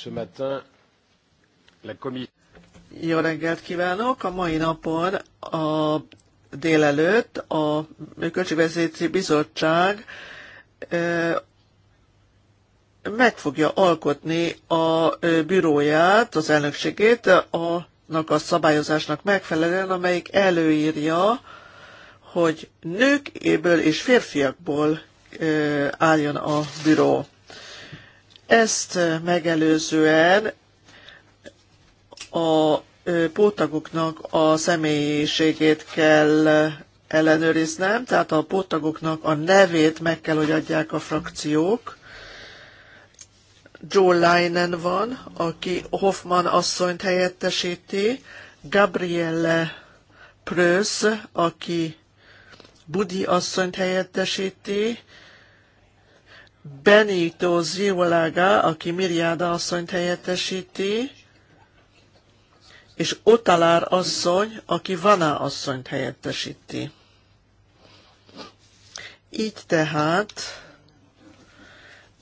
Ce matin, la Jó reggelt kívánok! A mai napon a délelőtt a Költségvezetési Bizottság meg fogja alkotni a büróját, az elnökségét, annak a szabályozásnak megfelelően, amelyik előírja, hogy nőkéből és férfiakból álljon a büró. Ezt megelőzően a pótagoknak a személyiségét kell ellenőriznem, tehát a pótagoknak a nevét meg kell, hogy adják a frakciók. Joe Leinen van, aki Hoffman asszonyt helyettesíti, Gabrielle Pröz, aki Budi asszonyt helyettesíti, Benito Ziolaga, aki Miriáda asszonyt helyettesíti, és Otalár asszony, aki Vana asszonyt helyettesíti. Így tehát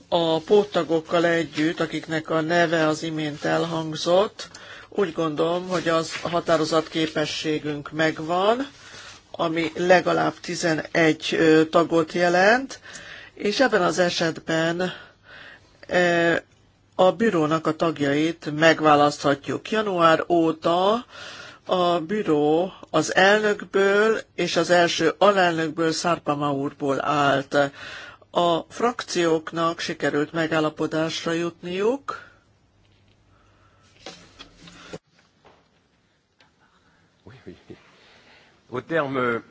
a póttagokkal együtt, akiknek a neve az imént elhangzott, úgy gondolom, hogy az határozat képességünk megvan, ami legalább 11 tagot jelent, és ebben az esetben e, a bürónak a tagjait megválaszthatjuk. Január óta a büró az elnökből és az első alelnökből Szárpama úrból állt. A frakcióknak sikerült megállapodásra jutniuk. Au terme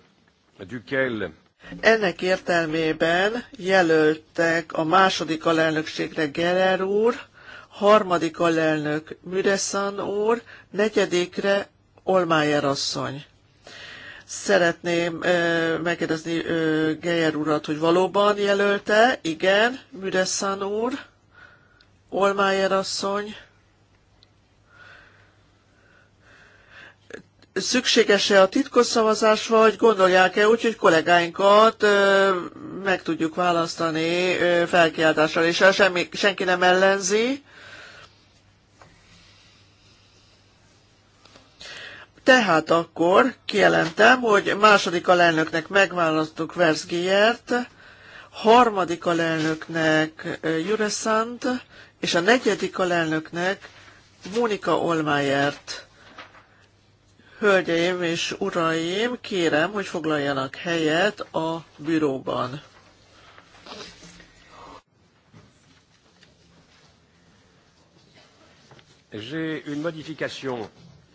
duquel ennek értelmében jelöltek a második alelnökségre Gerer úr, harmadik alelnök Müreszan úr, negyedikre Olmájer asszony. Szeretném ö, megkérdezni ö, Geyer urat, hogy valóban jelölte? Igen, Müreszan úr, Olmájer asszony. szükséges-e a titkos szavazás, vagy gondolják-e úgy, hogy kollégáinkat ö, meg tudjuk választani ö, felkiáltással, és semmi, senki nem ellenzi. Tehát akkor kijelentem, hogy második alelnöknek megválasztottuk Verzgiert, harmadik alelnöknek Jureszant, és a negyedik alelnöknek Mónika Olmájert Hölgyeim és uraim, kérem, hogy foglaljanak helyet a büróban.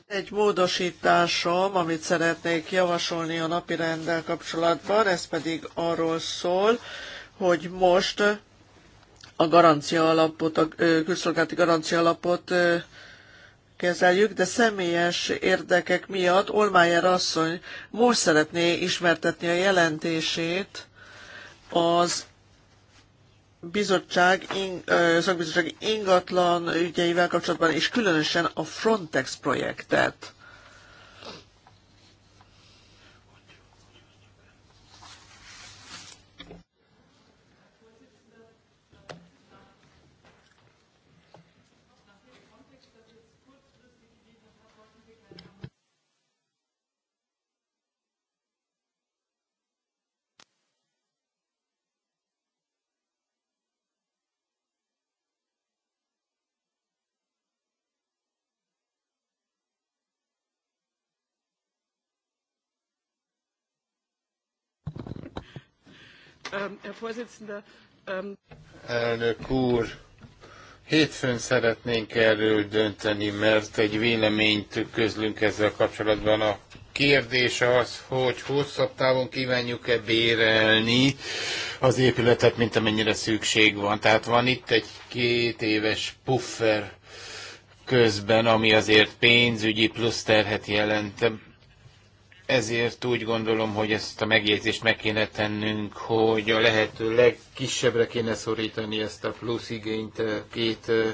Egy módosításom, amit szeretnék javasolni a napi rendel kapcsolatban, ez pedig arról szól, hogy most a garancia alapot, a külszolgálati garancia alapot kezeljük, de személyes érdekek miatt Olmájer asszony most szeretné ismertetni a jelentését az bizottság, in, szakbizottság ingatlan ügyeivel kapcsolatban, és különösen a Frontex projektet. Um, um, Elnök úr, hétfőn szeretnénk erről dönteni, mert egy véleményt közlünk ezzel kapcsolatban. A kérdés az, hogy hosszabb távon kívánjuk-e bérelni az épületet, mint amennyire szükség van. Tehát van itt egy két éves puffer közben, ami azért pénzügyi plusz terhet jelent ezért úgy gondolom, hogy ezt a megjegyzést meg kéne tennünk, hogy a lehető legkisebbre kéne szorítani ezt a plusz igényt eh, két eh,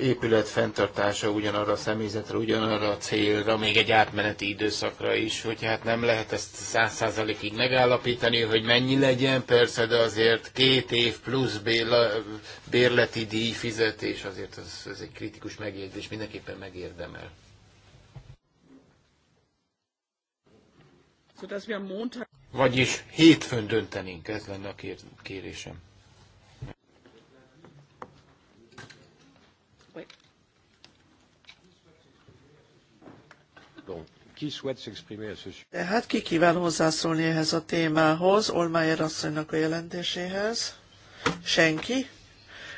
épület fenntartása ugyanarra a személyzetre, ugyanarra a célra, még egy átmeneti időszakra is, hogy hát nem lehet ezt száz százalékig megállapítani, hogy mennyi legyen, persze, de azért két év plusz béla, bérleti díj fizetés, azért az, az egy kritikus megjegyzés, mindenképpen megérdemel. Vagyis hétfőn döntenénk, ez lenne a kérésem. Tehát ki kíván hozzászólni ehhez a témához, Olmájer asszonynak a jelentéséhez? Senki?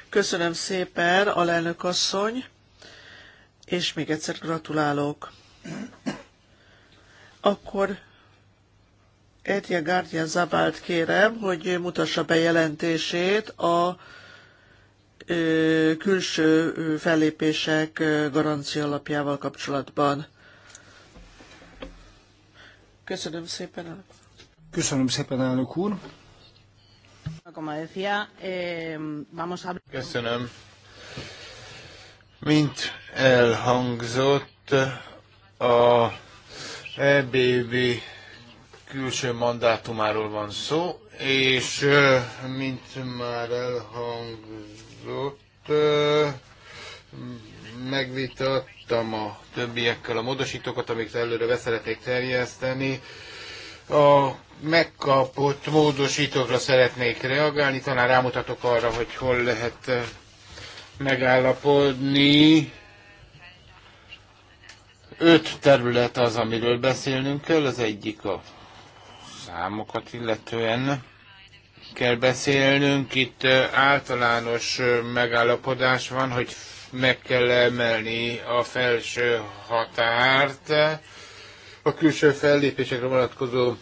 Köszönöm szépen, alelnök asszony, és még egyszer gratulálok. Akkor Edje Gárdia Zabált kérem, hogy mutassa be jelentését a külső fellépések garancia alapjával kapcsolatban. Köszönöm szépen, elnök. Köszönöm szépen, elnök úr. Eh, Köszönöm. Mint elhangzott, a EBB külső mandátumáról van szó, és mint már elhangzott, megvitattam a többiekkel a módosítókat, amiket előre beszeretnék terjeszteni. A megkapott módosítókra szeretnék reagálni, talán rámutatok arra, hogy hol lehet megállapodni. Öt terület az, amiről beszélnünk kell, az egyik a számokat illetően kell beszélnünk. Itt általános megállapodás van, hogy meg kell emelni a felső határt a külső fellépésekre vonatkozó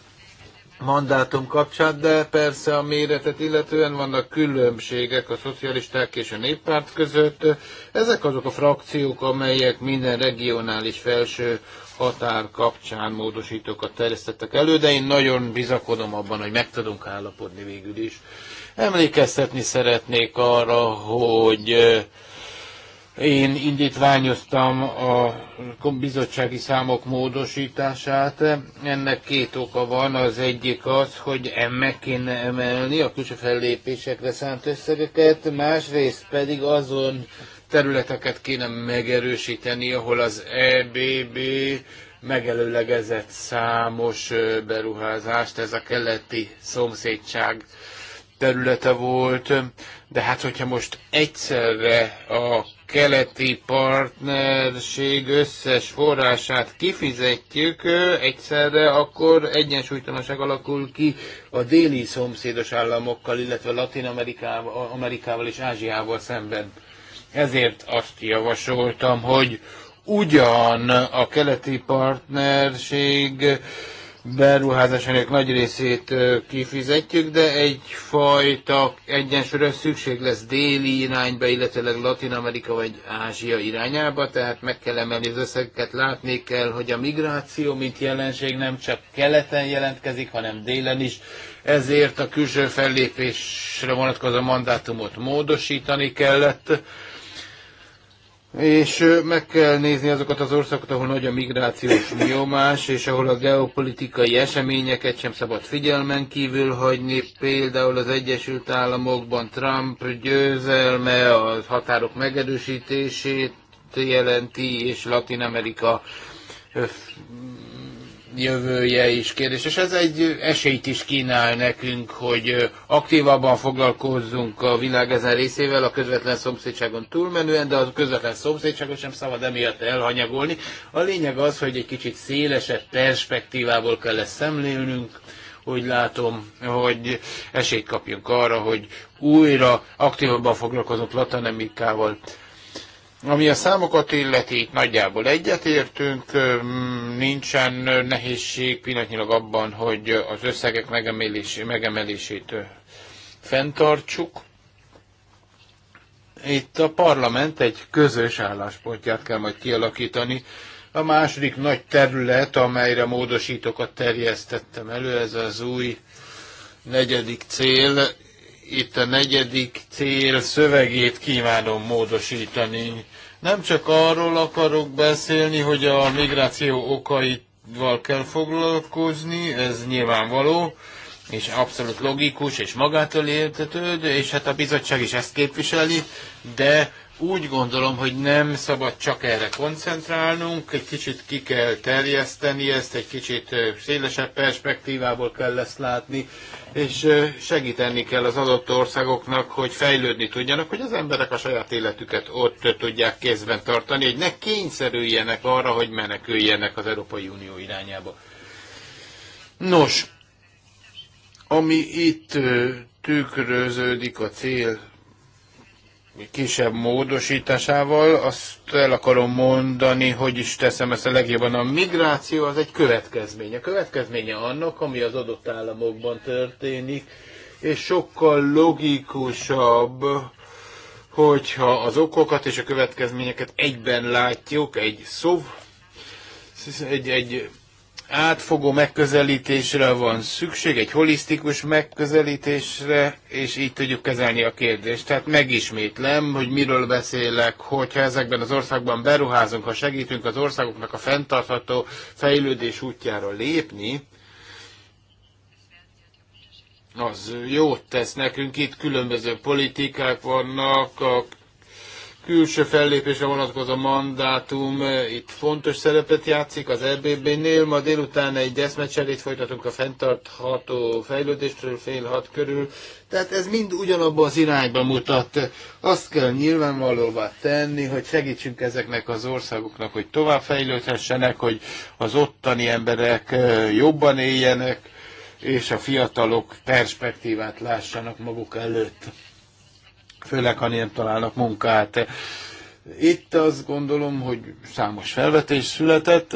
mandátum kapcsán, de persze a méretet illetően vannak különbségek a szocialisták és a néppárt között. Ezek azok a frakciók, amelyek minden regionális felső határ kapcsán módosítókat terjesztettek elő, de én nagyon bizakodom abban, hogy meg tudunk állapodni végül is. Emlékeztetni szeretnék arra, hogy én indítványoztam a bizottsági számok módosítását. Ennek két oka van. Az egyik az, hogy meg kéne emelni a külső fellépésekre szánt összegeket, másrészt pedig azon területeket kéne megerősíteni, ahol az EBB megelőlegezett számos beruházást, ez a keleti szomszédság területe volt, de hát hogyha most egyszerre a keleti partnerség összes forrását kifizetjük egyszerre, akkor egyensúlytalanság alakul ki a déli szomszédos államokkal, illetve Latin Amerikával, Amerikával és Ázsiával szemben. Ezért azt javasoltam, hogy ugyan a keleti partnerség beruházásának nagy részét kifizetjük, de egyfajta egyensúlyra szükség lesz déli irányba, illetve Latin Amerika vagy Ázsia irányába, tehát meg kell emelni az összegeket, látni kell, hogy a migráció, mint jelenség nem csak keleten jelentkezik, hanem délen is, ezért a külső fellépésre vonatkozó mandátumot módosítani kellett, és meg kell nézni azokat az országokat, ahol nagy a migrációs nyomás, és ahol a geopolitikai eseményeket sem szabad figyelmen kívül hagyni. Például az Egyesült Államokban Trump győzelme a határok megerősítését jelenti, és Latin Amerika jövője is kérdés, és ez egy esélyt is kínál nekünk, hogy aktívabban foglalkozzunk a világ ezen részével, a közvetlen szomszédságon túlmenően, de a közvetlen szomszédságot sem szabad emiatt elhanyagolni. A lényeg az, hogy egy kicsit szélesebb perspektívából kell ezt szemlélnünk, úgy látom, hogy esélyt kapjunk arra, hogy újra aktívabban foglalkozunk Latin ami a számokat illeti, nagyjából egyetértünk, nincsen nehézség pillanatnyilag abban, hogy az összegek megemelését fenntartsuk. Itt a parlament egy közös álláspontját kell majd kialakítani. A második nagy terület, amelyre módosítókat terjesztettem elő, ez az új negyedik cél, itt a negyedik cél szövegét kívánom módosítani. Nem csak arról akarok beszélni, hogy a migráció okaival kell foglalkozni, ez nyilvánvaló, és abszolút logikus, és magától értetődő és hát a bizottság is ezt képviseli, de úgy gondolom, hogy nem szabad csak erre koncentrálnunk, egy kicsit ki kell terjeszteni ezt, egy kicsit szélesebb perspektívából kell ezt látni, és segíteni kell az adott országoknak, hogy fejlődni tudjanak, hogy az emberek a saját életüket ott tudják kézben tartani, hogy ne kényszerüljenek arra, hogy meneküljenek az Európai Unió irányába. Nos, ami itt tükröződik a cél kisebb módosításával. Azt el akarom mondani, hogy is teszem ezt a legjobban. A migráció az egy következménye. Következménye annak, ami az adott államokban történik, és sokkal logikusabb, hogyha az okokat és a következményeket egyben látjuk, egy szó, egy, egy átfogó megközelítésre van szükség, egy holisztikus megközelítésre, és így tudjuk kezelni a kérdést. Tehát megismétlem, hogy miről beszélek, hogyha ezekben az országban beruházunk, ha segítünk az országoknak a fenntartható fejlődés útjára lépni, az jót tesz nekünk. Itt különböző politikák vannak, a külső fellépésre vonatkozó mandátum eh, itt fontos szerepet játszik az rbb nél Ma délután egy eszmecserét folytatunk a fenntartható fejlődésről fél hat körül. Tehát ez mind ugyanabban az irányba mutat. Azt kell nyilvánvalóvá tenni, hogy segítsünk ezeknek az országoknak, hogy tovább fejlődhessenek, hogy az ottani emberek eh, jobban éljenek, és a fiatalok perspektívát lássanak maguk előtt főleg ha nem találnak munkát. Itt azt gondolom, hogy számos felvetés született,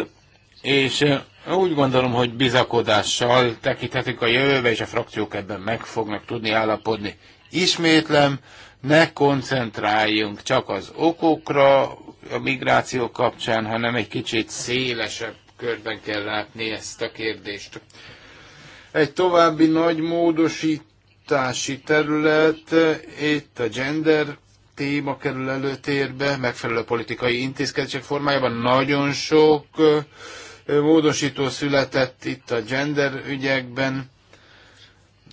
és úgy gondolom, hogy bizakodással tekinthetünk a jövőbe, és a frakciók ebben meg fognak tudni állapodni. Ismétlem, ne koncentráljunk csak az okokra a migráció kapcsán, hanem egy kicsit szélesebb körben kell látni ezt a kérdést. Egy további nagy módosít oktatási terület, itt a gender téma kerül előtérbe, megfelelő politikai intézkedések formájában nagyon sok módosító született itt a gender ügyekben.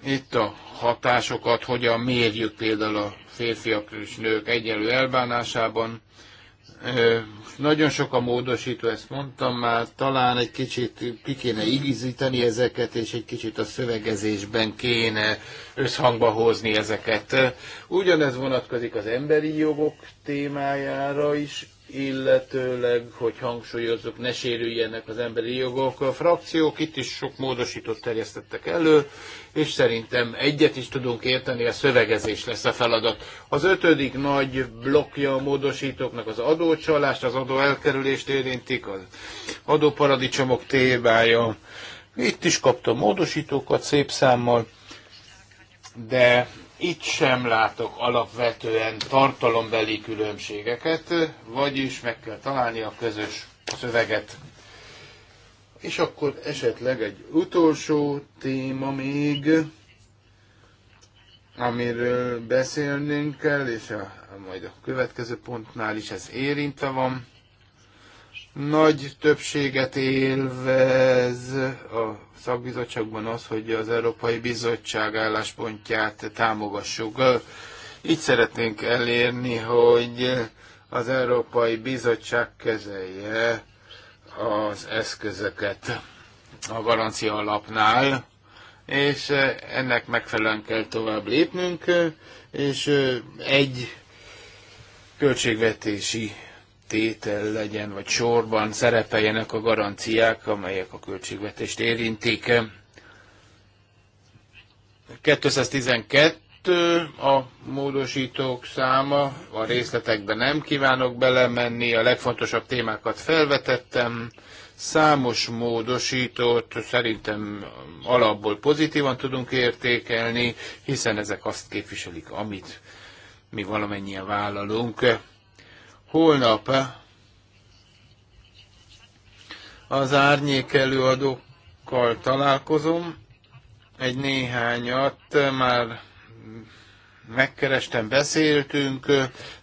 Itt a hatásokat hogyan mérjük például a férfiak és nők egyenlő elbánásában. Nagyon sok a módosító, ezt mondtam már, talán egy kicsit ki kéne igazítani ezeket, és egy kicsit a szövegezésben kéne összhangba hozni ezeket. Ugyanez vonatkozik az emberi jogok témájára is, illetőleg, hogy hangsúlyozzuk, ne sérüljenek az emberi jogok. A frakciók itt is sok módosítót terjesztettek elő, és szerintem egyet is tudunk érteni, a szövegezés lesz a feladat. Az ötödik nagy blokja a módosítóknak az adócsalást, az adó elkerülést érintik, az adóparadicsomok témája. Itt is kaptam módosítókat szép számmal, de itt sem látok alapvetően tartalombeli különbségeket, vagyis meg kell találni a közös szöveget. És akkor esetleg egy utolsó téma még, amiről beszélnünk kell, és a, majd a következő pontnál is ez érintve van nagy többséget élvez a szakbizottságban az, hogy az Európai Bizottság álláspontját támogassuk. Így szeretnénk elérni, hogy az Európai Bizottság kezelje az eszközöket a garancia alapnál, és ennek megfelelően kell tovább lépnünk, és egy költségvetési tétel legyen, vagy sorban szerepeljenek a garanciák, amelyek a költségvetést érintik. 212 a módosítók száma, a részletekbe nem kívánok belemenni, a legfontosabb témákat felvetettem, számos módosítót szerintem alapból pozitívan tudunk értékelni, hiszen ezek azt képviselik, amit mi valamennyien vállalunk Holnap az árnyék előadókkal találkozom, egy néhányat már megkerestem, beszéltünk,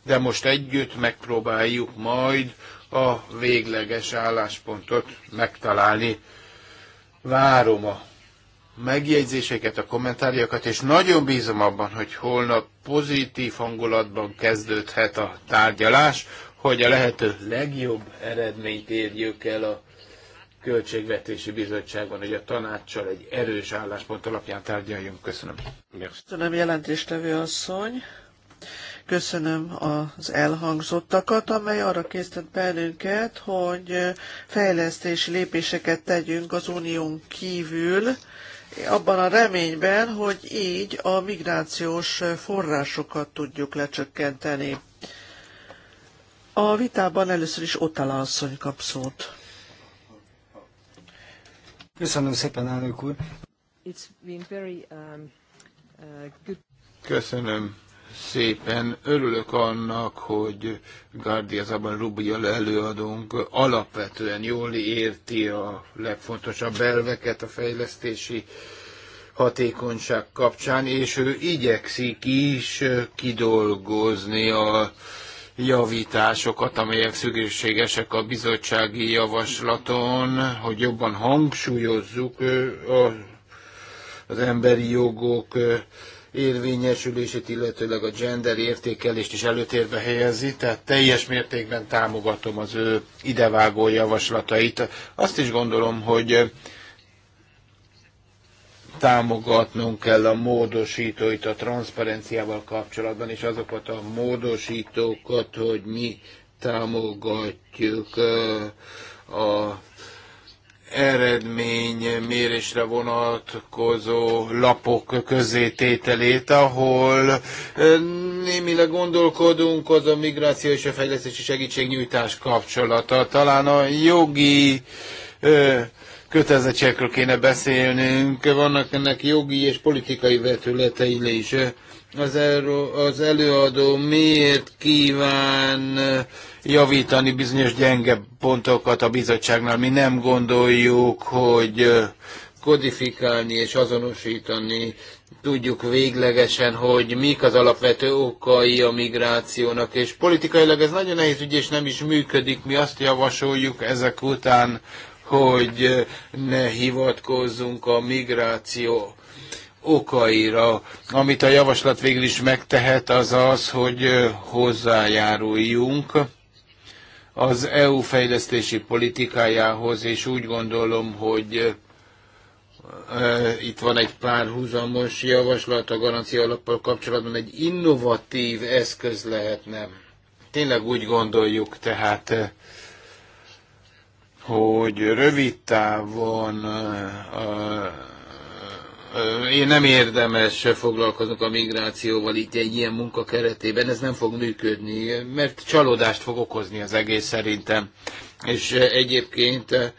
de most együtt megpróbáljuk majd a végleges álláspontot megtalálni. Várom a megjegyzéseket, a kommentárjakat, és nagyon bízom abban, hogy holnap pozitív hangulatban kezdődhet a tárgyalás, hogy a lehető legjobb eredményt érjük el a Költségvetési Bizottságon, hogy a tanácssal egy erős álláspont alapján tárgyaljunk. Köszönöm. Köszönöm, jelentéstevő asszony. Köszönöm az elhangzottakat, amely arra készített bennünket, hogy fejlesztési lépéseket tegyünk az unión kívül, abban a reményben, hogy így a migrációs forrásokat tudjuk lecsökkenteni. A vitában először is Otala asszony kap szót. Köszönöm szépen, elnök úr. Um, uh, Köszönöm szépen. Örülök annak, hogy Gárdiazában Rubia előadónk alapvetően jól érti a legfontosabb elveket a fejlesztési hatékonyság kapcsán, és ő igyekszik is kidolgozni a javításokat, amelyek szükségesek a bizottsági javaslaton, hogy jobban hangsúlyozzuk a az emberi jogok érvényesülését, illetőleg a gender értékelést is előtérbe helyezi, tehát teljes mértékben támogatom az ő idevágó javaslatait. Azt is gondolom, hogy támogatnunk kell a módosítóit a transzparenciával kapcsolatban, és azokat a módosítókat, hogy mi támogatjuk a eredmény mérésre vonatkozó lapok közzétételét, ahol némileg gondolkodunk az a migráció és a fejlesztési segítségnyújtás kapcsolata. Talán a jogi kötelezettségekről kéne beszélnünk, vannak ennek jogi és politikai vetületei is. Az, erő, az előadó miért kíván javítani bizonyos gyenge pontokat a bizottságnál. Mi nem gondoljuk, hogy kodifikálni és azonosítani tudjuk véglegesen, hogy mik az alapvető okai a migrációnak, és politikailag ez nagyon nehéz ügy, és nem is működik. Mi azt javasoljuk ezek után, hogy ne hivatkozzunk a migráció okaira. Amit a javaslat végül is megtehet, az az, hogy hozzájáruljunk az EU fejlesztési politikájához, és úgy gondolom, hogy itt van egy párhuzamos javaslat a garancia alappal kapcsolatban, egy innovatív eszköz lehetne. Tényleg úgy gondoljuk tehát, hogy rövid távon én nem érdemes foglalkozunk a migrációval itt egy ilyen munka keretében, ez nem fog működni, mert csalódást fog okozni az egész szerintem. És egyébként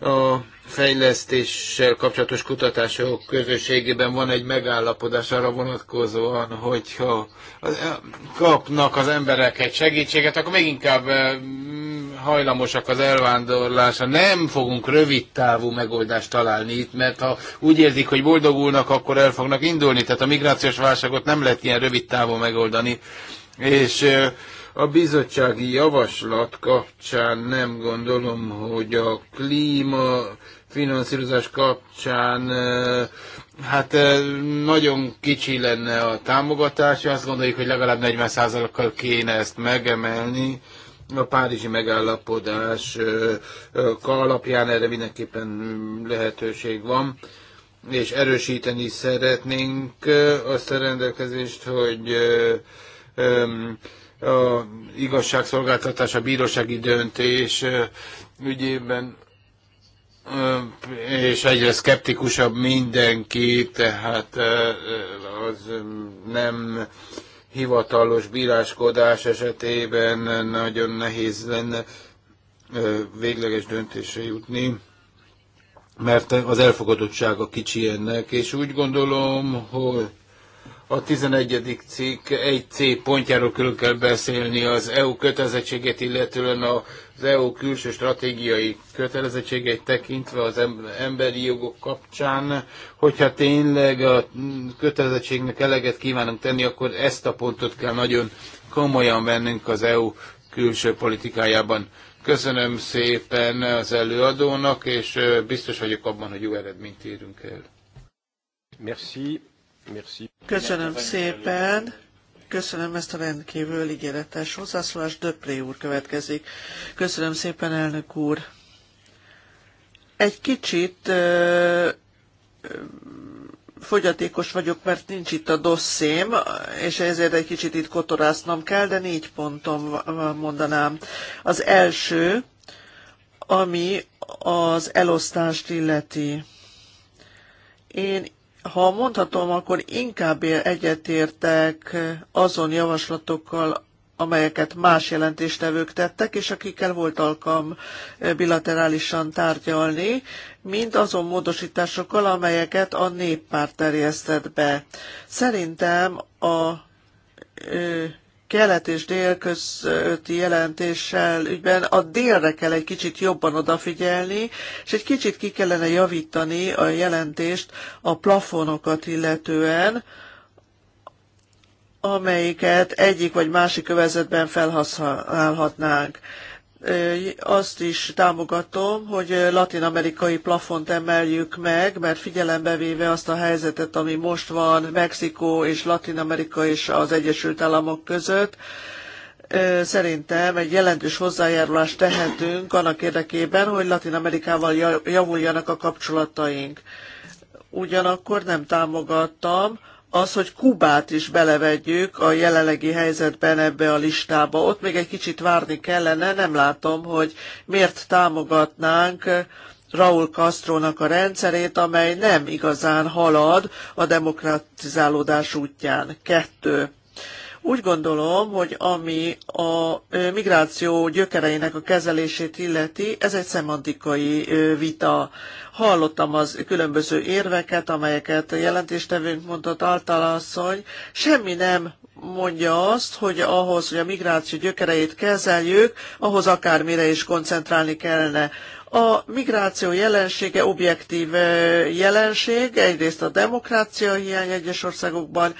a fejlesztéssel kapcsolatos kutatások közösségében van egy megállapodás arra vonatkozóan, hogyha eh, kapnak az emberek egy segítséget, akkor még inkább eh, mm, hajlamosak az elvándorlásra. Nem fogunk rövid távú megoldást találni itt, mert ha úgy érzik, hogy boldogulnak, akkor el fognak indulni. Tehát a migrációs válságot nem lehet ilyen rövid távú megoldani. És eh, a bizottsági javaslat kapcsán nem gondolom, hogy a klíma finanszírozás kapcsán hát nagyon kicsi lenne a támogatás, azt gondoljuk, hogy legalább 40%-kal kéne ezt megemelni. A párizsi megállapodás alapján erre mindenképpen lehetőség van és erősíteni szeretnénk azt a rendelkezést, hogy a igazságszolgáltatás, a bírósági döntés ügyében és egyre szkeptikusabb mindenki, tehát az nem hivatalos bíráskodás esetében nagyon nehéz lenne végleges döntésre jutni, mert az elfogadottsága kicsi ennek, és úgy gondolom, hogy a 11. cikk 1C pontjáról külön kell beszélni az EU kötelezettséget, illetően az EU külső stratégiai kötelezettségeit tekintve az emberi jogok kapcsán. Hogyha tényleg a kötelezettségnek eleget kívánunk tenni, akkor ezt a pontot kell nagyon komolyan vennünk az EU külső politikájában. Köszönöm szépen az előadónak, és biztos vagyok abban, hogy jó eredményt érünk el. Merci. Köszönöm szépen. Köszönöm ezt a rendkívül ígéretes hozzászólást. Döpré úr következik. Köszönöm szépen, elnök úr. Egy kicsit ö, ö, fogyatékos vagyok, mert nincs itt a dosszém, és ezért egy kicsit itt kotorásznom kell, de négy pontom mondanám. Az első, ami az elosztást illeti. Én ha mondhatom, akkor inkább egyetértek azon javaslatokkal, amelyeket más jelentéstevők tettek, és akikkel volt alkalm bilaterálisan tárgyalni, mint azon módosításokkal, amelyeket a néppárt terjesztett be. Szerintem a kelet és dél közötti jelentéssel ügyben a délre kell egy kicsit jobban odafigyelni, és egy kicsit ki kellene javítani a jelentést a plafonokat illetően, amelyiket egyik vagy másik övezetben felhasználhatnánk azt is támogatom, hogy latin-amerikai plafont emeljük meg, mert figyelembe véve azt a helyzetet, ami most van Mexikó és Latin-Amerika és az Egyesült Államok között, szerintem egy jelentős hozzájárulást tehetünk annak érdekében, hogy Latin-Amerikával javuljanak a kapcsolataink. Ugyanakkor nem támogattam, az, hogy Kubát is belevegyük a jelenlegi helyzetben ebbe a listába. Ott még egy kicsit várni kellene, nem látom, hogy miért támogatnánk Raúl nak a rendszerét, amely nem igazán halad a demokratizálódás útján. Kettő. Úgy gondolom, hogy ami a migráció gyökereinek a kezelését illeti, ez egy szemantikai vita. Hallottam az különböző érveket, amelyeket a jelentéstevőnk mondott általasszony. Semmi nem mondja azt, hogy ahhoz, hogy a migráció gyökereit kezeljük, ahhoz akármire is koncentrálni kellene. A migráció jelensége objektív jelenség, egyrészt a demokrácia hiány egyes országokban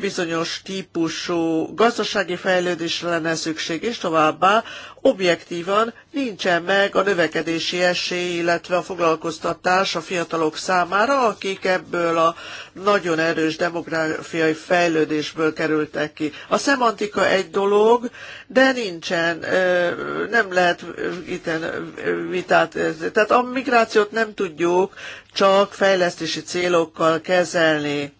bizonyos típusú gazdasági fejlődésre lenne szükség, és továbbá objektívan nincsen meg a növekedési esély, illetve a foglalkoztatás a fiatalok számára, akik ebből a nagyon erős demográfiai fejlődésből kerültek ki. A szemantika egy dolog, de nincsen, nem lehet itten vitát. Tehát a migrációt nem tudjuk csak fejlesztési célokkal kezelni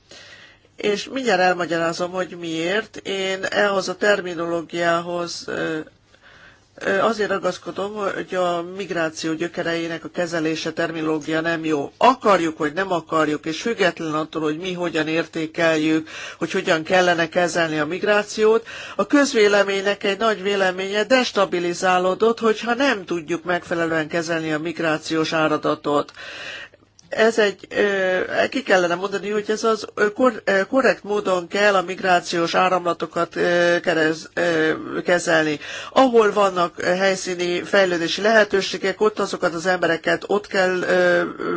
és mindjárt elmagyarázom, hogy miért. Én ehhez a terminológiához Azért ragaszkodom, hogy a migráció gyökereinek a kezelése, terminológia nem jó. Akarjuk, hogy nem akarjuk, és független attól, hogy mi hogyan értékeljük, hogy hogyan kellene kezelni a migrációt, a közvéleménynek egy nagy véleménye destabilizálódott, hogyha nem tudjuk megfelelően kezelni a migrációs áradatot ez egy, ki kellene mondani, hogy ez az korrekt módon kell a migrációs áramlatokat kerez, kezelni. Ahol vannak helyszíni fejlődési lehetőségek, ott azokat az embereket ott kell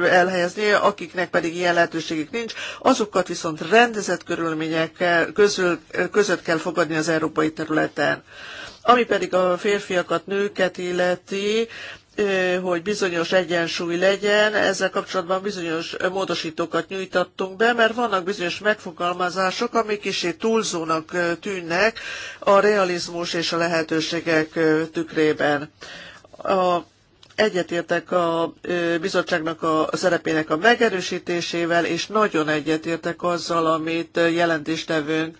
elhelyezni, akiknek pedig ilyen lehetőségük nincs, azokat viszont rendezett körülmények közül, között kell fogadni az európai területen. Ami pedig a férfiakat, nőket illeti, hogy bizonyos egyensúly legyen, ezzel kapcsolatban bizonyos módosítókat nyújtattunk be, mert vannak bizonyos megfogalmazások, amik kicsi túlzónak tűnnek a realizmus és a lehetőségek tükrében. A egyetértek a bizottságnak a szerepének a megerősítésével, és nagyon egyetértek azzal, amit jelentéstevőnk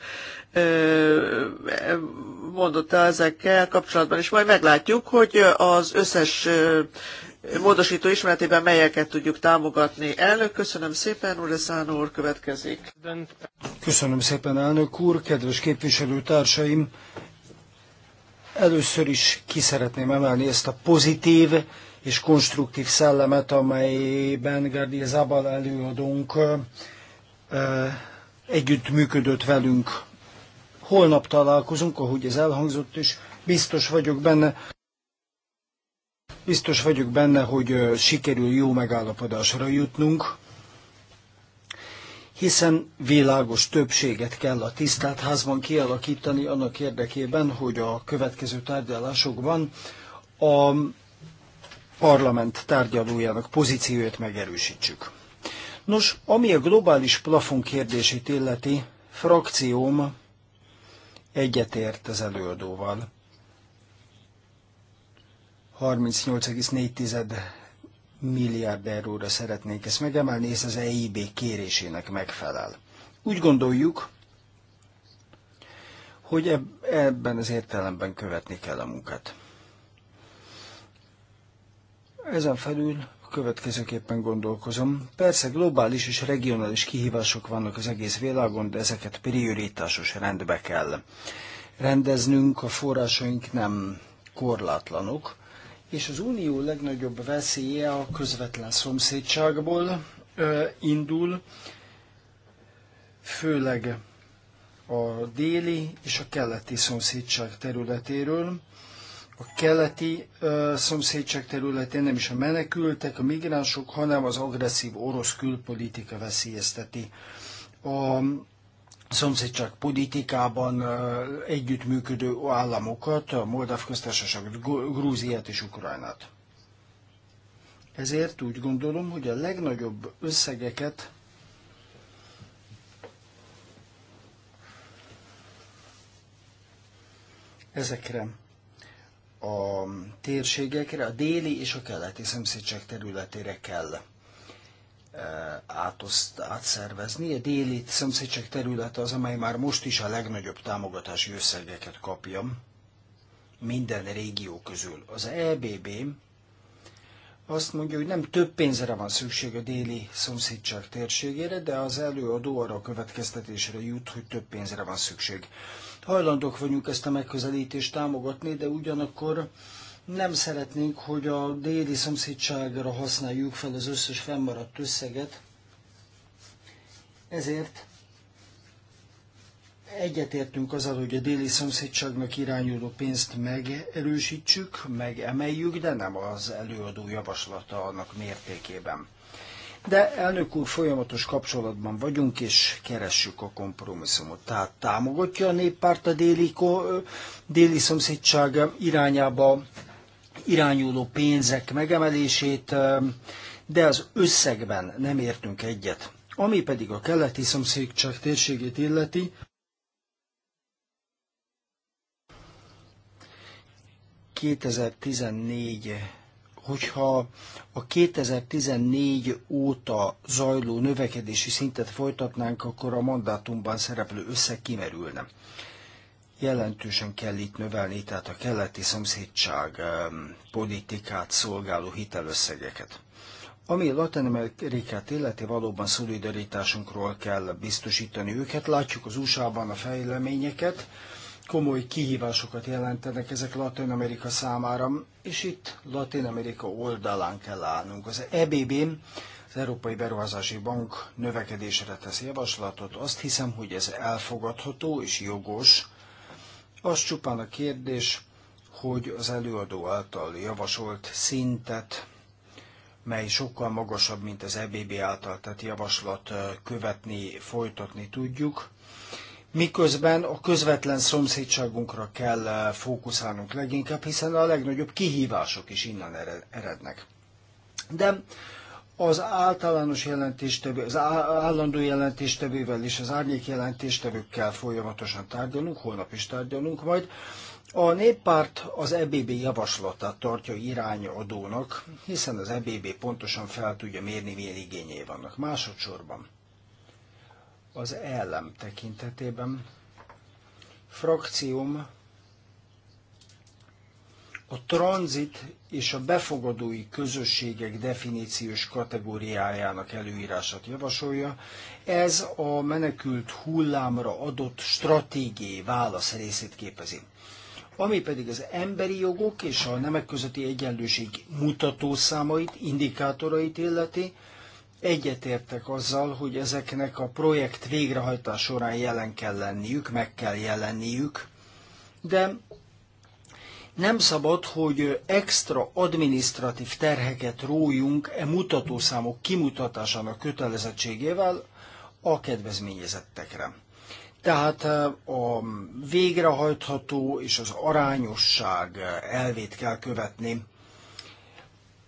mondott ezekkel kapcsolatban, és majd meglátjuk, hogy az összes módosító ismeretében melyeket tudjuk támogatni. Elnök, köszönöm szépen, Ureszán úr, következik. Köszönöm szépen, elnök úr, kedves képviselőtársaim! Először is ki szeretném emelni ezt a pozitív és konstruktív szellemet, amelyben Gerdi Zabal előadónk együtt működött velünk Holnap találkozunk, ahogy ez elhangzott is, biztos vagyok benne, biztos vagyok benne, hogy sikerül jó megállapodásra jutnunk, hiszen világos többséget kell a tisztelt házban kialakítani annak érdekében, hogy a következő tárgyalásokban a parlament tárgyalójának pozícióját megerősítsük. Nos, ami a globális plafon kérdését illeti, frakcióm egyetért az előadóval. 38,4 milliárd euróra szeretnénk ezt megemelni, és az EIB kérésének megfelel. Úgy gondoljuk, hogy ebben az értelemben követni kell a munkát. Ezen felül következőképpen gondolkozom. Persze globális és regionális kihívások vannak az egész világon, de ezeket prioritásos rendbe kell rendeznünk, a forrásaink nem korlátlanok, és az unió legnagyobb veszélye a közvetlen szomszédságból ö, indul, főleg a déli és a keleti szomszédság területéről, a keleti ö, szomszédság területén nem is a menekültek, a migránsok, hanem az agresszív orosz külpolitika veszélyezteti. A szomszédság politikában ö, együttműködő államokat, a Moldáv köztársaság Grúziát és Ukrajnát. Ezért úgy gondolom, hogy a legnagyobb összegeket ezekre a térségekre, a déli és a keleti szemszédség területére kell e, átoszt, átszervezni. A déli szemszédség területe az, amely már most is a legnagyobb támogatási összegeket kapja minden régió közül. Az EBB azt mondja, hogy nem több pénzre van szükség a déli szomszédság térségére, de az előadó arra a következtetésre jut, hogy több pénzre van szükség. Hajlandók vagyunk ezt a megközelítést támogatni, de ugyanakkor nem szeretnénk, hogy a déli szomszédságra használjuk fel az összes fennmaradt összeget, ezért egyetértünk azzal, hogy a déli szomszédságnak irányuló pénzt megerősítsük, megemeljük, de nem az előadó javaslata annak mértékében. De elnök úr, folyamatos kapcsolatban vagyunk, és keressük a kompromisszumot. Tehát támogatja a néppárt a déli, déli szomszédság irányába irányuló pénzek megemelését, de az összegben nem értünk egyet. Ami pedig a keleti szomszédság térségét illeti, ...2014 hogyha a 2014 óta zajló növekedési szintet folytatnánk, akkor a mandátumban szereplő összeg kimerülne. Jelentősen kell itt növelni, tehát a keleti szomszédság politikát szolgáló hitelösszegeket. Ami Latin Amerikát illeti, valóban szolidaritásunkról kell biztosítani őket. Látjuk az USA-ban a fejleményeket, komoly kihívásokat jelentenek ezek Latin Amerika számára, és itt Latin Amerika oldalán kell állnunk. Az ebb az Európai Beruházási Bank növekedésre tesz javaslatot. Azt hiszem, hogy ez elfogadható és jogos. Az csupán a kérdés, hogy az előadó által javasolt szintet, mely sokkal magasabb, mint az EBB által tett javaslat, követni, folytatni tudjuk miközben a közvetlen szomszédságunkra kell eh, fókuszálnunk leginkább, hiszen a legnagyobb kihívások is innen erednek. De az általános jelentéstevő, az állandó jelentéstevővel és az árnyék jelentéstevőkkel folyamatosan tárgyalunk, holnap is tárgyalunk majd. A néppárt az EBB javaslatát tartja irányadónak, hiszen az EBB pontosan fel tudja mérni, milyen igényei vannak. Másodszorban az elem tekintetében. Frakcióm a tranzit és a befogadói közösségek definíciós kategóriájának előírását javasolja. Ez a menekült hullámra adott stratégiai válasz részét képezi. Ami pedig az emberi jogok és a nemek közötti egyenlőség mutatószámait, indikátorait illeti, egyetértek azzal, hogy ezeknek a projekt végrehajtás során jelen kell lenniük, meg kell jelenniük, de nem szabad, hogy extra administratív terheket rójunk e mutatószámok kimutatásának kötelezettségével a kedvezményezettekre. Tehát e, a végrehajtható és az arányosság elvét kell követni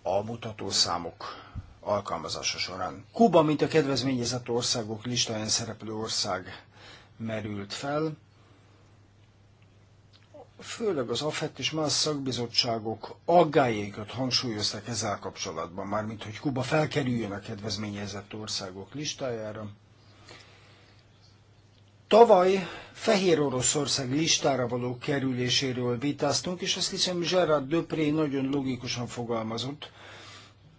a mutatószámok alkalmazása során. Kuba, mint a kedvezményezett országok listáján szereplő ország merült fel, főleg az AFET és más szakbizottságok aggájékat hangsúlyozták ezzel kapcsolatban, mármint hogy Kuba felkerüljön a kedvezményezett országok listájára. Tavaly Fehér Oroszország listára való kerüléséről vitáztunk, és azt hiszem Gerard Döpré nagyon logikusan fogalmazott,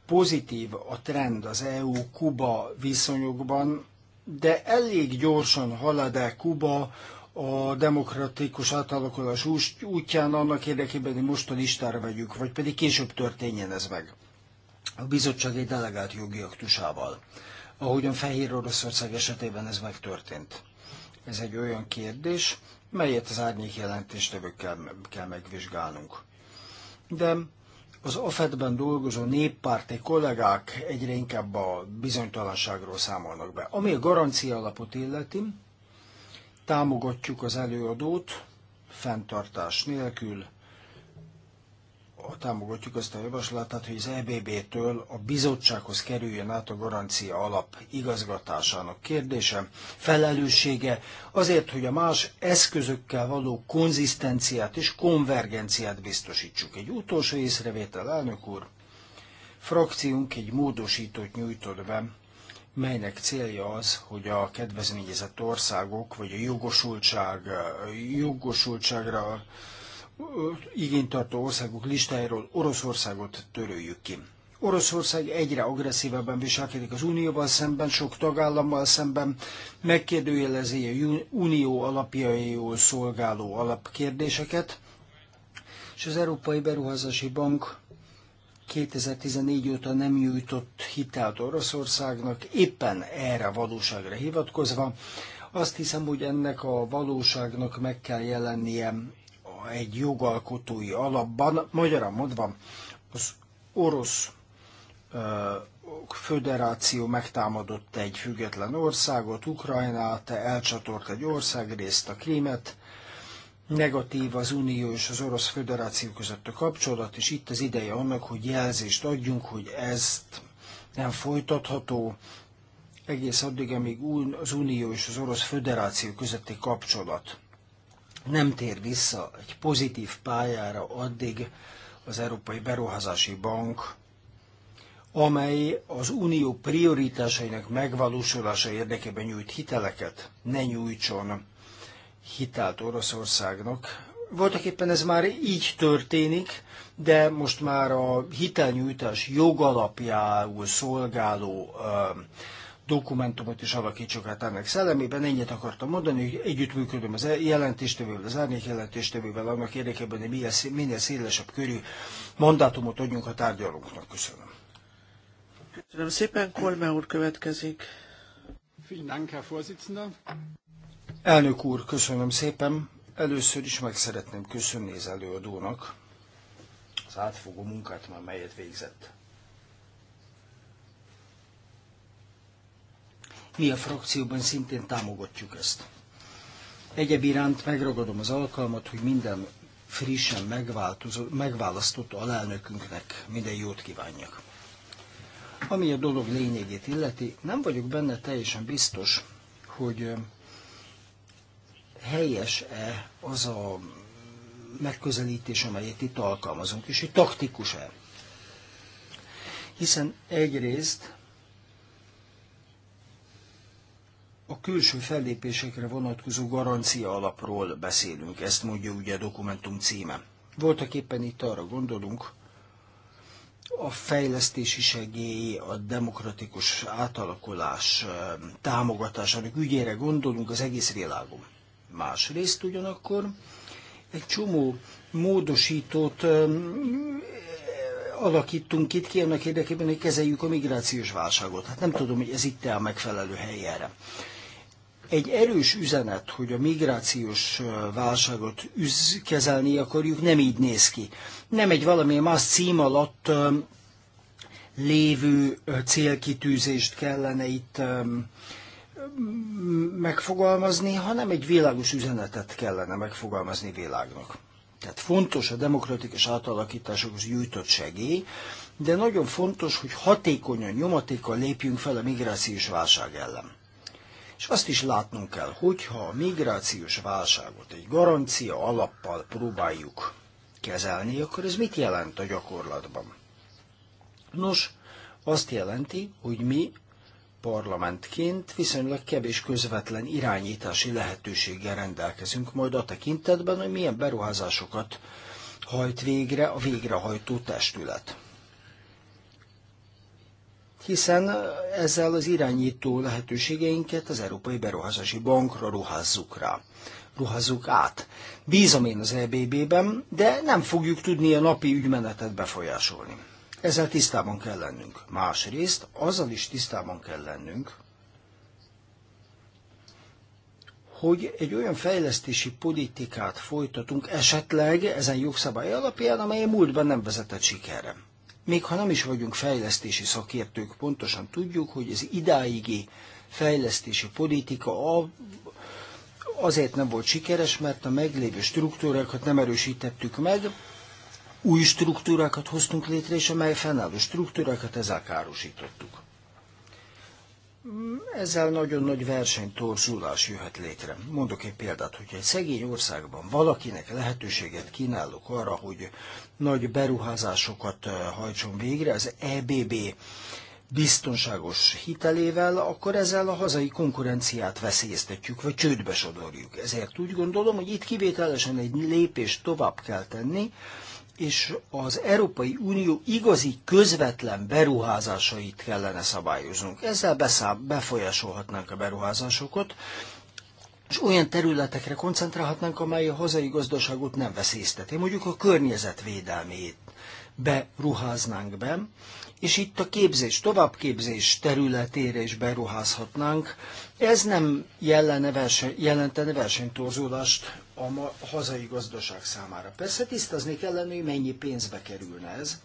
pozitív a trend az EU-Kuba viszonyokban, de elég gyorsan halad el Kuba a demokratikus átalakulás útján annak érdekében, hogy most a listára vegyük, vagy pedig később történjen ez meg a bizottság egy delegált jogi aktusával, ahogyan Fehér Oroszország esetében ez megtörtént. Ez egy olyan kérdés, melyet az árnyék jelentéstevőkkel kell megvizsgálnunk. De az ofed ben dolgozó néppárti kollégák egyre inkább a bizonytalanságról számolnak be. Ami a garancia alapot illeti, támogatjuk az előadót fenntartás nélkül, támogatjuk azt a javaslatát, hogy az EBB-től a bizottsághoz kerüljön át a garancia alap igazgatásának kérdése, felelőssége azért, hogy a más eszközökkel való konzisztenciát és konvergenciát biztosítsuk. Egy utolsó észrevétel, elnök úr, frakciunk egy módosítót nyújtott be, melynek célja az, hogy a kedvezményezett országok, vagy a jogosultság, jogosultságra igénytartó országok listájáról Oroszországot töröljük ki. Oroszország egyre agresszívebben viselkedik az Unióval szemben, sok tagállammal szemben, megkérdőjelezi a Unió alapjaiól szolgáló alapkérdéseket, és az Európai Beruházási Bank 2014 óta nem nyújtott hitelt Oroszországnak, éppen erre a valóságra hivatkozva. Azt hiszem, hogy ennek a valóságnak meg kell jelennie egy jogalkotói alapban, magyarán mondva, az orosz föderáció megtámadott egy független országot, Ukrajnát, elcsatort egy országrészt, a Krímet, negatív az Unió és az Orosz Föderáció között a kapcsolat, és itt az ideje annak, hogy jelzést adjunk, hogy ezt nem folytatható, egész addig, amíg az Unió és az Orosz Föderáció közötti kapcsolat nem tér vissza egy pozitív pályára addig az Európai Beruházási Bank, amely az unió prioritásainak megvalósulása érdekében nyújt hiteleket, ne nyújtson hitelt Oroszországnak. Voltak éppen ez már így történik, de most már a hitelnyújtás jogalapjául szolgáló uh, dokumentumot is alakítsuk át ennek szellemében. Ennyit akartam mondani, hogy együttműködöm az e- jelentéstevővel, az árnyék jelentéstevővel, annak érdekében, hogy minél, szélesebb körű mandátumot adjunk a tárgyalóknak. Köszönöm. Köszönöm szépen, Kolme úr következik. Elnök úr, köszönöm szépen. Először is meg szeretném köszönni az előadónak az átfogó munkát, amelyet végzett. Mi a frakcióban szintén támogatjuk ezt. Egyéb iránt megragadom az alkalmat, hogy minden frissen megválasztott alelnökünknek minden jót kívánjak. Ami a dolog lényegét illeti, nem vagyok benne teljesen biztos, hogy helyes-e az a megközelítés, amelyet itt alkalmazunk, és hogy taktikus-e. Hiszen egyrészt a külső fellépésekre vonatkozó garancia alapról beszélünk, ezt mondja ugye a dokumentum címe. Voltak éppen itt arra gondolunk, a fejlesztési segély, a demokratikus átalakulás eh, támogatásának ügyére gondolunk az egész világon. Másrészt ugyanakkor egy csomó módosítót eh, alakítunk itt ki annak érdekében, hogy kezeljük a migrációs válságot. Hát nem tudom, hogy ez itt -e a megfelelő helyére egy erős üzenet, hogy a migrációs válságot üz, kezelni akarjuk, nem így néz ki. Nem egy valami más cím alatt um, lévő célkitűzést kellene itt um, megfogalmazni, hanem egy világos üzenetet kellene megfogalmazni világnak. Tehát fontos a demokratikus átalakításokhoz gyűjtött segély, de nagyon fontos, hogy hatékonyan, nyomatékkal lépjünk fel a migrációs válság ellen. És azt is látnunk kell, hogyha a migrációs válságot egy garancia alappal próbáljuk kezelni, akkor ez mit jelent a gyakorlatban? Nos, azt jelenti, hogy mi parlamentként viszonylag kevés közvetlen irányítási lehetőséggel rendelkezünk majd a tekintetben, hogy milyen beruházásokat hajt végre a végrehajtó testület hiszen ezzel az irányító lehetőségeinket az Európai Beruházási Bankra ruházzuk rá ruházzuk át. Bízom én az EBB-ben, de nem fogjuk tudni a napi ügymenetet befolyásolni. Ezzel tisztában kell lennünk. Másrészt azzal is tisztában kell lennünk, hogy egy olyan fejlesztési politikát folytatunk esetleg ezen jogszabály alapján, amely a múltban nem vezetett sikerre. Még ha nem is vagyunk fejlesztési szakértők, pontosan tudjuk, hogy az idáigi fejlesztési politika azért nem volt sikeres, mert a meglévő struktúrákat nem erősítettük meg, új struktúrákat hoztunk létre, és amely fennálló struktúrákat ezzel károsítottuk. Mm, ezzel nagyon nagy versenytorzulás jöhet létre. Mondok egy példát, hogy egy szegény országban valakinek lehetőséget kínálok arra, hogy nagy beruházásokat eh, hajtson végre, az EBB biztonságos hitelével, akkor ezzel a hazai konkurenciát veszélyeztetjük, vagy csődbe sodorjuk. Ezért úgy gondolom, hogy itt kivételesen egy lépést tovább kell tenni, és az Európai Unió igazi közvetlen beruházásait kellene szabályoznunk. Ezzel befolyásolhatnánk a beruházásokat, és olyan területekre koncentrálhatnánk, amely a hazai gazdaságot nem veszélyezteti. Mondjuk a környezetvédelmét beruháznánk be, és itt a képzés, továbbképzés területére is beruházhatnánk. Ez nem jelentene versenytorzulást a hazai gazdaság számára. Persze tisztázni kellene, hogy mennyi pénzbe kerülne ez.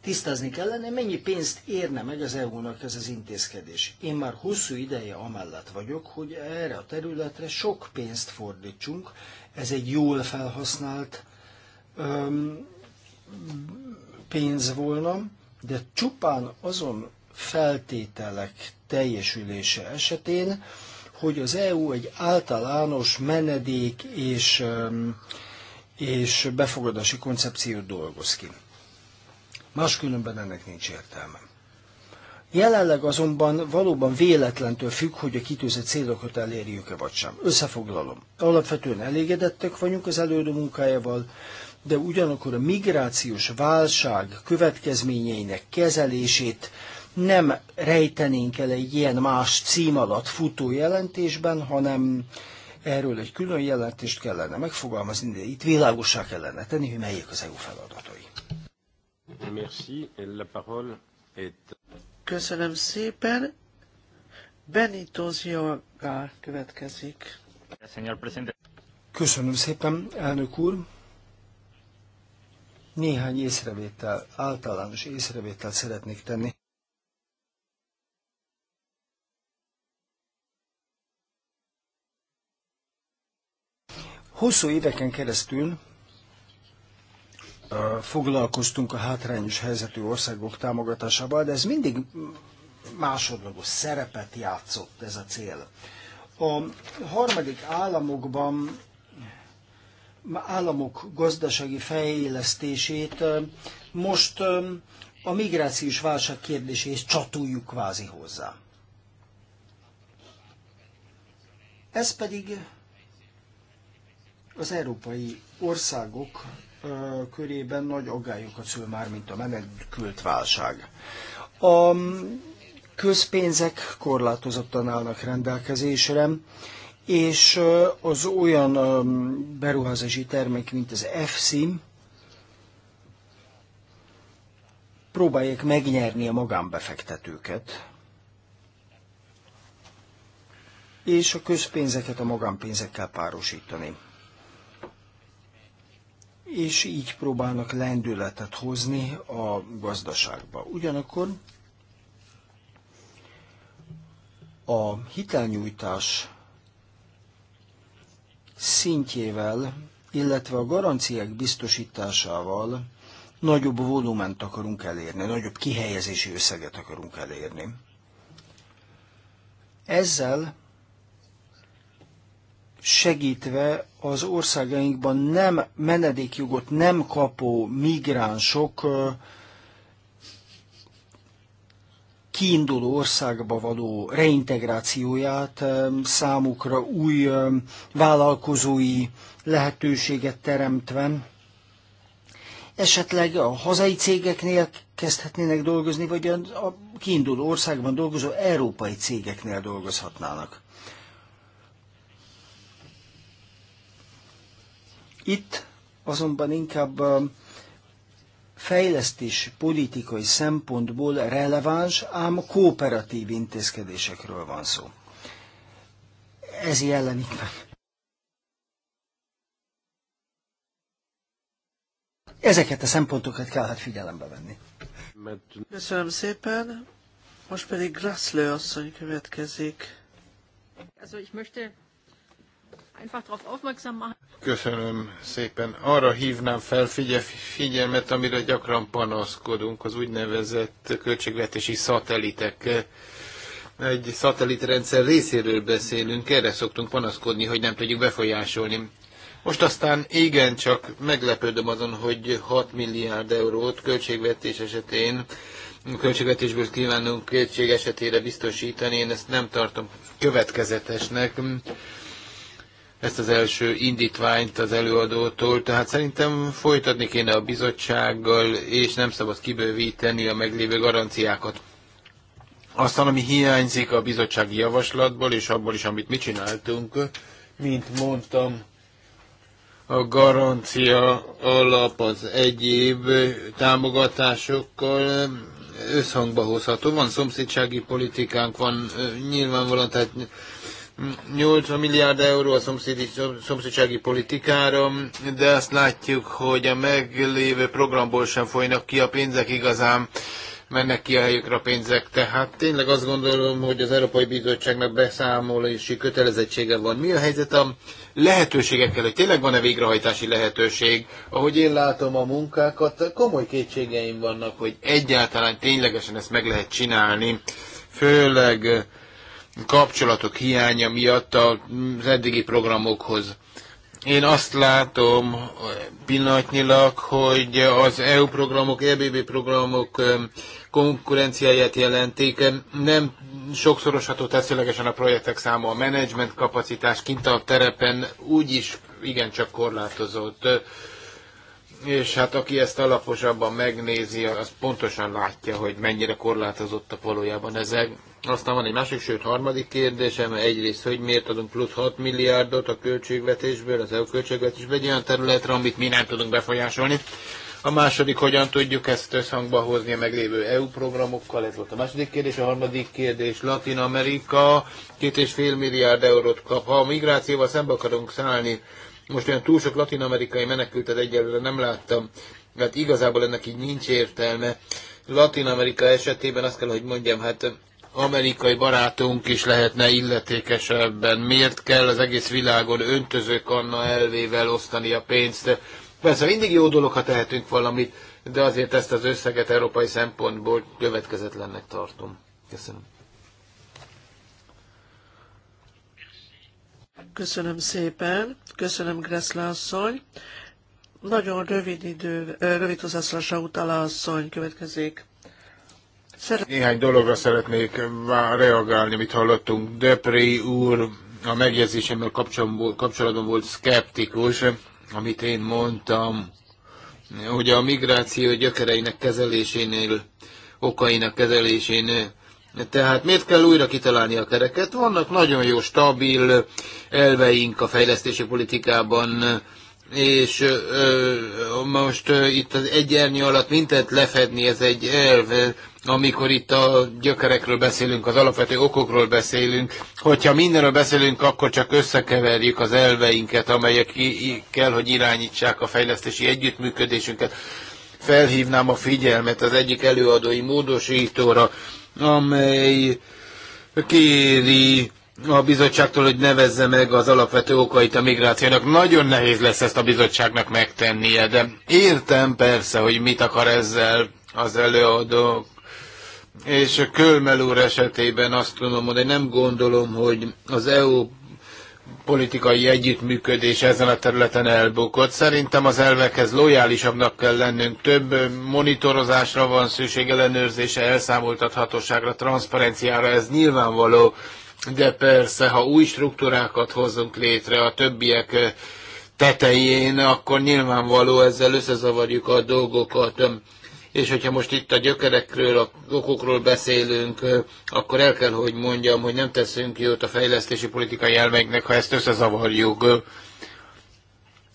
Tisztázni kellene, mennyi pénzt érne meg az EU-nak ez az intézkedés. Én már hosszú ideje amellett vagyok, hogy erre a területre sok pénzt fordítsunk. Ez egy jól felhasznált öm, pénz volna, de csupán azon feltételek teljesülése esetén, hogy az EU egy általános menedék és, és befogadási koncepciót dolgoz ki. Máskülönben ennek nincs értelme. Jelenleg azonban valóban véletlentől függ, hogy a kitűzött célokat elérjük-e vagy sem. Összefoglalom. Alapvetően elégedettek vagyunk az előadó munkájával, de ugyanakkor a migrációs válság következményeinek kezelését nem rejtenénk el egy ilyen más cím alatt futó jelentésben, hanem erről egy külön jelentést kellene megfogalmazni, de itt világosá kellene tenni, hogy melyek az EU feladatai. Merci. La parole est... Köszönöm szépen. Benito Zioga következik. Köszönöm szépen, elnök úr. Néhány észrevétel, általános észrevételt szeretnék tenni. Hosszú éveken keresztül foglalkoztunk a hátrányos helyzetű országok támogatásával, de ez mindig másodlagos szerepet játszott ez a cél. A harmadik államokban államok gazdasági fejlesztését most a migrációs válság kérdéséhez csatuljuk kvázi hozzá. Ez pedig az európai országok körében nagy aggályokat szül már, mint a menekült válság. A közpénzek korlátozottan állnak rendelkezésre, és az olyan beruházási termék, mint az FSIM, próbálják megnyerni a magánbefektetőket, és a közpénzeket a magánpénzekkel párosítani és így próbálnak lendületet hozni a gazdaságba. Ugyanakkor a hitelnyújtás szintjével, illetve a garanciák biztosításával nagyobb volument akarunk elérni, nagyobb kihelyezési összeget akarunk elérni. Ezzel segítve az országainkban nem menedékjogot nem kapó migránsok kiinduló országba való reintegrációját, számukra új vállalkozói lehetőséget teremtve, esetleg a hazai cégeknél kezdhetnének dolgozni, vagy a kiinduló országban dolgozó európai cégeknél dolgozhatnának. Itt azonban inkább fejlesztési politikai szempontból releváns, ám kooperatív intézkedésekről van szó. Ez jelenik meg. Ezeket a szempontokat kell hát figyelembe venni. Köszönöm szépen. Most pedig Grasslő asszony következik. Also ich möchte Köszönöm szépen. Arra hívnám fel figyelmet, amire gyakran panaszkodunk, az úgynevezett költségvetési szatelitek. Egy szatelitrendszer részéről beszélünk, erre szoktunk panaszkodni, hogy nem tudjuk befolyásolni. Most aztán igen, csak meglepődöm azon, hogy 6 milliárd eurót költségvetés esetén költségvetésből kívánunk költség esetére biztosítani, én ezt nem tartom következetesnek ezt az első indítványt az előadótól, tehát szerintem folytatni kéne a bizottsággal, és nem szabad kibővíteni a meglévő garanciákat. Aztán, ami hiányzik a bizottsági javaslatból, és abból is, amit mi csináltunk, mint mondtam, a garancia alap az egyéb támogatásokkal összhangba hozható. Van szomszédsági politikánk, van nyilvánvalóan, tehát 80 milliárd euró a szomszédi, szomszédsági politikára, de azt látjuk, hogy a meglévő programból sem folynak ki a pénzek igazán, mennek ki a helyükre a pénzek. Tehát tényleg azt gondolom, hogy az Európai Bizottságnak beszámolási kötelezettsége van. Mi a helyzet a lehetőségekkel, hogy tényleg van-e végrehajtási lehetőség? Ahogy én látom a munkákat, komoly kétségeim vannak, hogy egyáltalán ténylegesen ezt meg lehet csinálni. Főleg kapcsolatok hiánya miatt az eddigi programokhoz. Én azt látom pillanatnyilag, hogy az EU programok, EBB programok konkurenciáját jelentik. Nem sokszorosható teszőlegesen a projektek száma, a menedzsment kapacitás kint a terepen úgyis igencsak korlátozott. És hát aki ezt alaposabban megnézi, az pontosan látja, hogy mennyire korlátozott a valójában ezek. Aztán van egy másik, sőt harmadik kérdésem, egyrészt, hogy miért adunk plusz 6 milliárdot a költségvetésből, az EU költségvetésből egy olyan területre, amit mi nem tudunk befolyásolni. A második, hogyan tudjuk ezt összhangba hozni a meglévő EU programokkal, ez volt a második kérdés. A harmadik kérdés, Latin Amerika két és fél milliárd eurót kap. Ha a migrációval szembe akarunk szállni, most olyan túl sok latin amerikai menekültet egyelőre nem láttam, mert hát igazából ennek így nincs értelme. Latin Amerika esetében azt kell, hogy mondjam, hát amerikai barátunk is lehetne illetékesebben. Miért kell az egész világon öntözők Anna elvével osztani a pénzt? Persze mindig jó dolog, ha tehetünk valamit, de azért ezt az összeget európai szempontból következetlennek tartom. Köszönöm. Köszönöm szépen, köszönöm Greszle asszony. Nagyon rövid idő, rövid hozzászólása utal a asszony következik. Néhány dologra szeretnék reagálni, amit hallottunk. Depré úr a megjegyzésemmel kapcsolatban volt szkeptikus, amit én mondtam, hogy a migráció gyökereinek kezelésénél, okainak kezelésénél tehát miért kell újra kitalálni a kereket? Vannak nagyon jó stabil elveink a fejlesztési politikában, és ö, most ö, itt az egyernyő alatt mindent lefedni, ez egy elv, amikor itt a gyökerekről beszélünk, az alapvető okokról beszélünk. Hogyha mindenről beszélünk, akkor csak összekeverjük az elveinket, amelyek kell, hogy irányítsák a fejlesztési együttműködésünket. Felhívnám a figyelmet az egyik előadói módosítóra, amely kéri a bizottságtól, hogy nevezze meg az alapvető okait a migrációnak. Nagyon nehéz lesz ezt a bizottságnak megtennie, de értem persze, hogy mit akar ezzel az előadók. És a Kölmel úr esetében azt tudom mondani, nem gondolom, hogy az EU politikai együttműködés ezen a területen elbukott. Szerintem az elvekhez lojálisabbnak kell lennünk. Több monitorozásra van szükség, ellenőrzése, elszámoltathatóságra, transzparenciára, ez nyilvánvaló. De persze, ha új struktúrákat hozunk létre a többiek eh, tetején, akkor nyilvánvaló ezzel összezavarjuk a dolgokat. És hogyha most itt a gyökerekről, a okokról beszélünk, eh, akkor el kell, hogy mondjam, hogy nem teszünk jót a fejlesztési politikai elmeinknek, ha ezt összezavarjuk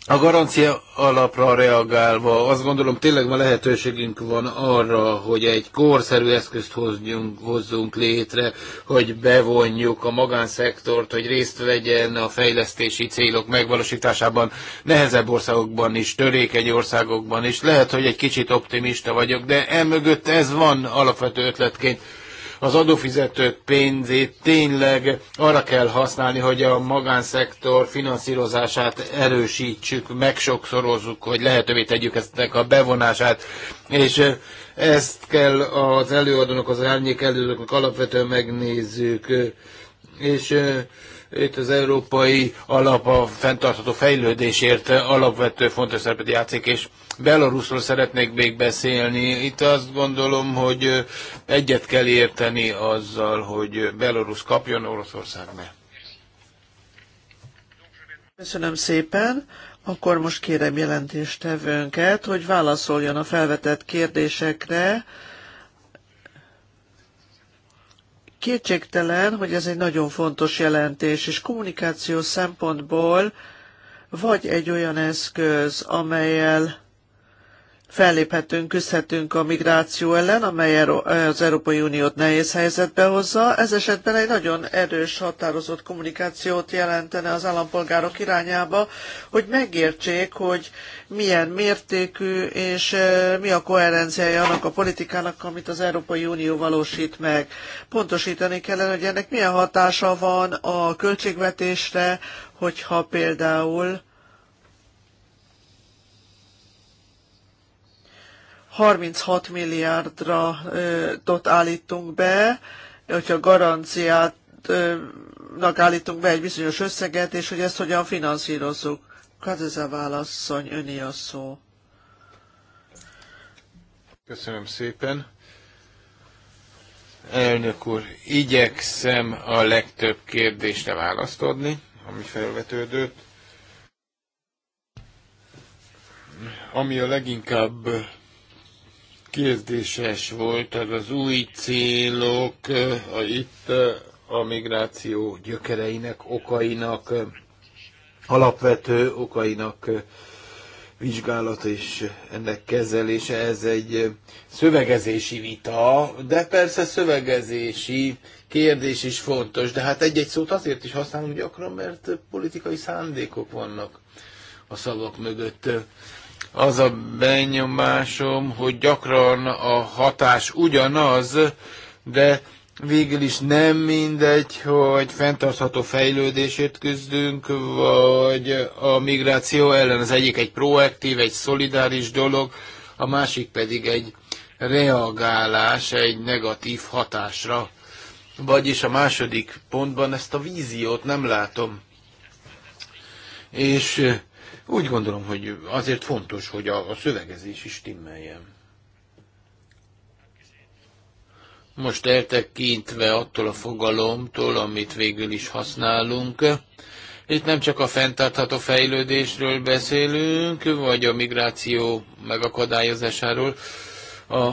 a garancia alapra reagálva, azt gondolom tényleg ma lehetőségünk van arra, hogy egy korszerű eszközt hozzunk, hozzunk létre, hogy bevonjuk a magánszektort, hogy részt vegyen a fejlesztési célok megvalósításában, nehezebb országokban is, törékeny országokban is. Lehet, hogy egy kicsit optimista vagyok, de emögött ez van alapvető ötletként az adófizetők pénzét tényleg arra kell használni, hogy a magánszektor finanszírozását erősítsük, megsokszorozzuk, hogy lehetővé tegyük ezt a bevonását, és eh, ezt kell az előadónak, az árnyék előadónak alapvetően megnézzük, és eh, itt az európai alap a fenntartható fejlődésért alapvető fontos szerepet játszik, és Belarusról szeretnék még beszélni. Itt azt gondolom, hogy egyet kell érteni azzal, hogy Belarus kapjon, Oroszország ne. Köszönöm szépen. Akkor most kérem jelentéstevőnket, hogy válaszoljon a felvetett kérdésekre. Kétségtelen, hogy ez egy nagyon fontos jelentés, és kommunikáció szempontból vagy egy olyan eszköz, amelyel felléphetünk, küzdhetünk a migráció ellen, amely az Európai Uniót nehéz helyzetbe hozza. Ez esetben egy nagyon erős, határozott kommunikációt jelentene az állampolgárok irányába, hogy megértsék, hogy milyen mértékű és eh, mi a koherenciája annak a politikának, amit az Európai Unió valósít meg. Pontosítani kellene, hogy ennek milyen hatása van a költségvetésre, hogyha például 36 milliárdra dot állítunk be, hogyha garanciát állítunk be egy bizonyos összeget, és hogy ezt hogyan finanszírozzuk. Hát ez a válaszony, öné a szó. Köszönöm szépen. Elnök úr, igyekszem a legtöbb kérdésre választ adni, ami felvetődött. Ami a leginkább kérdéses volt az, az új célok a, itt a migráció gyökereinek, okainak, alapvető okainak vizsgálat és ennek kezelése. Ez egy szövegezési vita, de persze szövegezési kérdés is fontos, de hát egy-egy szót azért is használunk gyakran, mert politikai szándékok vannak a szavak mögött. Az a benyomásom, hogy gyakran a hatás ugyanaz, de végül is nem mindegy, hogy fenntartható fejlődését küzdünk, vagy a migráció ellen. Az egyik egy proaktív, egy szolidáris dolog, a másik pedig egy reagálás egy negatív hatásra. Vagyis a második pontban ezt a víziót nem látom. És úgy gondolom, hogy azért fontos, hogy a, a szövegezés is stimmeljen. Most eltekintve attól a fogalomtól, amit végül is használunk, itt nem csak a fenntartható fejlődésről beszélünk, vagy a migráció megakadályozásáról, a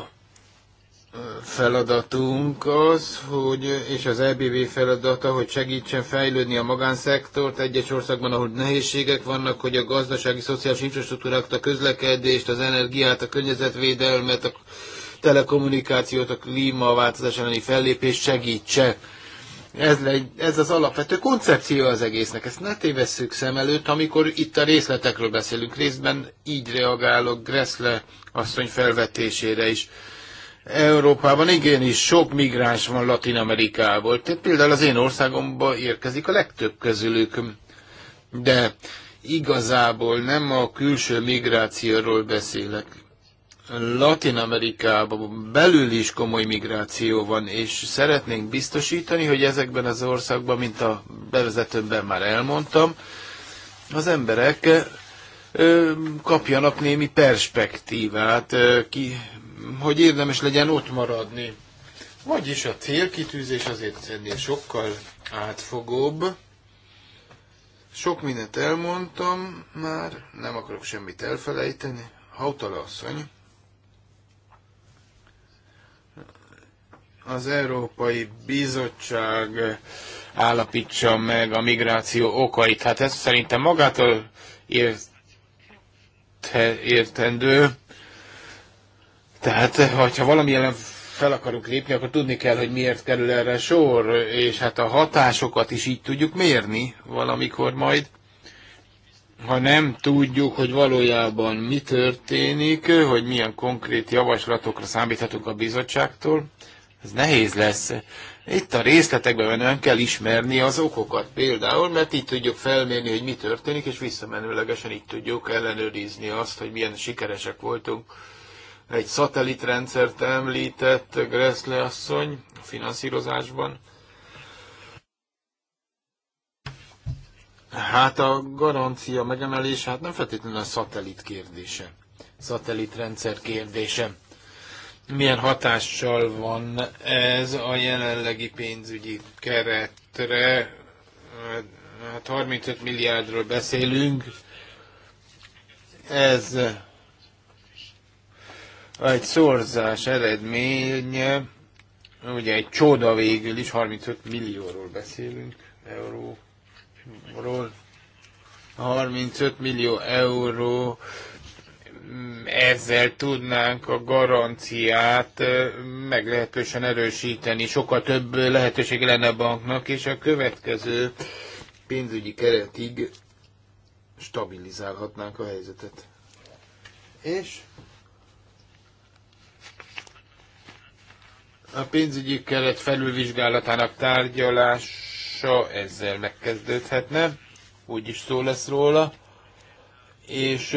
feladatunk az, hogy, és az EBV feladata, hogy segítsen fejlődni a magánszektort egyes országban, ahol nehézségek vannak, hogy a gazdasági, szociális infrastruktúrákat, a közlekedést, az energiát, a környezetvédelmet, a telekommunikációt, a klímaváltozás elleni fellépést segítse. Ez, legy, ez az alapvető koncepció az egésznek. Ezt ne tévesszük szem előtt, amikor itt a részletekről beszélünk. Részben így reagálok Greszle asszony felvetésére is Európában igenis sok migráns van Latin Amerikából. Tehát például az én országomba érkezik a legtöbb közülük. De igazából nem a külső migrációról beszélek. Latin Amerikában belül is komoly migráció van, és szeretnénk biztosítani, hogy ezekben az országban, mint a bevezetőmben már elmondtam, az emberek kapjanak némi perspektívát, ki hogy érdemes legyen ott maradni. Vagyis a célkitűzés azért ennél sokkal átfogóbb. Sok mindent elmondtam már, nem akarok semmit elfelejteni. Hautala asszony, az Európai Bizottság állapítsa meg a migráció okait. Hát ez szerintem magától ért, értendő. Tehát, hogyha valami ellen fel akarunk lépni, akkor tudni kell, hogy miért kerül erre sor, és hát a hatásokat is így tudjuk mérni valamikor majd. Ha nem tudjuk, hogy valójában mi történik, hogy milyen konkrét javaslatokra számíthatunk a bizottságtól, ez nehéz lesz. Itt a részletekben nem kell ismerni az okokat például, mert így tudjuk felmérni, hogy mi történik, és visszamenőlegesen így tudjuk ellenőrizni azt, hogy milyen sikeresek voltunk egy szatelitrendszert említett Gressle asszony a finanszírozásban. Hát a garancia megemelés, hát nem feltétlenül a szatellit kérdése, szatellitrendszer kérdése. Milyen hatással van ez a jelenlegi pénzügyi keretre? Hát 35 hát milliárdról beszélünk. Ez egy szorzás eredménye, ugye egy csoda végül is, 35 millióról beszélünk, euróról, 35 millió euró, ezzel tudnánk a garanciát meglehetősen erősíteni. Sokkal több lehetőség lenne a banknak, és a következő pénzügyi keretig stabilizálhatnánk a helyzetet. És A pénzügyi keret felülvizsgálatának tárgyalása ezzel megkezdődhetne, úgyis szó lesz róla, és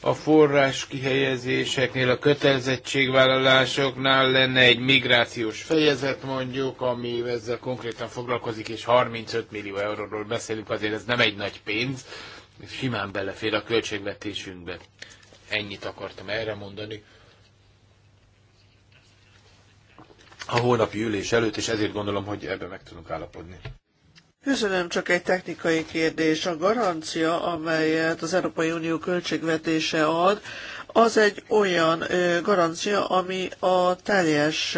a forrás kihelyezéseknél, a kötelezettségvállalásoknál lenne egy migrációs fejezet mondjuk, ami ezzel konkrétan foglalkozik, és 35 millió euróról beszélünk, azért ez nem egy nagy pénz, simán belefér a költségvetésünkbe. Ennyit akartam erre mondani. a holnapi ülés előtt, és ezért gondolom, hogy ebben meg tudunk állapodni. Köszönöm, csak egy technikai kérdés. A garancia, amelyet az Európai Unió költségvetése ad, az egy olyan garancia, ami a teljes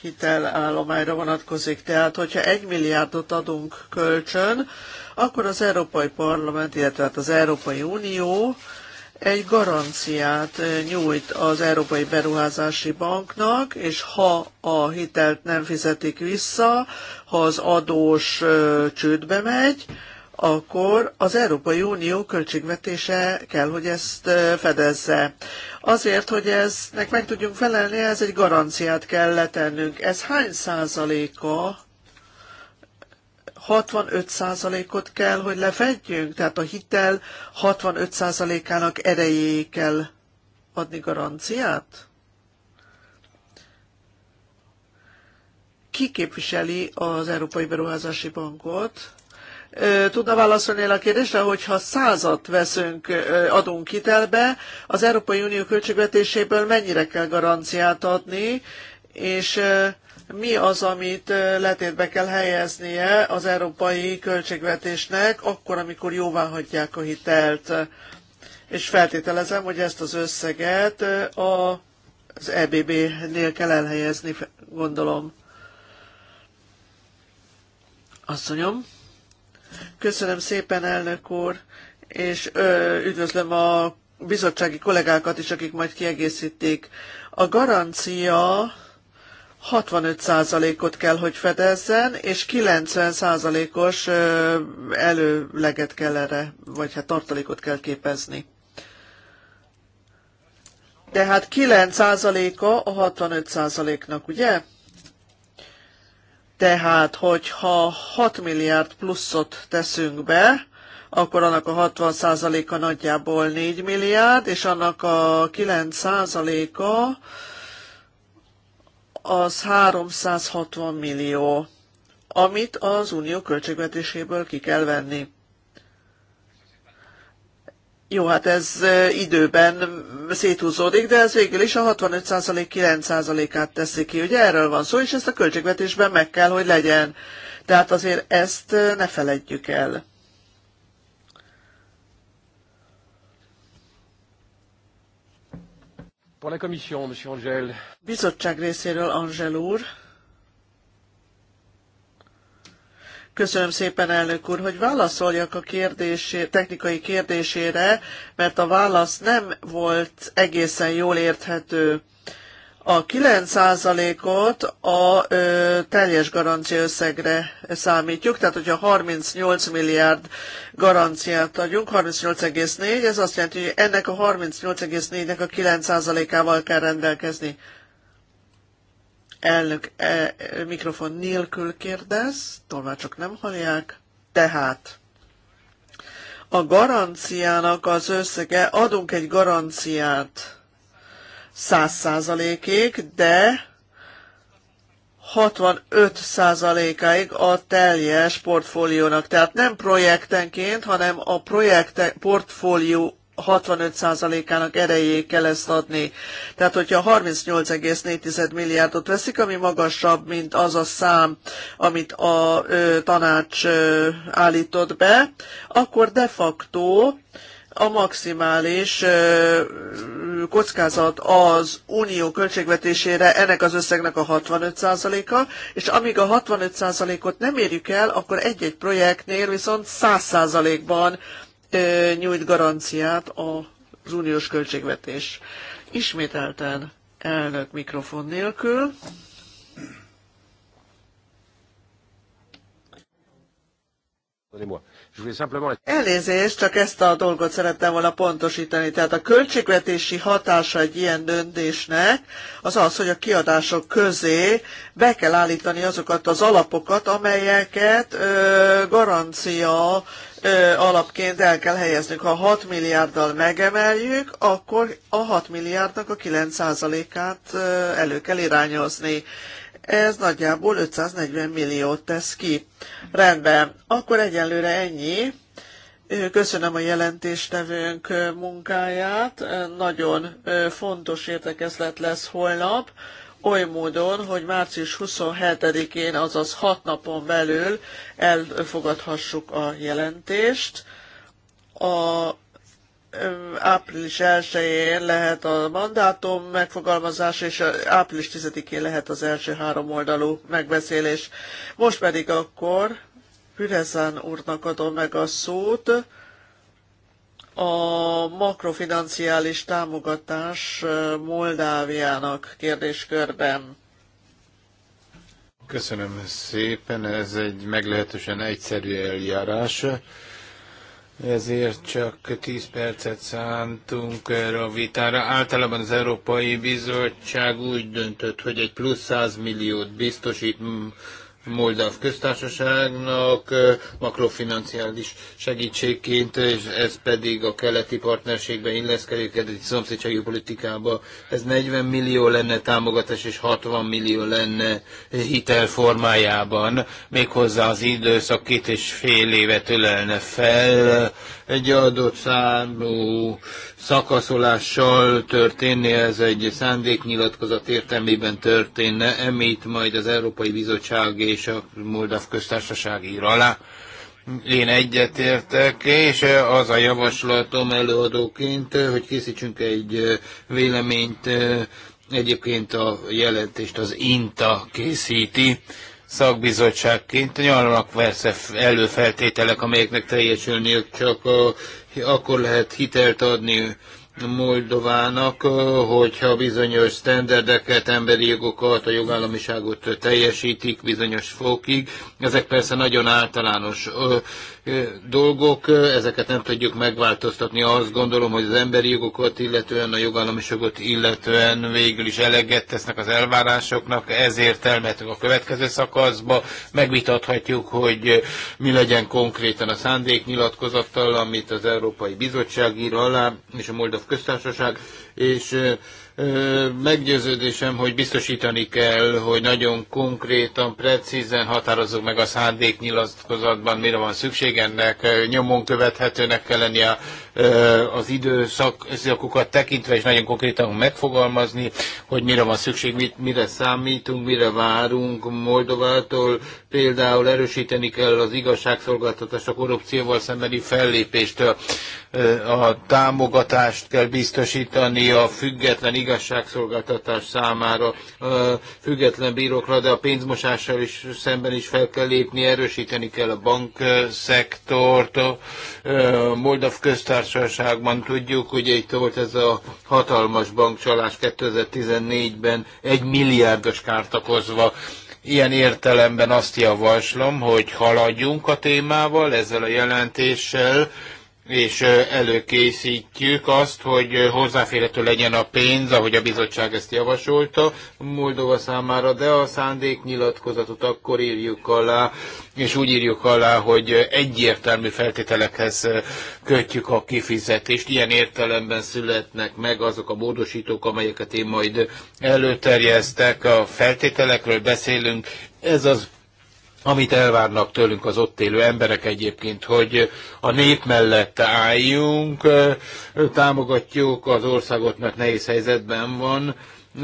hitelállományra vonatkozik. Tehát, hogyha egy milliárdot adunk kölcsön, akkor az Európai Parlament, illetve hát az Európai Unió egy garanciát nyújt az Európai Beruházási Banknak, és ha a hitelt nem fizetik vissza, ha az adós csődbe megy, akkor az Európai Unió költségvetése kell, hogy ezt fedezze. Azért, hogy eznek meg tudjunk felelni, ez egy garanciát kell letennünk. Ez hány százaléka 65%-ot kell, hogy lefedjünk, tehát a hitel 65%-ának erejéig kell adni garanciát? Ki képviseli az Európai Beruházási Bankot? Tudna válaszolni a kérdésre, hogyha százat veszünk, adunk hitelbe, az Európai Unió költségvetéséből mennyire kell garanciát adni, és mi az, amit letétbe kell helyeznie az európai költségvetésnek, akkor, amikor jóvá hagyják a hitelt. És feltételezem, hogy ezt az összeget az EBB-nél kell elhelyezni, gondolom. Asszonyom. Köszönöm szépen, elnök úr, és ö, üdvözlöm a bizottsági kollégákat is, akik majd kiegészítik. A garancia 65%-ot kell, hogy fedezzen, és 90%-os előleget kell erre, vagy hát tartalékot kell képezni. Tehát 9%-a a 65%-nak, ugye? Tehát, hogyha 6 milliárd pluszot teszünk be, akkor annak a 60%-a nagyjából 4 milliárd, és annak a 9%-a az 360 millió, amit az unió költségvetéséből ki kell venni. Jó, hát ez időben széthúzódik, de ez végül is a 65% 9%-át teszi ki. Ugye erről van szó, és ezt a költségvetésben meg kell, hogy legyen. Tehát azért ezt ne feledjük el. Pour la Commission, Monsieur Angel. Bizottság részéről Angel úr. Köszönöm szépen, elnök úr, hogy válaszoljak a kérdésé, technikai kérdésére, mert a válasz nem volt egészen jól érthető. A 9%-ot a ö, teljes garancia összegre számítjuk, tehát hogyha 38 milliárd garanciát adjunk, 38,4, ez azt jelenti, hogy ennek a 38,4-nek a 9%-ával kell rendelkezni. Elnök e, mikrofon nélkül kérdez, csak nem hallják, tehát a garanciának az összege, adunk egy garanciát, 100 százalékig, de 65 százalékáig a teljes portfóliónak. Tehát nem projektenként, hanem a projekte, portfólió 65%-ának erejéig kell ezt adni. Tehát, hogyha 38,4 milliárdot veszik, ami magasabb, mint az a szám, amit a ö, tanács ö, állított be, akkor de facto a maximális kockázat az unió költségvetésére ennek az összegnek a 65%-a, és amíg a 65%-ot nem érjük el, akkor egy-egy projektnél viszont 100%-ban nyújt garanciát az uniós költségvetés. Ismételten elnök mikrofon nélkül. Donnez-moi. Elnézést, csak ezt a dolgot szerettem volna pontosítani. Tehát a költségvetési hatása egy ilyen döntésnek az az, hogy a kiadások közé be kell állítani azokat az alapokat, amelyeket ö, garancia ö, alapként el kell helyeznünk. Ha 6 milliárddal megemeljük, akkor a 6 milliárdnak a 9%-át elő kell irányozni. Ez nagyjából 540 milliót tesz ki. Rendben, akkor egyelőre ennyi. Köszönöm a jelentéstevőnk munkáját. Nagyon fontos értekezlet lesz holnap, oly módon, hogy március 27-én, azaz 6 napon belül elfogadhassuk a jelentést. A április 1-én lehet a mandátum megfogalmazás, és április 10-én lehet az első három oldalú megbeszélés. Most pedig akkor Pürezán úrnak adom meg a szót a makrofinanciális támogatás Moldáviának kérdéskörben. Köszönöm szépen, ez egy meglehetősen egyszerű eljárás ezért csak 10 percet szántunk erre a vitára. Általában az Európai Bizottság úgy döntött, hogy egy plusz 100 milliót biztosít Moldáv köztársaságnak makrofinanciális segítségként, és ez pedig a keleti partnerségbe illeszkedik, egy szomszédsági politikába. Ez 40 millió lenne támogatás, és 60 millió lenne hitel formájában. Méghozzá az időszak két és fél évet ölelne fel, egy adott számú szakaszolással történni, ez egy szándéknyilatkozat értelmében történne, említ majd az Európai Bizottság és és a Moldav köztársaság ír alá. Én egyetértek, és az a javaslatom előadóként, hogy készítsünk egy véleményt, egyébként a jelentést az INTA készíti, szakbizottságként nyarnak persze előfeltételek, amelyeknek teljesülniük csak a, akkor lehet hitelt adni Moldovának, hogyha bizonyos sztenderdeket, emberi jogokat, a jogállamiságot teljesítik bizonyos fokig. Ezek persze nagyon általános dolgok, ezeket nem tudjuk megváltoztatni. Azt gondolom, hogy az emberi jogokat, illetően a jogállamiságot, illetően végül is eleget tesznek az elvárásoknak, ezért elmehetünk a következő szakaszba, megvitathatjuk, hogy mi legyen konkrétan a szándéknyilatkozattal, amit az Európai Bizottság ír alá, és a moldov Köztársaság, és Meggyőződésem, hogy biztosítani kell, hogy nagyon konkrétan, precízen határozzuk meg a szándéknyilatkozatban, mire van szükség ennek, nyomon követhetőnek kell lennie a az időszakokat tekintve, és nagyon konkrétan megfogalmazni, hogy mire van szükség, mit, mire számítunk, mire várunk Moldovától. Például erősíteni kell az igazságszolgáltatás a korrupcióval szembeni fellépést, a támogatást kell biztosítani a független igazságszolgáltatás számára, a független bírókra, de a pénzmosással is szemben is fel kell lépni, erősíteni kell a bankszektort, Moldov köztársaságot, köztársaságban tudjuk, ugye itt volt ez a hatalmas bankcsalás 2014-ben egy milliárdos kárt okozva. Ilyen értelemben azt javaslom, hogy haladjunk a témával, ezzel a jelentéssel, és előkészítjük azt, hogy hozzáférhető legyen a pénz, ahogy a bizottság ezt javasolta Moldova számára, de a szándéknyilatkozatot akkor írjuk alá, és úgy írjuk alá, hogy egyértelmű feltételekhez kötjük a kifizetést. Ilyen értelemben születnek meg azok a módosítók, amelyeket én majd előterjeztek. A feltételekről beszélünk, ez az amit elvárnak tőlünk az ott élő emberek egyébként, hogy a nép mellett álljunk, támogatjuk az országot, mert nehéz helyzetben van,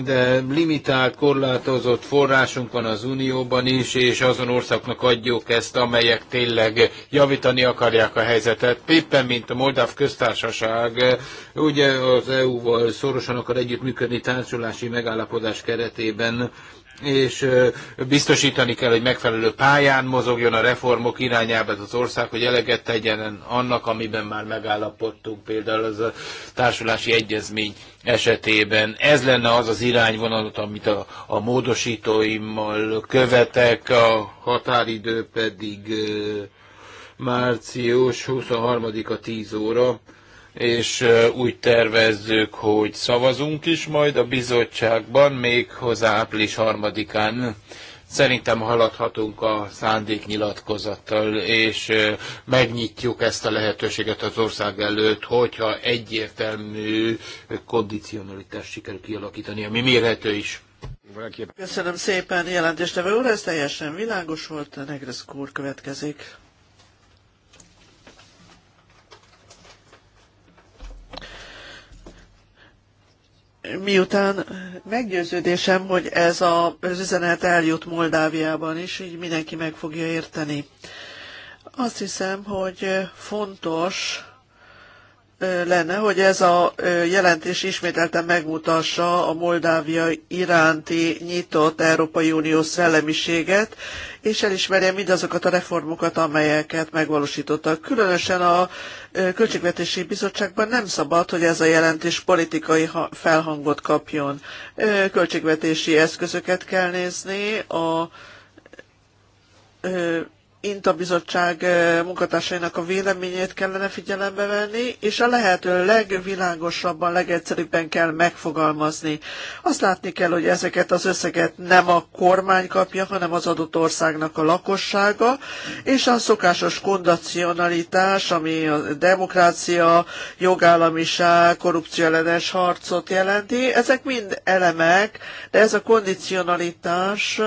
de limitált, korlátozott forrásunk van az Unióban is, és azon országnak adjuk ezt, amelyek tényleg javítani akarják a helyzetet. Éppen, mint a Moldáv köztársaság, ugye az EU-val szorosan akar együttműködni társulási megállapodás keretében, és biztosítani kell, hogy megfelelő pályán mozogjon a reformok irányába az ország, hogy eleget tegyen annak, amiben már megállapodtunk, például az a társulási egyezmény esetében. Ez lenne az az irányvonalat, amit a, a módosítóimmal követek, a határidő pedig március 23-a 10 óra és úgy tervezzük, hogy szavazunk is majd a bizottságban, még hozzá április harmadikán. Szerintem haladhatunk a szándéknyilatkozattal, és megnyitjuk ezt a lehetőséget az ország előtt, hogyha egyértelmű kondicionalitást sikerül kialakítani, ami mérhető is. Köszönöm szépen, jelentéstevő úr, ez teljesen világos volt, Negresz úr következik. miután meggyőződésem, hogy ez a, az üzenet eljut Moldáviában is, így mindenki meg fogja érteni. Azt hiszem, hogy fontos lenne, hogy ez a jelentés ismételten megmutassa a Moldávia iránti nyitott Európai Unió szellemiséget, és elismerje mindazokat a reformokat, amelyeket megvalósítottak. Különösen a Költségvetési Bizottságban nem szabad, hogy ez a jelentés politikai felhangot kapjon. Költségvetési eszközöket kell nézni, a INTA bizottság eh, munkatársainak a véleményét kellene figyelembe venni, és a lehető legvilágosabban, legegyszerűbben kell megfogalmazni. Azt látni kell, hogy ezeket az összeget nem a kormány kapja, hanem az adott országnak a lakossága, és a szokásos kondacionalitás, ami a demokrácia, jogállamiság, korrupcióellenes harcot jelenti, ezek mind elemek, de ez a kondicionalitás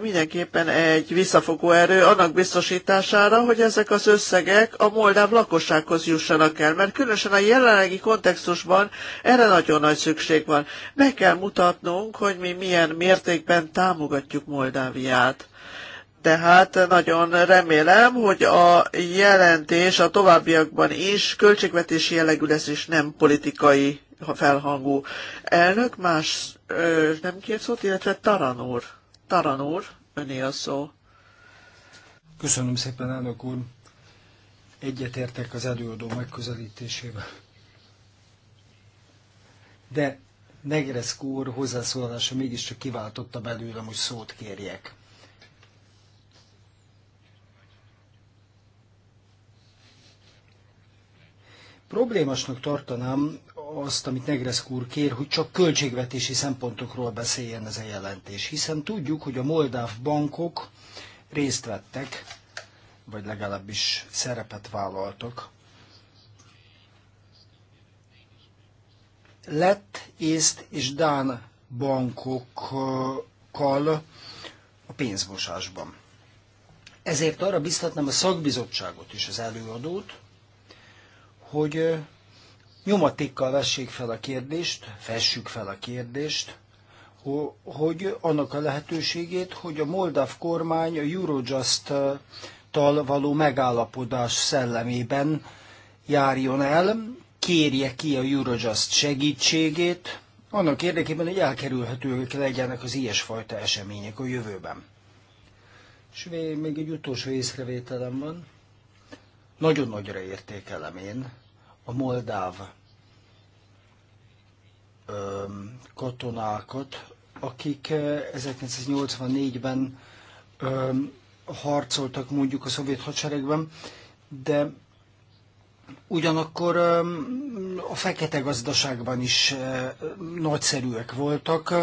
mindenképpen egy visszafogó erő annak biztosítására, hogy ezek az összegek a moldáv lakossághoz jussanak el, mert különösen a jelenlegi kontextusban erre nagyon nagy szükség van. Meg kell mutatnunk, hogy mi milyen mértékben támogatjuk Moldáviát. Tehát nagyon remélem, hogy a jelentés a továbbiakban is költségvetési jellegű lesz, és nem politikai felhangú. Elnök más ö, nem kér szót, illetve Taran úr. Taran úr, öné a szó. Köszönöm szépen, elnök úr. Egyetértek az előadó megközelítésével. De Negreszk úr hozzászólása mégiscsak kiváltotta belőlem, hogy szót kérjek. Problémasnak tartanám, azt, amit Negreszk úr kér, hogy csak költségvetési szempontokról beszéljen ez a jelentés, hiszen tudjuk, hogy a moldáv bankok részt vettek, vagy legalábbis szerepet vállaltak. Lett, észt és dán bankokkal a pénzmosásban. Ezért arra biztatnám a szakbizottságot és az előadót, hogy nyomatékkal vessék fel a kérdést, fessük fel a kérdést, hogy annak a lehetőségét, hogy a Moldav kormány a Eurojust-tal való megállapodás szellemében járjon el, kérje ki a Eurojust segítségét, annak érdekében, hogy elkerülhetőek legyenek az ilyesfajta események a jövőben. És még egy utolsó észrevételem van. Nagyon nagyra értékelem én a moldáv katonákat, akik 1984-ben harcoltak mondjuk a szovjet hadseregben, de ugyanakkor a fekete gazdaságban is nagyszerűek voltak.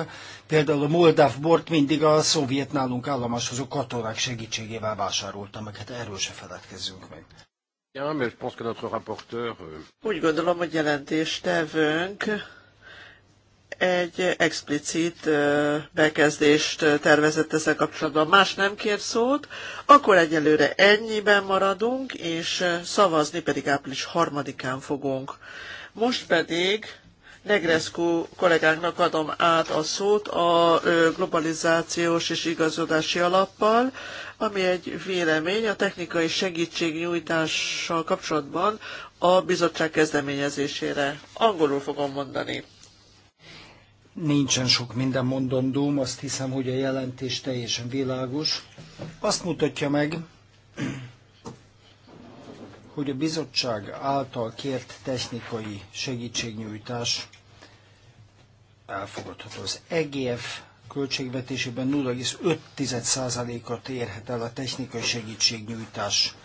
Például a moldáv bort mindig a szovjet nálunk állomásozó katonák segítségével vásárolta meg, hát erről se feledkezzünk meg. Euh, Úgy gondolom, hogy jelentéstevőnk egy explicit bekezdést tervezett ezzel kapcsolatban. Más nem kér szót, akkor egyelőre ennyiben maradunk, és szavazni pedig április harmadikán fogunk. Most pedig Negrescu kollégánknak adom át a szót a globalizációs és igazodási alappal, ami egy vélemény a technikai segítségnyújtással kapcsolatban a bizottság kezdeményezésére. Angolul fogom mondani. Nincsen sok minden mondandóm, azt hiszem, hogy a jelentés teljesen világos. Azt mutatja meg, hogy a bizottság által kért technikai segítségnyújtás elfogadható. Az EGF költségvetésében 0,5%-at érhet el a technikai segítségnyújtás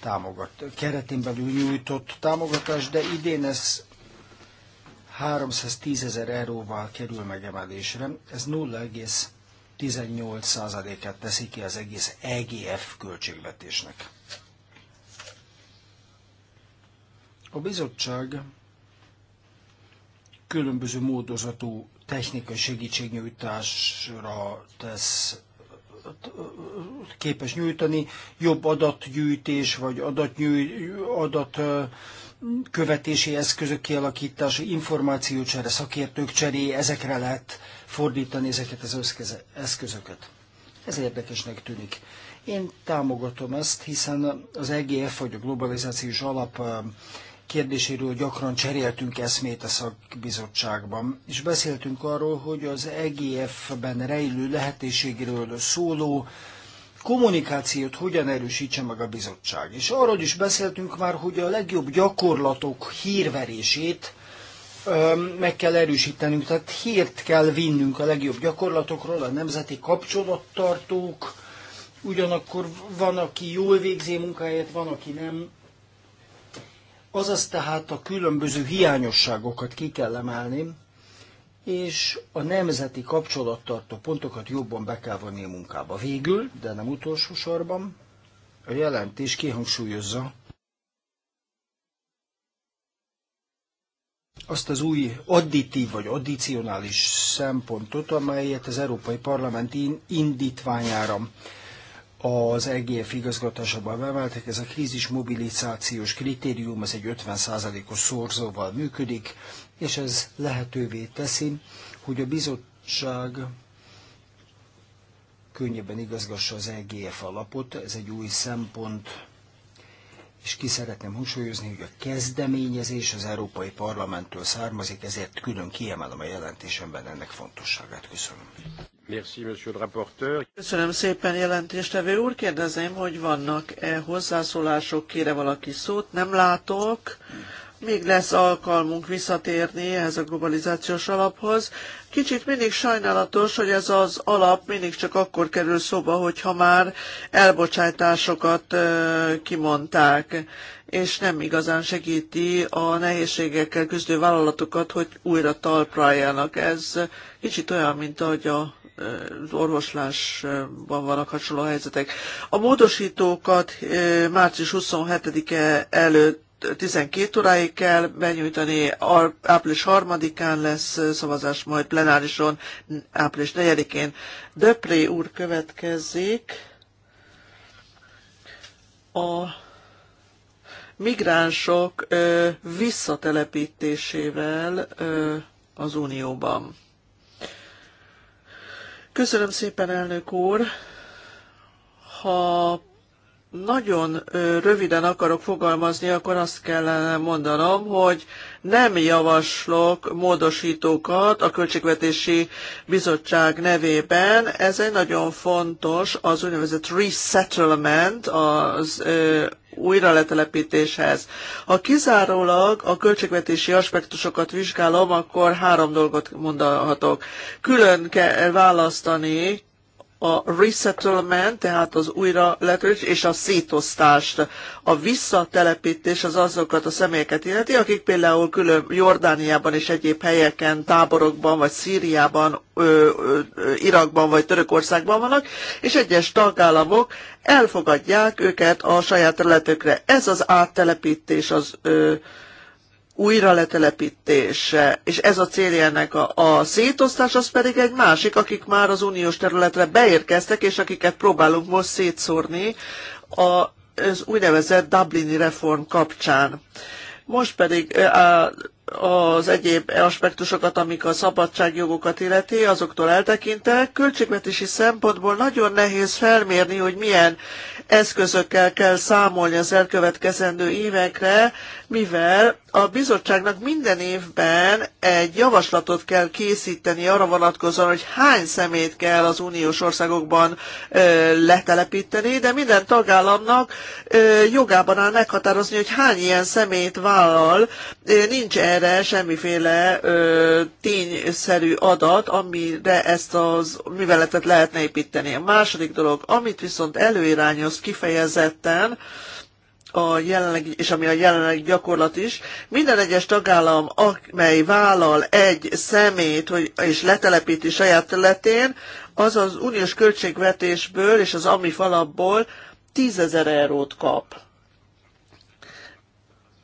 támogat, keretén belül nyújtott támogatás, de idén ez 310 ezer euróval kerül megemelésre. Ez 0,18%-át teszi ki az egész EGF költségvetésnek. A bizottság különböző módozatú technikai segítségnyújtásra tesz képes nyújtani, jobb adatgyűjtés vagy adatkövetési adat követési eszközök kialakítása, információcsere, szakértők cseré, ezekre lehet fordítani ezeket az eszközöket. Ez érdekesnek tűnik. Én támogatom ezt, hiszen az EGF vagy a globalizációs alap kérdéséről gyakran cseréltünk eszmét a szakbizottságban, és beszéltünk arról, hogy az EGF-ben rejlő lehetőségről szóló kommunikációt hogyan erősítse meg a bizottság. És arról is beszéltünk már, hogy a legjobb gyakorlatok hírverését meg kell erősítenünk, tehát hírt kell vinnünk a legjobb gyakorlatokról, a nemzeti kapcsolattartók, ugyanakkor van, aki jól végzi munkáját, van, aki nem, Azaz tehát a különböző hiányosságokat ki kell emelni, és a nemzeti kapcsolattartó pontokat jobban be kell vonni a munkába. Végül, de nem utolsó sorban, a jelentés kihangsúlyozza azt az új additív vagy addicionális szempontot, amelyet az Európai Parlament indítványára az EGF igazgatásában beváltak, ez a krízis mobilizációs kritérium, ez egy 50%-os szorzóval működik, és ez lehetővé teszi, hogy a bizottság könnyebben igazgassa az EGF alapot, ez egy új szempont, és ki szeretném hangsúlyozni, hogy a kezdeményezés az Európai Parlamenttől származik, ezért külön kiemelem a jelentésemben ennek fontosságát. Köszönöm. Köszönöm szépen, jelentéstevő úr. Kérdezem, hogy vannak-e hozzászólások, kére valaki szót? Nem látok. Még lesz alkalmunk visszatérni ehhez a globalizációs alaphoz. Kicsit mindig sajnálatos, hogy ez az alap mindig csak akkor kerül szóba, hogyha már elbocsátásokat kimondták, és nem igazán segíti a nehézségekkel küzdő vállalatokat, hogy újra talpra álljanak. Ez kicsit olyan, mint ahogy a az orvoslásban vannak hasonló helyzetek. A módosítókat március 27-e előtt 12 óráig kell benyújtani, április 3-án lesz szavazás, majd plenárison április 4-én. Döpré úr következik. A migránsok visszatelepítésével az Unióban. Köszönöm szépen, elnök úr! Ha nagyon röviden akarok fogalmazni, akkor azt kellene mondanom, hogy nem javaslok módosítókat a Költségvetési Bizottság nevében. Ez egy nagyon fontos, az úgynevezett resettlement, az újraletelepítéshez. Ha kizárólag a költségvetési aspektusokat vizsgálom, akkor három dolgot mondhatok. Külön kell választani a resettlement, tehát az újra és a szétosztást. A visszatelepítés az azokat a személyeket illeti, akik például külön Jordániában és egyéb helyeken, táborokban, vagy Szíriában, ö, ö, Irakban, vagy Törökországban vannak, és egyes tagállamok elfogadják őket a saját területükre. Ez az áttelepítés az ö, letelepítése és ez a célja ennek a, a szétosztás, az pedig egy másik, akik már az uniós területre beérkeztek, és akiket próbálunk most szétszórni a, az úgynevezett Dublini reform kapcsán. Most pedig a, az egyéb aspektusokat, amik a szabadságjogokat illeti, azoktól eltekintek. Költségvetési szempontból nagyon nehéz felmérni, hogy milyen eszközökkel kell számolni az elkövetkezendő évekre, mivel a bizottságnak minden évben egy javaslatot kell készíteni arra vonatkozóan, hogy hány szemét kell az uniós országokban ö, letelepíteni, de minden tagállamnak ö, jogában áll meghatározni, hogy hány ilyen szemét vállal. Nincs erre erre semmiféle ö, tényszerű adat, amire ezt az műveletet lehetne építeni. A második dolog, amit viszont előirányoz kifejezetten, a jelenleg, és ami a jelenleg gyakorlat is, minden egyes tagállam, amely vállal egy szemét hogy, és letelepíti saját területén, az az uniós költségvetésből és az AMIF alapból 10 ezer eurót kap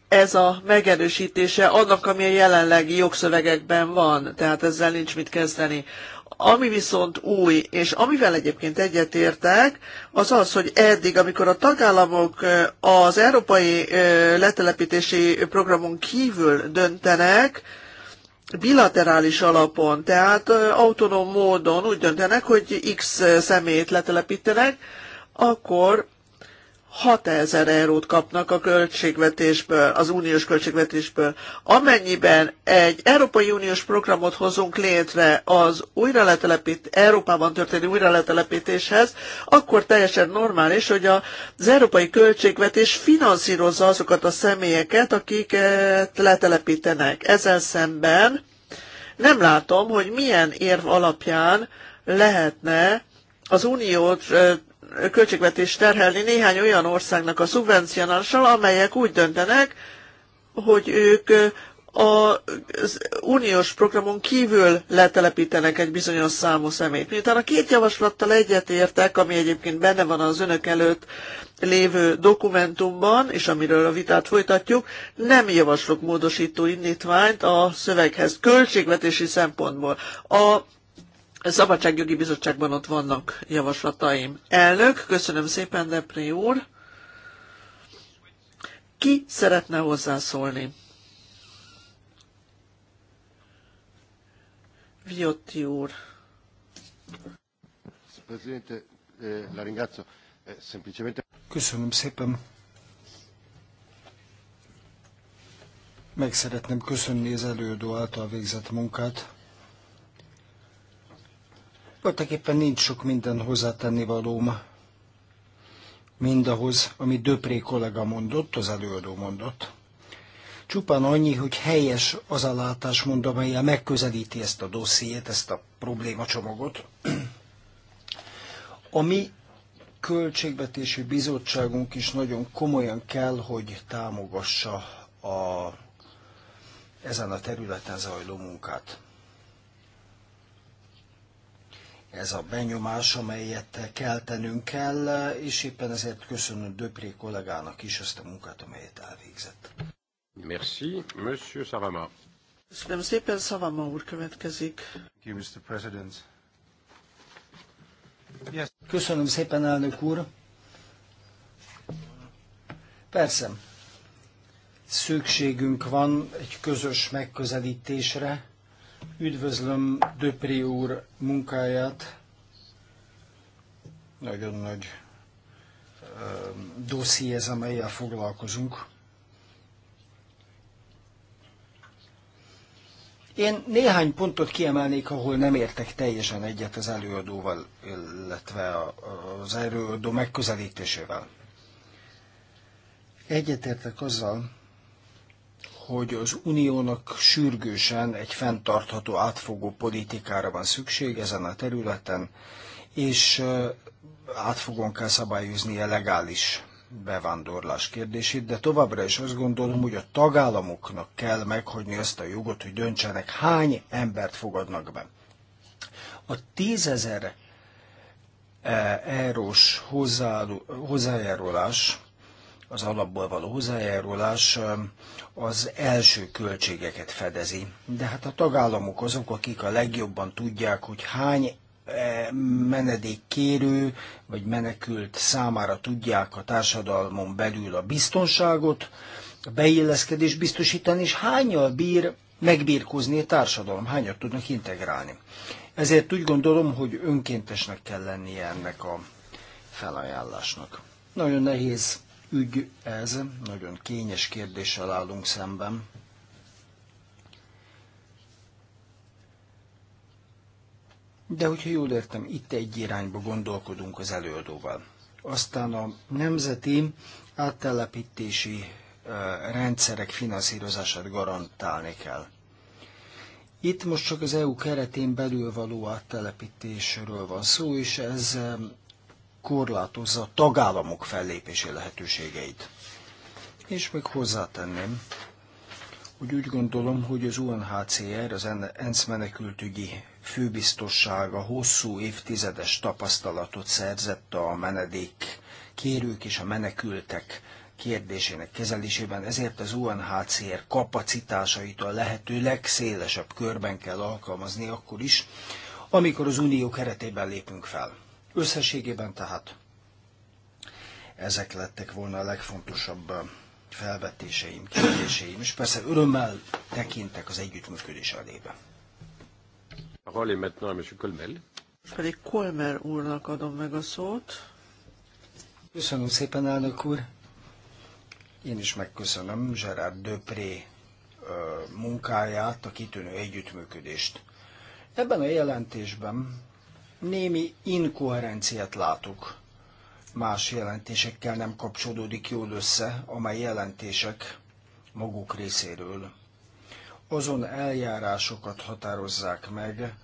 ez a megerősítése annak, ami a jelenlegi jogszövegekben van, tehát ezzel nincs mit kezdeni. Ami viszont új, és amivel egyébként egyetértek, az az, hogy eddig, amikor a tagállamok az európai letelepítési programon kívül döntenek, bilaterális alapon, tehát autonóm módon úgy döntenek, hogy X szemét letelepítenek, akkor 6000 eurót kapnak a költségvetésből, az uniós költségvetésből. Amennyiben egy Európai Uniós programot hozunk létre az újraletelepít, Európában történő újraletelepítéshez, akkor teljesen normális, hogy az európai költségvetés finanszírozza azokat a személyeket, akiket letelepítenek. Ezzel szemben nem látom, hogy milyen érv alapján lehetne az uniót költségvetést terhelni néhány olyan országnak a szubvencionálással, amelyek úgy döntenek, hogy ők az uniós programon kívül letelepítenek egy bizonyos számú szemét. Miután a két javaslattal egyetértek, ami egyébként benne van az önök előtt lévő dokumentumban, és amiről a vitát folytatjuk, nem javaslok módosító indítványt a szöveghez költségvetési szempontból. A a Szabadságjogi Bizottságban ott vannak javaslataim. Elnök, köszönöm szépen, Depré úr. Ki szeretne hozzászólni? Viotti úr. Eh, eh, köszönöm szépen. Meg szeretném köszönni az előadó által végzett munkát. Voltak éppen nincs sok minden hozzátenni valóm mindahhoz, amit Döpré kollega mondott, az előadó mondott. Csupán annyi, hogy helyes az a mondom, amelyel megközelíti ezt a dossziét, ezt a problémacsomagot. A mi költségvetési bizottságunk is nagyon komolyan kell, hogy támogassa a ezen a területen zajló munkát. ez a benyomás, amelyet keltenünk kell, és éppen ezért köszönöm Döpré kollégának is ezt a munkát, amelyet elvégzett. Merci, Monsieur Savama. Köszönöm szépen, Savama úr következik. You, Mr. President. Yes. Köszönöm szépen, elnök úr. Persze, szükségünk van egy közös megközelítésre, Üdvözlöm Döpré úr munkáját. Nagyon nagy um, dosszié ez, amelyel foglalkozunk. Én néhány pontot kiemelnék, ahol nem értek teljesen egyet az előadóval, illetve az előadó megközelítésével. Egyetértek azzal, hogy az uniónak sürgősen egy fenntartható, átfogó politikára van szükség ezen a területen, és átfogóan kell szabályozni a legális bevándorlás kérdését, de továbbra is azt gondolom, hogy a tagállamoknak kell meghagyni azt a jogot, hogy döntsenek, hány embert fogadnak be. A tízezer e, eurós hozzájárulás az alapból való hozzájárulás az első költségeket fedezi. De hát a tagállamok azok, akik a legjobban tudják, hogy hány e, menedékkérő vagy menekült számára tudják a társadalmon belül a biztonságot, a beilleszkedés biztosítani, és hányal bír megbírkozni a társadalom, hányat tudnak integrálni. Ezért úgy gondolom, hogy önkéntesnek kell lennie ennek a felajánlásnak. Nagyon nehéz ügy ez, nagyon kényes kérdéssel állunk szemben. De hogyha jól értem, itt egy irányba gondolkodunk az előadóval. Aztán a nemzeti áttelepítési rendszerek finanszírozását garantálni kell. Itt most csak az EU keretén belül való áttelepítésről van szó, és ez korlátozza a tagállamok fellépési lehetőségeit. És még hozzátenném, hogy úgy gondolom, hogy az UNHCR, az ENSZ menekültügyi főbiztossága hosszú évtizedes tapasztalatot szerzett a menedék kérők és a menekültek kérdésének kezelésében, ezért az UNHCR kapacitásait a lehető legszélesebb körben kell alkalmazni akkor is, amikor az unió keretében lépünk fel. Összességében tehát ezek lettek volna a legfontosabb eh, felvetéseim, kérdéseim, és persze örömmel tekintek az együttműködés elébe. Hallé maintenant, M. Colmel. Most pedig Kolmer úrnak adom meg a szót. Köszönöm szépen, elnök úr. Én is megköszönöm Gerard Döpré eh, munkáját, a kitűnő együttműködést. Ebben a jelentésben némi inkoherenciát látok. Más jelentésekkel nem kapcsolódik jól össze, amely jelentések maguk részéről. Azon eljárásokat határozzák meg,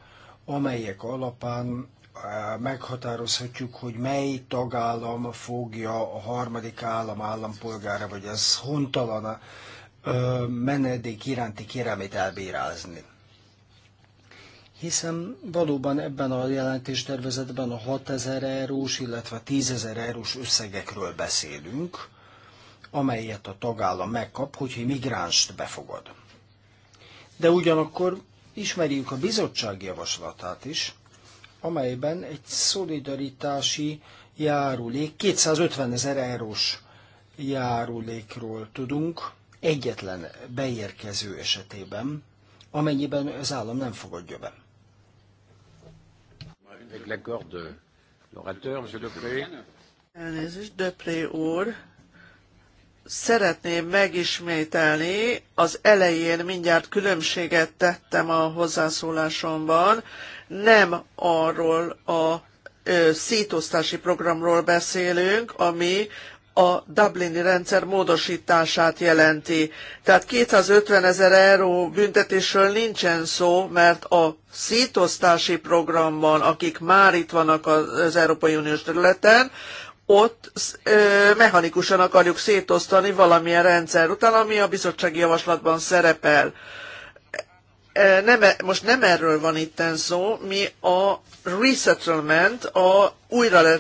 amelyek alapán eh, meghatározhatjuk, hogy mely tagállam fogja a harmadik állam állampolgára, vagy az hontalan eh, menedék iránti kérelmét elbírázni hiszen valóban ebben a jelentéstervezetben a 6000 eurós, illetve 10.000 eurós összegekről beszélünk, amelyet a tagállam megkap, hogyha migránst befogad. De ugyanakkor ismerjük a bizottság javaslatát is, amelyben egy szolidaritási járulék, 250 ezer eurós járulékról tudunk egyetlen beérkező esetében, amennyiben az állam nem fogadja be. Avec l'accord de l'orateur, M. Depré. Elnézést, Depré úr. Szeretném megismételni, az elején mindjárt különbséget tettem a hozzászólásomban, nem arról a szétosztási programról beszélünk, ami a Dublini rendszer módosítását jelenti. Tehát 250 ezer euró büntetésről nincsen szó, mert a szétosztási programban, akik már itt vannak az Európai Uniós területen, ott ö, mechanikusan akarjuk szétosztani valamilyen rendszer után, ami a bizottsági javaslatban szerepel. Nem, e, most nem erről van itt szó, mi a resettlement, a újra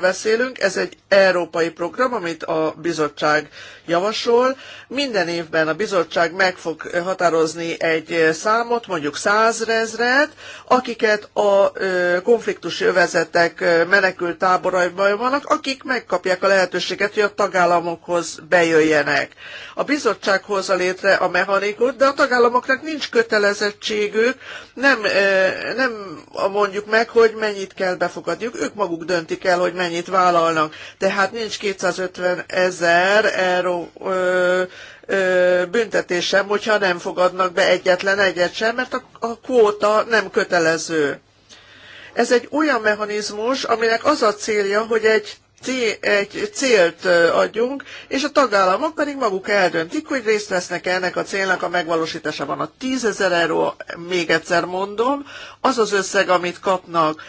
beszélünk. Ez egy európai program, amit a bizottság javasol. Minden évben a bizottság meg fog határozni egy számot, mondjuk százrezret, akiket a konfliktus övezetek menekült táboraiban vannak, akik megkapják a lehetőséget, hogy a tagállamokhoz bejöjjenek. A bizottság hozza létre a mechanikot, de a tagállamoknak nincs kötelezettségük, nem, nem mondjuk meg, hogy mennyit kell befogadni magukat. Ők maguk döntik el, hogy mennyit vállalnak. Tehát nincs 250 ezer euró büntetés sem, hogyha nem fogadnak be egyetlen egyet sem, mert a, a kvóta nem kötelező. Ez egy olyan mechanizmus, aminek az a célja, hogy egy egy célt adjunk, és a tagállamok pedig maguk eldöntik, hogy részt vesznek ennek a célnak a megvalósításában. A 10 ezer euró, még egyszer mondom, az az összeg, amit kapnak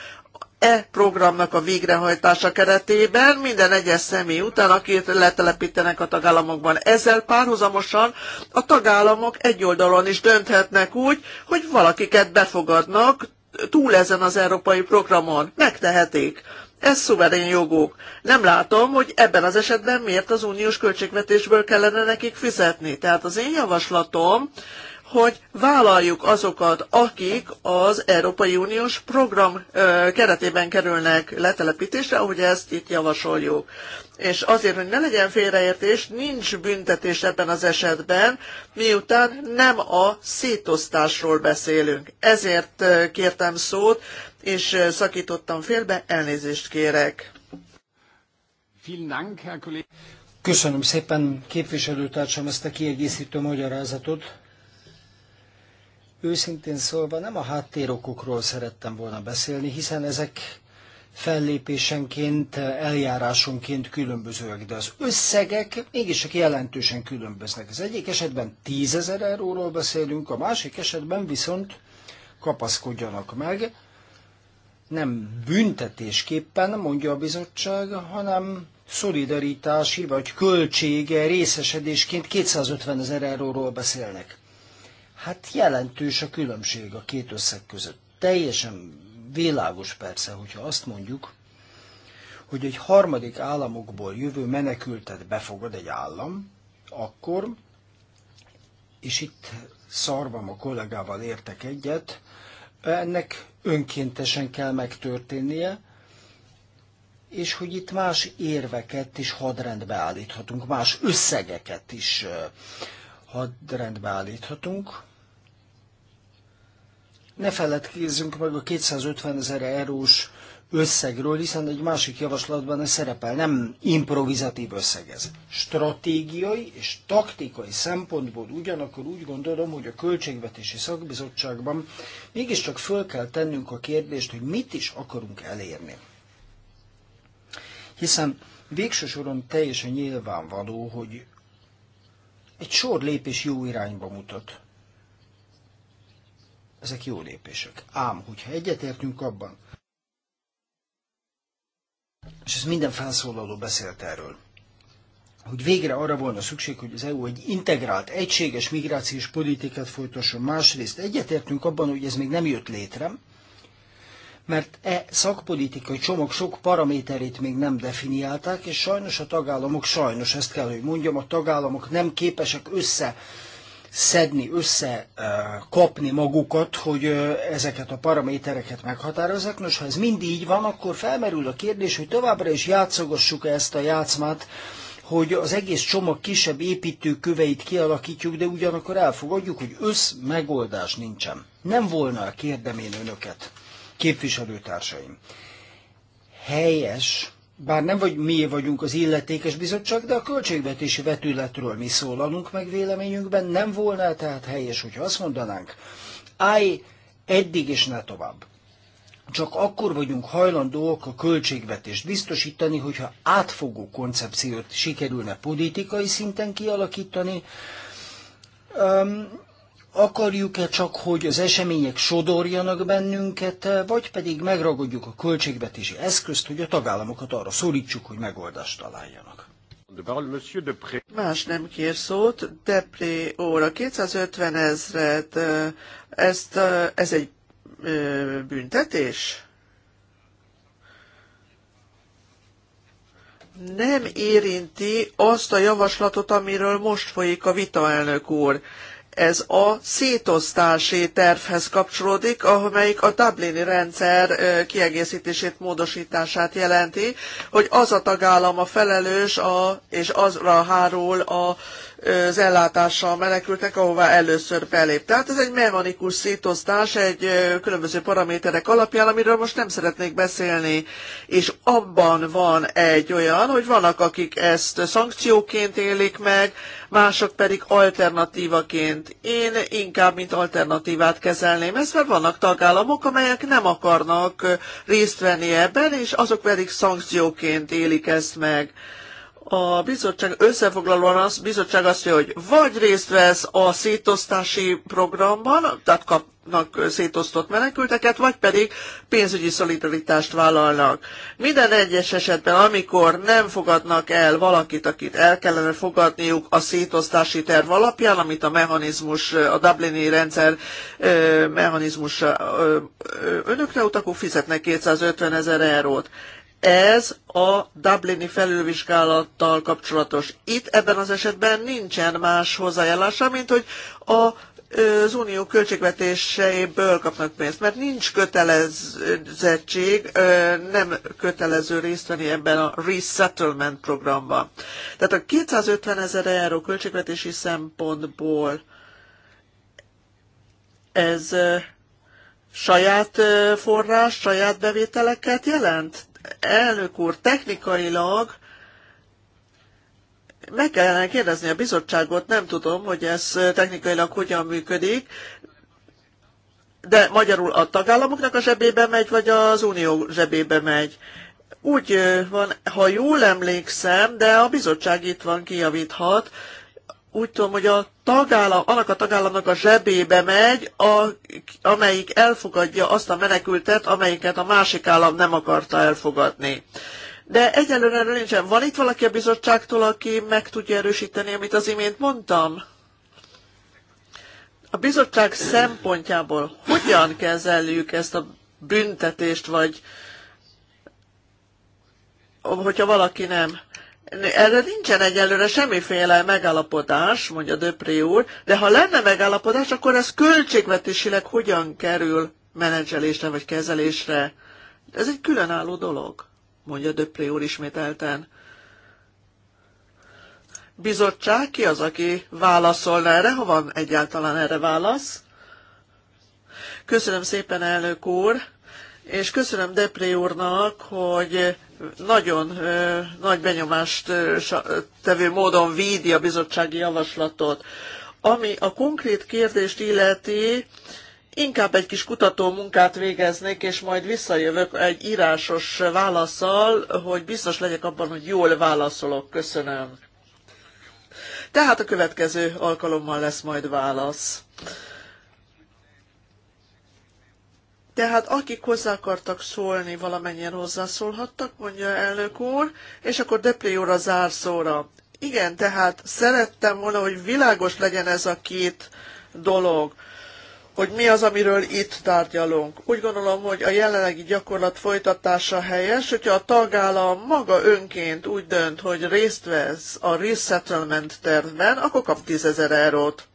e programnak a végrehajtása keretében minden egyes személy után, akit letelepítenek a tagállamokban. Ezzel párhuzamosan a tagállamok egy oldalon is dönthetnek úgy, hogy valakiket befogadnak túl ezen az európai programon. Megtehetik. Ez szuverén joguk. Nem látom, hogy ebben az esetben miért az uniós költségvetésből kellene nekik fizetni. Tehát az én javaslatom, hogy vállaljuk azokat, akik az Európai Uniós program keretében kerülnek letelepítésre, ahogy ezt itt javasoljuk. És azért, hogy ne legyen félreértés, nincs büntetés ebben az esetben, miután nem a szétosztásról beszélünk. Ezért kértem szót, és szakítottam félbe, elnézést kérek. Köszönöm szépen képviselőtársam ezt a kiegészítő magyarázatot. Őszintén szólva nem a háttérokokról szerettem volna beszélni, hiszen ezek fellépésenként, eljárásonként különbözőek, de az összegek mégis csak jelentősen különböznek. Az egyik esetben 10 ezer euróról beszélünk, a másik esetben viszont kapaszkodjanak meg, nem büntetésképpen, mondja a bizottság, hanem szolidaritási vagy költsége részesedésként 250 ezer euróról beszélnek. Hát jelentős a különbség a két összeg között. Teljesen világos persze, hogyha azt mondjuk, hogy egy harmadik államokból jövő menekültet befogad egy állam, akkor, és itt szarvam a kollégával értek egyet, ennek önkéntesen kell megtörténnie, és hogy itt más érveket is hadrendbe állíthatunk, más összegeket is eh, hadrendbe állíthatunk. Ne feledkézzünk meg a 250 ezer eurós összegről, hiszen egy másik javaslatban ez szerepel, nem improvizatív összeg ez. Stratégiai és taktikai szempontból ugyanakkor úgy gondolom, hogy a Költségvetési Szakbizottságban mégiscsak föl kell tennünk a kérdést, hogy mit is akarunk elérni. Hiszen végső soron teljesen nyilvánvaló, hogy egy sor lépés jó irányba mutat. Ezek jó lépések. Ám, hogyha egyetértünk abban, és ez minden felszólaló beszélt erről, hogy végre arra volna szükség, hogy az EU egy integrált, egységes migrációs politikát folytasson. Másrészt egyetértünk abban, hogy ez még nem jött létre, mert e szakpolitikai csomag sok paraméterét még nem definiálták, és sajnos a tagállamok, sajnos ezt kell, hogy mondjam, a tagállamok nem képesek össze szedni, össze kapni magukat, hogy ezeket a paramétereket meghatározzák. Nos, ha ez mind így van, akkor felmerül a kérdés, hogy továbbra is játszogassuk -e ezt a játszmát, hogy az egész csomag kisebb építőköveit kialakítjuk, de ugyanakkor elfogadjuk, hogy össz megoldás nincsen. Nem volna, kérdem én önöket, képviselőtársaim. Helyes, bár nem vagy mi vagyunk az illetékes bizottság, de a költségvetési vetületről mi szólalunk meg véleményünkben, nem volna tehát helyes, hogyha azt mondanánk, állj eddig és ne tovább. Csak akkor vagyunk hajlandóak a költségvetést biztosítani, hogyha átfogó koncepciót sikerülne politikai szinten kialakítani, Akarjuk-e csak, hogy az események sodorjanak bennünket, vagy pedig megragadjuk a költségvetési eszközt, hogy a tagállamokat arra szorítsuk, hogy megoldást találjanak? Más nem kér szót. Depré óra 250 ezret. Ezt, ez egy büntetés? Nem érinti azt a javaslatot, amiről most folyik a vita, elnök úr. Ez a szétosztási tervhez kapcsolódik, amelyik a Dublini rendszer kiegészítését, módosítását jelenti, hogy az a tagállam a felelős, a, és azra hárul a az ellátása a menekültek, ahová először belép. Tehát ez egy mechanikus szétoztás egy különböző paraméterek alapján, amiről most nem szeretnék beszélni, és abban van egy olyan, hogy vannak, akik ezt szankcióként élik meg, mások pedig alternatívaként. Én inkább, mint alternatívát kezelném ezt, mert vannak tagállamok, amelyek nem akarnak részt venni ebben, és azok pedig szankcióként élik ezt meg. A bizottság összefoglalóan az, bizottság azt mondja, hogy vagy részt vesz a szétosztási programban, tehát kapnak szétosztott menekülteket, vagy pedig pénzügyi szolidaritást vállalnak. Minden egyes esetben, amikor nem fogadnak el valakit, akit el kellene fogadniuk a szétosztási terv alapján, amit a mechanizmus, a Dublini rendszer mechanizmus önökre utakú fizetnek 250 ezer eurót. Ez a Dublini felülvizsgálattal kapcsolatos. Itt ebben az esetben nincsen más hozzájárulása, mint hogy a az unió költségvetéseiből kapnak pénzt, mert nincs kötelezettség, nem kötelező részt venni ebben a resettlement programban. Tehát a 250 ezer euró költségvetési szempontból ez saját forrás, saját bevételeket jelent? elnök úr, technikailag meg kellene kérdezni a bizottságot, nem tudom, hogy ez technikailag hogyan működik, de magyarul a tagállamoknak a zsebébe megy, vagy az unió zsebébe megy. Úgy van, ha jól emlékszem, de a bizottság itt van, kijavíthat, úgy tudom, hogy a tagállam, annak a tagállamnak a zsebébe megy, a, amelyik elfogadja azt a menekültet, amelyiket a másik állam nem akarta elfogadni. De egyelőre erről nincsen. Van itt valaki a bizottságtól, aki meg tudja erősíteni, amit az imént mondtam? A bizottság szempontjából hogyan kezeljük ezt a büntetést, vagy hogyha valaki nem erre nincsen egyelőre semmiféle megállapodás, mondja Döpré úr, de ha lenne megállapodás, akkor ez költségvetésileg hogyan kerül menedzselésre vagy kezelésre? Ez egy különálló dolog, mondja Döpré úr ismételten. Bizottság, ki az, aki válaszolna erre, ha van egyáltalán erre válasz? Köszönöm szépen, elnök úr, és köszönöm Depré úrnak, hogy nagyon nagy benyomást tevő módon védi a bizottsági javaslatot. Ami a konkrét kérdést illeti, inkább egy kis kutató munkát végeznék, és majd visszajövök egy írásos válaszsal, hogy biztos legyek abban, hogy jól válaszolok. Köszönöm. Tehát a következő alkalommal lesz majd válasz. Tehát akik hozzá akartak szólni, valamennyien hozzászólhattak, mondja elnök úr, és akkor Depré úr a zárszóra. Igen, tehát szerettem volna, hogy világos legyen ez a két dolog, hogy mi az, amiről itt tárgyalunk. Úgy gondolom, hogy a jelenlegi gyakorlat folytatása helyes, hogyha a tagállam maga önként úgy dönt, hogy részt vesz a resettlement tervben, akkor kap 10 ezer eurót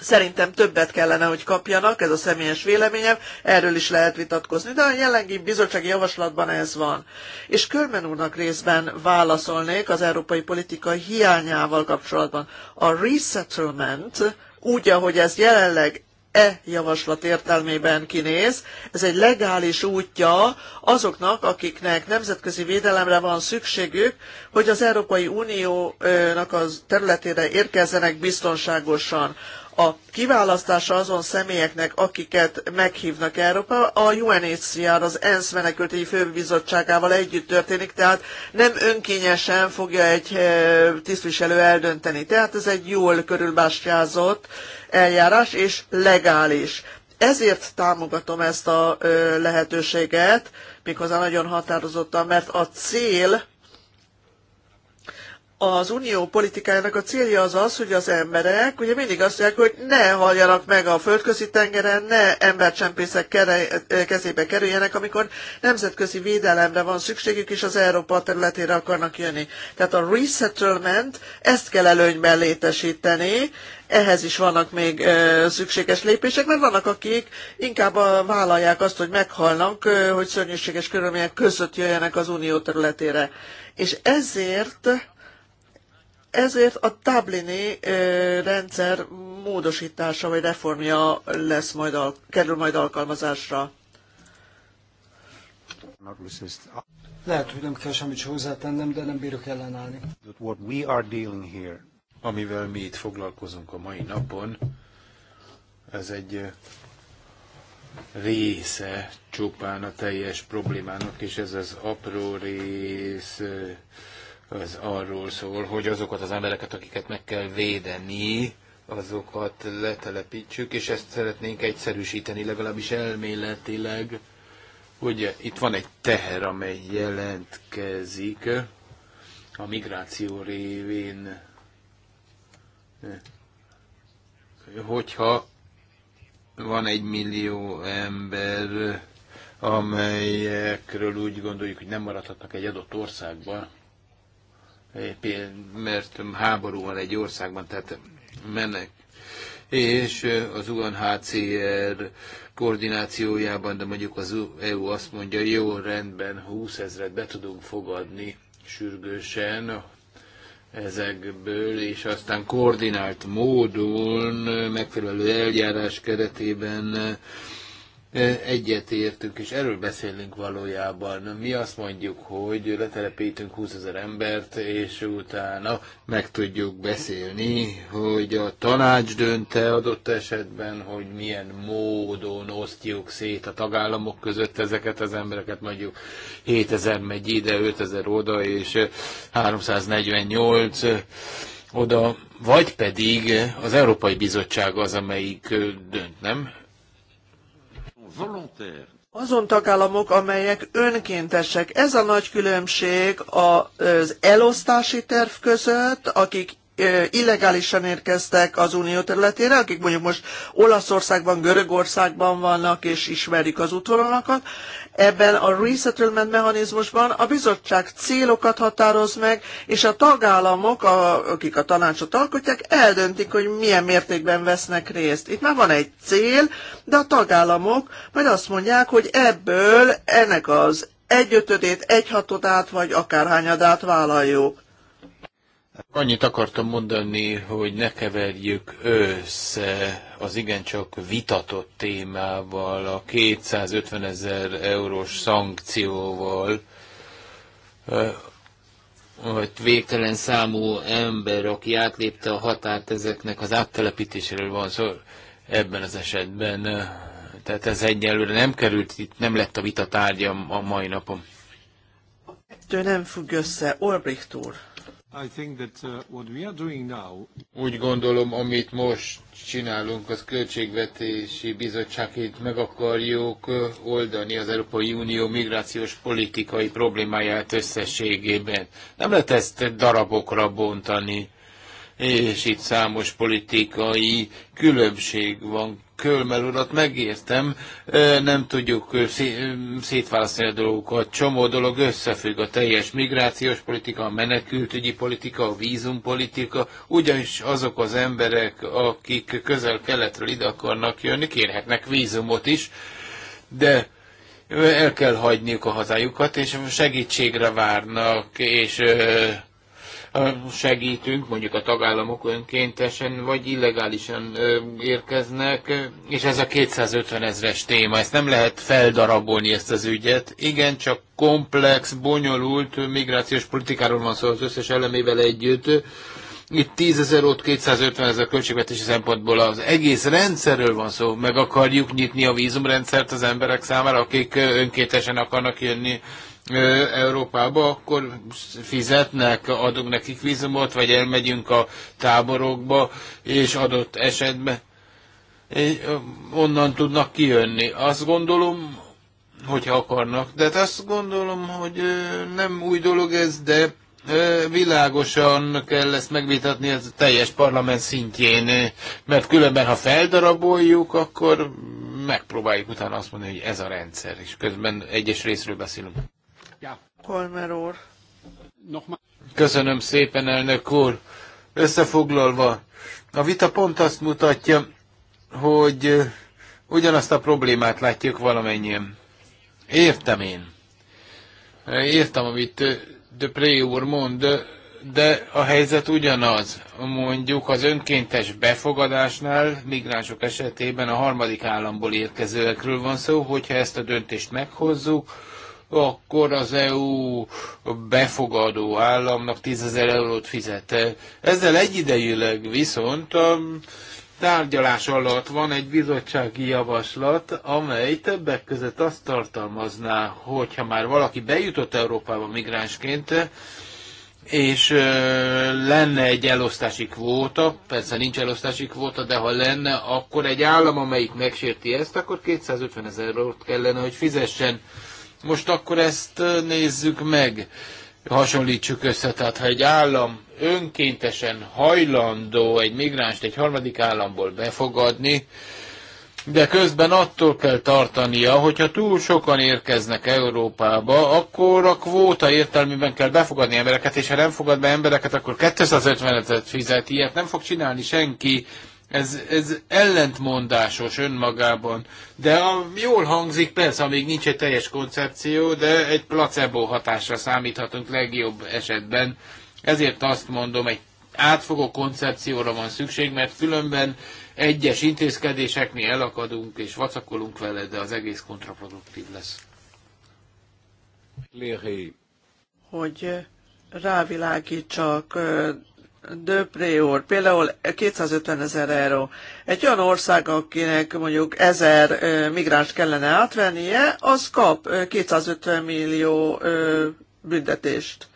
Szerintem többet kellene, hogy kapjanak, ez a személyes véleményem, erről is lehet vitatkozni, de a jelenlegi bizottsági javaslatban ez van. És Körmen úrnak részben válaszolnék az európai politika hiányával kapcsolatban. A resettlement, úgy, ahogy ez jelenleg e javaslat értelmében kinéz. Ez egy legális útja azoknak, akiknek nemzetközi védelemre van szükségük, hogy az Európai Uniónak az területére érkezzenek biztonságosan. A kiválasztása azon személyeknek, akiket meghívnak Európa, a UNHCR, az ENSZ menekültügyi főbizottságával együtt történik, tehát nem önkényesen fogja egy eh, tisztviselő eldönteni. Tehát ez egy jól körülbástyázott eljárás, és legális. Ezért támogatom ezt a eh, lehetőséget, méghozzá nagyon határozottan, mert a cél az unió politikájának a célja az az, hogy az emberek ugye mindig azt mondják, hogy ne halljanak meg a földközi tengeren, ne embercsempészek kezébe kerüljenek, amikor nemzetközi védelemre van szükségük, és az Európa területére akarnak jönni. Tehát a resettlement, ezt kell előnyben létesíteni, ehhez is vannak még ö, szükséges lépések, mert vannak, akik inkább vállalják azt, hogy meghalnak, ö, hogy szörnyűséges körülmények között jöjjenek az unió területére. És ezért ezért a Dublini rendszer módosítása vagy reformja lesz majd al- kerül majd alkalmazásra. Lehet, hogy nem kell semmit hozzátennem, de nem bírok ellenállni. What we are dealing here. Amivel mi itt foglalkozunk a mai napon, ez egy része csupán a teljes problémának, és ez az apró rész az arról szól, hogy azokat az embereket, akiket meg kell védeni, azokat letelepítsük, és ezt szeretnénk egyszerűsíteni, legalábbis elméletileg. Ugye itt van egy teher, amely jelentkezik a migráció révén. Hogyha van egy millió ember, amelyekről úgy gondoljuk, hogy nem maradhatnak egy adott országban, mert háború van egy országban, tehát mennek. És az UNHCR koordinációjában, de mondjuk az EU azt mondja, jó, rendben, 20 ezret be tudunk fogadni sürgősen ezekből, és aztán koordinált módon, megfelelő eljárás keretében egyetértünk, és erről beszélünk valójában. Mi azt mondjuk, hogy letelepítünk 20 ezer embert, és utána meg tudjuk beszélni, hogy a tanács dönte adott esetben, hogy milyen módon osztjuk szét a tagállamok között ezeket az embereket, mondjuk ezer megy ide, ezer oda, és 348 oda, vagy pedig az Európai Bizottság az, amelyik dönt, nem? azon tagállamok, amelyek önkéntesek. Ez a nagy különbség az elosztási terv között, akik illegálisan érkeztek az unió területére, akik mondjuk most Olaszországban, Görögországban vannak, és ismerik az útvonalakat, Ebben a resettlement mechanizmusban a bizottság célokat határoz meg, és a tagállamok, a, akik a tanácsot alkotják, eldöntik, hogy milyen mértékben vesznek részt. Itt már van egy cél, de a tagállamok majd azt mondják, hogy ebből ennek az egyötödét, egyhatodát, vagy akárhányadát vállaljuk. Annyit akartam mondani, hogy ne keverjük össze az igencsak vitatott témával, a 250 ezer eurós szankcióval, vagy végtelen számú ember, aki átlépte a határt, ezeknek az áttelepítéséről van szó ebben az esetben. Tehát ez egyelőre nem került, itt nem lett a vita tárgya a mai napon. Ettől nem függ össze. Olbricht úr. Uh, Úgy gondolom, amit most csinálunk, az költségvetési bizottságként meg akarjuk oldani az Európai Unió migrációs politikai problémáját összességében. Nem lehet ezt darabokra bontani, és itt számos politikai különbség van Kölmel urat megértem, nem tudjuk szétválasztani a dolgokat. Csomó dolog összefügg a teljes migrációs politika, a menekültügyi politika, a vízumpolitika, ugyanis azok az emberek, akik közel-keletről ide akarnak jönni, kérhetnek vízumot is, de el kell hagyniuk a hazájukat, és segítségre várnak, és segítünk, mondjuk a tagállamok önkéntesen vagy illegálisan érkeznek, és ez a 250 ezres téma, ezt nem lehet feldarabolni ezt az ügyet. Igen, csak komplex, bonyolult migrációs politikáról van szó az összes elemével együtt. Itt 10 ezer, ott 250 ezer költségvetési szempontból az egész rendszerről van szó. Meg akarjuk nyitni a vízumrendszert az emberek számára, akik önkéntesen akarnak jönni Európába, akkor fizetnek, adunk nekik vízumot, vagy elmegyünk a táborokba, és adott esetben onnan tudnak kijönni. Azt gondolom, hogyha akarnak. De hát azt gondolom, hogy nem új dolog ez, de világosan kell ezt megvitatni a teljes parlament szintjén, mert különben, ha feldaraboljuk, akkor megpróbáljuk utána azt mondani, hogy ez a rendszer, és közben egyes részről beszélünk. Ja. úr. Köszönöm szépen, elnök úr. Összefoglalva, a vita pont azt mutatja, hogy ugyanazt a problémát látjuk valamennyien. Értem én. Értem, amit Pré úr mond, de a helyzet ugyanaz. Mondjuk az önkéntes befogadásnál migránsok esetében a harmadik államból érkezőekről van szó, hogyha ezt a döntést meghozzuk, akkor az EU befogadó államnak 10 ezer eurót fizet. Ezzel egyidejűleg viszont a tárgyalás alatt van egy bizottsági javaslat, amely többek között azt tartalmazná, hogyha már valaki bejutott Európába migránsként, és ö, lenne egy elosztási kvóta, persze nincs elosztási kvóta, de ha lenne, akkor egy állam, amelyik megsérti ezt, akkor 250 ezer eurót kellene, hogy fizessen. Most akkor ezt nézzük meg, hasonlítsuk össze. Tehát, ha egy állam önkéntesen hajlandó egy migránst egy harmadik államból befogadni, de közben attól kell tartania, hogyha túl sokan érkeznek Európába, akkor a kvóta értelmében kell befogadni embereket, és ha nem fogad be embereket, akkor 250 et fizet, ilyet nem fog csinálni senki. Ez, ez ellentmondásos önmagában. De a, jól hangzik, persze, amíg nincs egy teljes koncepció, de egy placebo hatásra számíthatunk legjobb esetben. Ezért azt mondom, egy átfogó koncepcióra van szükség, mert különben egyes intézkedések mi elakadunk és vacakolunk vele, de az egész kontraproduktív lesz. Hogy eh, rávilágítsak eh, de úr, például 250 ezer euró. Egy olyan ország, akinek mondjuk ezer migráns kellene átvennie, az kap 250 millió büntetést.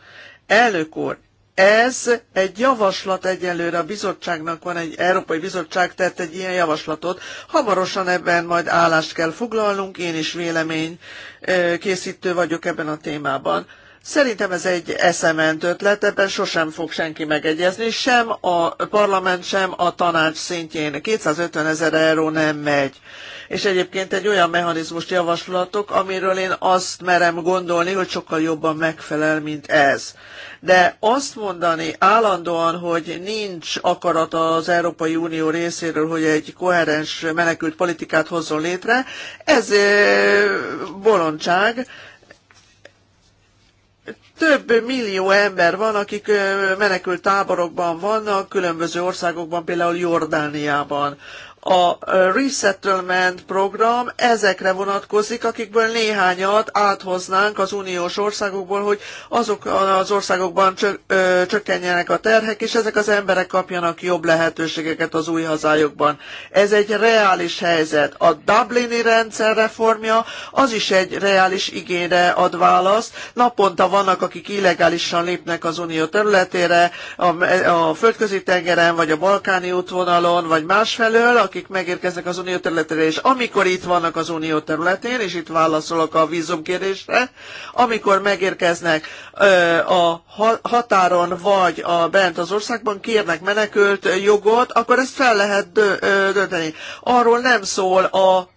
Elnök úr, ez egy javaslat egyelőre a bizottságnak van, egy Európai Bizottság tett egy ilyen javaslatot. Hamarosan ebben majd állást kell foglalnunk, én is vélemény készítő vagyok ebben a témában. Szerintem ez egy eszement ötlet, ebben sosem fog senki megegyezni, sem a parlament, sem a tanács szintjén. 250 ezer euró nem megy. És egyébként egy olyan mechanizmust javaslatok, amiről én azt merem gondolni, hogy sokkal jobban megfelel, mint ez. De azt mondani állandóan, hogy nincs akarat az Európai Unió részéről, hogy egy koherens menekült politikát hozzon létre, ez bolondság, több millió ember van, akik menekült táborokban vannak, különböző országokban, például Jordániában. A resettlement program ezekre vonatkozik, akikből néhányat áthoznánk az uniós országokból, hogy azok az országokban csökkenjenek a terhek, és ezek az emberek kapjanak jobb lehetőségeket az új hazájukban. Ez egy reális helyzet. A Dublini rendszer reformja az is egy reális igényre ad választ. Naponta vannak, akik illegálisan lépnek az unió területére, a, a földközi tengeren, vagy a balkáni útvonalon, vagy másfelől, a akik megérkeznek az unió területére, és amikor itt vannak az unió területén, és itt válaszolok a vízumkérésre, amikor megérkeznek a határon vagy a bent az országban, kérnek menekült jogot, akkor ezt fel lehet dönteni. Arról nem szól a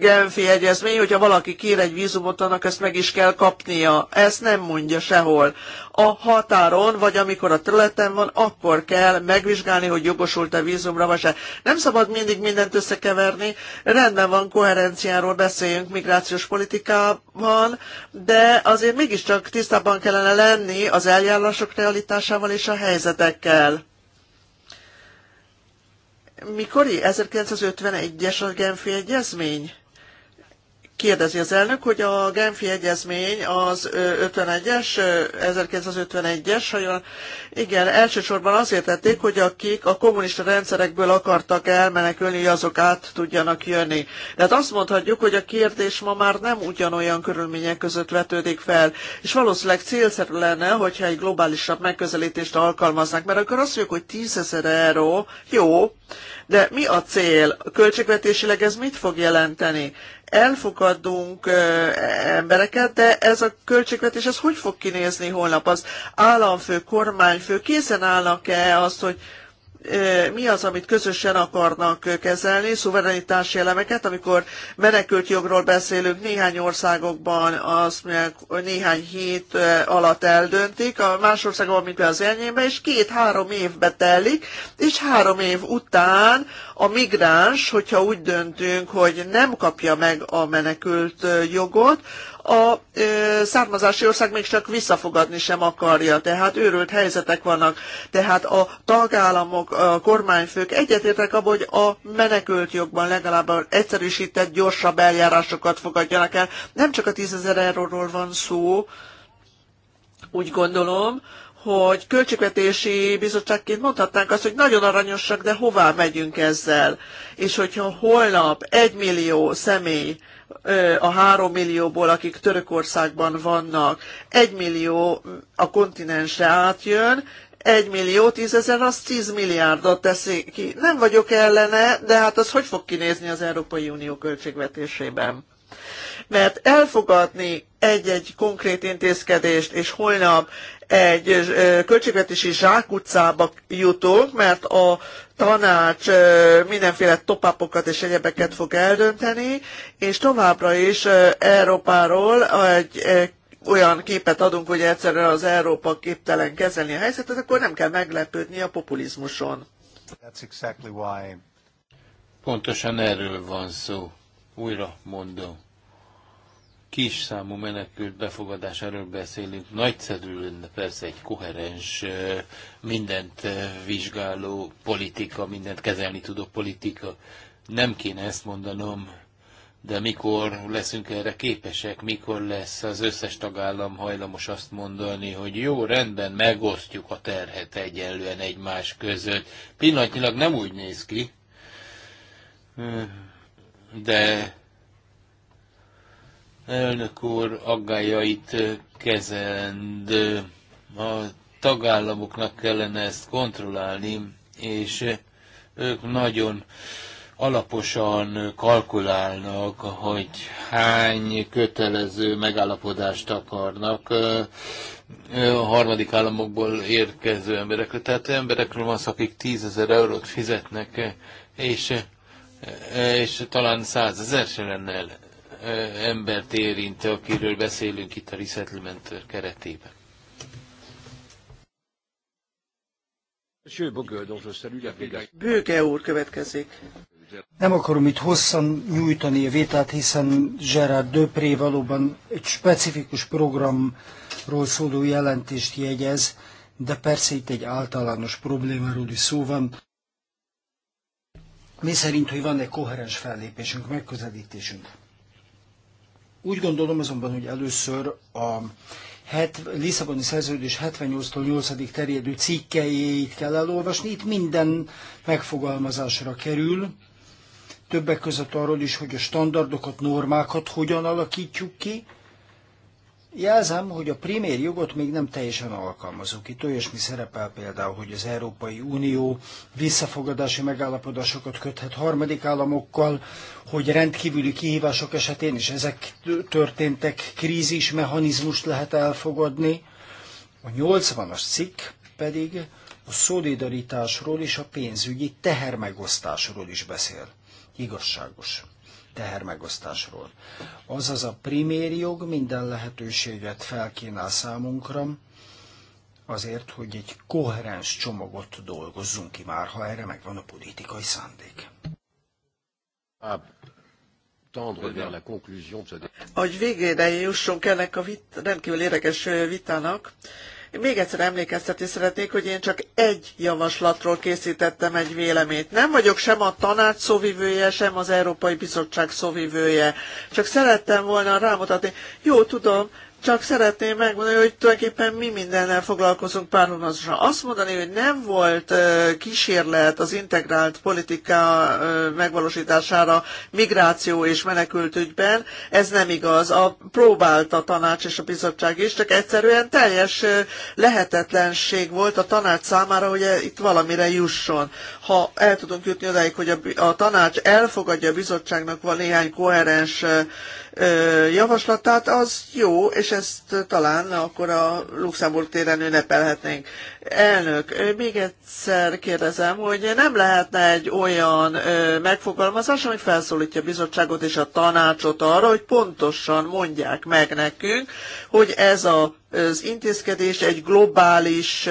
Genfi egyezmény, hogyha valaki kér egy vízumot, annak ezt meg is kell kapnia. Ezt nem mondja sehol a határon, vagy amikor a területen van, akkor kell megvizsgálni, hogy jogosult-e vízumra, vagy se. Nem szabad mindig mindent összekeverni, rendben van, koherenciáról beszéljünk migrációs politikában, de azért mégiscsak tisztában kellene lenni az eljárások realitásával és a helyzetekkel. Mikori? 1951-es a Genfi Egyezmény? Kérdezi az elnök, hogy a Genfi Egyezmény az 51-es, 1951-es, ha jól, igen, elsősorban azért tették, hogy akik a kommunista rendszerekből akartak elmenekülni, azok át tudjanak jönni. Tehát azt mondhatjuk, hogy a kérdés ma már nem ugyanolyan körülmények között vetődik fel, és valószínűleg célszerű lenne, hogyha egy globálisabb megközelítést alkalmaznak, mert akkor azt mondjuk, hogy 10 euró, jó, de mi a cél? Költségvetésileg ez mit fog jelenteni? elfogadunk embereket, de ez a költségvetés, ez hogy fog kinézni holnap? Az államfő, kormányfő készen állnak-e azt, hogy mi az, amit közösen akarnak kezelni, szuverenitási elemeket, amikor menekült jogról beszélünk néhány országokban, azt mondják, néhány hét alatt eldöntik, a más országokban, mint az enyémben, és két-három évbe telik, és három év után a migráns, hogyha úgy döntünk, hogy nem kapja meg a menekült jogot, a származási ország még csak visszafogadni sem akarja, tehát őrült helyzetek vannak. Tehát a tagállamok, a kormányfők egyetértek abban, hogy a menekült jogban legalább egyszerűsített, gyorsabb eljárásokat fogadjanak el. Nem csak a tízezer euróról van szó, úgy gondolom, hogy költségvetési bizottságként mondhatnánk azt, hogy nagyon aranyosak, de hová megyünk ezzel? És hogyha holnap egy millió személy a három millióból, akik Törökországban vannak, egy millió a kontinensre átjön, egy millió tízezer, az tíz milliárdot teszi ki. Nem vagyok ellene, de hát az hogy fog kinézni az Európai Unió költségvetésében? Mert elfogadni egy-egy konkrét intézkedést, és holnap egy költségvetési zsákutcába jutunk, mert a tanács mindenféle topapokat és egyebeket fog eldönteni, és továbbra is Európáról egy olyan képet adunk, hogy egyszerűen az Európa képtelen kezelni a helyzetet, akkor nem kell meglepődni a populizmuson. That's exactly why. Pontosan erről van szó. Újra mondom kis számú menekült befogadásáról beszélünk, nagyszerű lenne persze egy koherens, mindent vizsgáló politika, mindent kezelni tudó politika. Nem kéne ezt mondanom, de mikor leszünk erre képesek, mikor lesz az összes tagállam hajlamos azt mondani, hogy jó, rendben, megosztjuk a terhet egyenlően egymás között. Pillanatnyilag nem úgy néz ki, de Elnök úr aggájait kezend. A tagállamoknak kellene ezt kontrollálni, és ők nagyon alaposan kalkulálnak, hogy hány kötelező megállapodást akarnak a harmadik államokból érkező emberekre. Tehát emberekről van akik tízezer eurót fizetnek, és, és talán százezer se lenne embert érint, akiről beszélünk itt a resettlement keretében. Bőke úr következik. Nem akarom itt hosszan nyújtani a vitát, hiszen Gerard Döpré valóban egy specifikus programról szóló jelentést jegyez, de persze itt egy általános problémáról is szó van. Mi szerint, hogy van egy koherens fellépésünk, megközelítésünk. Úgy gondolom azonban, hogy először a het, Lisszaboni szerződés 78-tól 8. terjedő cikkejét kell elolvasni. Itt minden megfogalmazásra kerül, többek között arról is, hogy a standardokat, normákat hogyan alakítjuk ki, Jelzem, hogy a primér jogot még nem teljesen alkalmazunk. Itt olyasmi szerepel például, hogy az Európai Unió visszafogadási megállapodásokat köthet harmadik államokkal, hogy rendkívüli kihívások esetén is ezek történtek, krízis mechanizmust lehet elfogadni. A 80-as cikk pedig a szolidaritásról és a pénzügyi tehermegosztásról is beszél. Igazságos tehermegosztásról. Azaz a primér jog minden lehetőséget felkínál számunkra, azért, hogy egy koherens csomagot dolgozzunk ki már, ha erre megvan a politikai szándék. Ah, hogy végére jussunk ennek a vit, rendkívül érdekes vitának, én még egyszer emlékeztetni szeretnék, hogy én csak egy javaslatról készítettem egy véleményt. Nem vagyok sem a tanács szóvivője, sem az Európai Bizottság szóvivője. Csak szerettem volna rámutatni. Jó, tudom, csak szeretném megmondani, hogy tulajdonképpen mi mindennel foglalkozunk párhuzamosra. Azt mondani, hogy nem volt kísérlet az integrált politika megvalósítására migráció és menekültügyben, ez nem igaz. A, próbált a tanács és a bizottság is, csak egyszerűen teljes lehetetlenség volt a tanács számára, hogy itt valamire jusson. Ha el tudunk jutni odáig, hogy a, a tanács elfogadja a bizottságnak van néhány koherens javaslatát, az jó, és ezt talán akkor a Luxemburg téren ünnepelhetnénk. Elnök, még egyszer kérdezem, hogy nem lehetne egy olyan megfogalmazás, ami felszólítja a bizottságot és a tanácsot arra, hogy pontosan mondják meg nekünk, hogy ez a, az intézkedés egy globális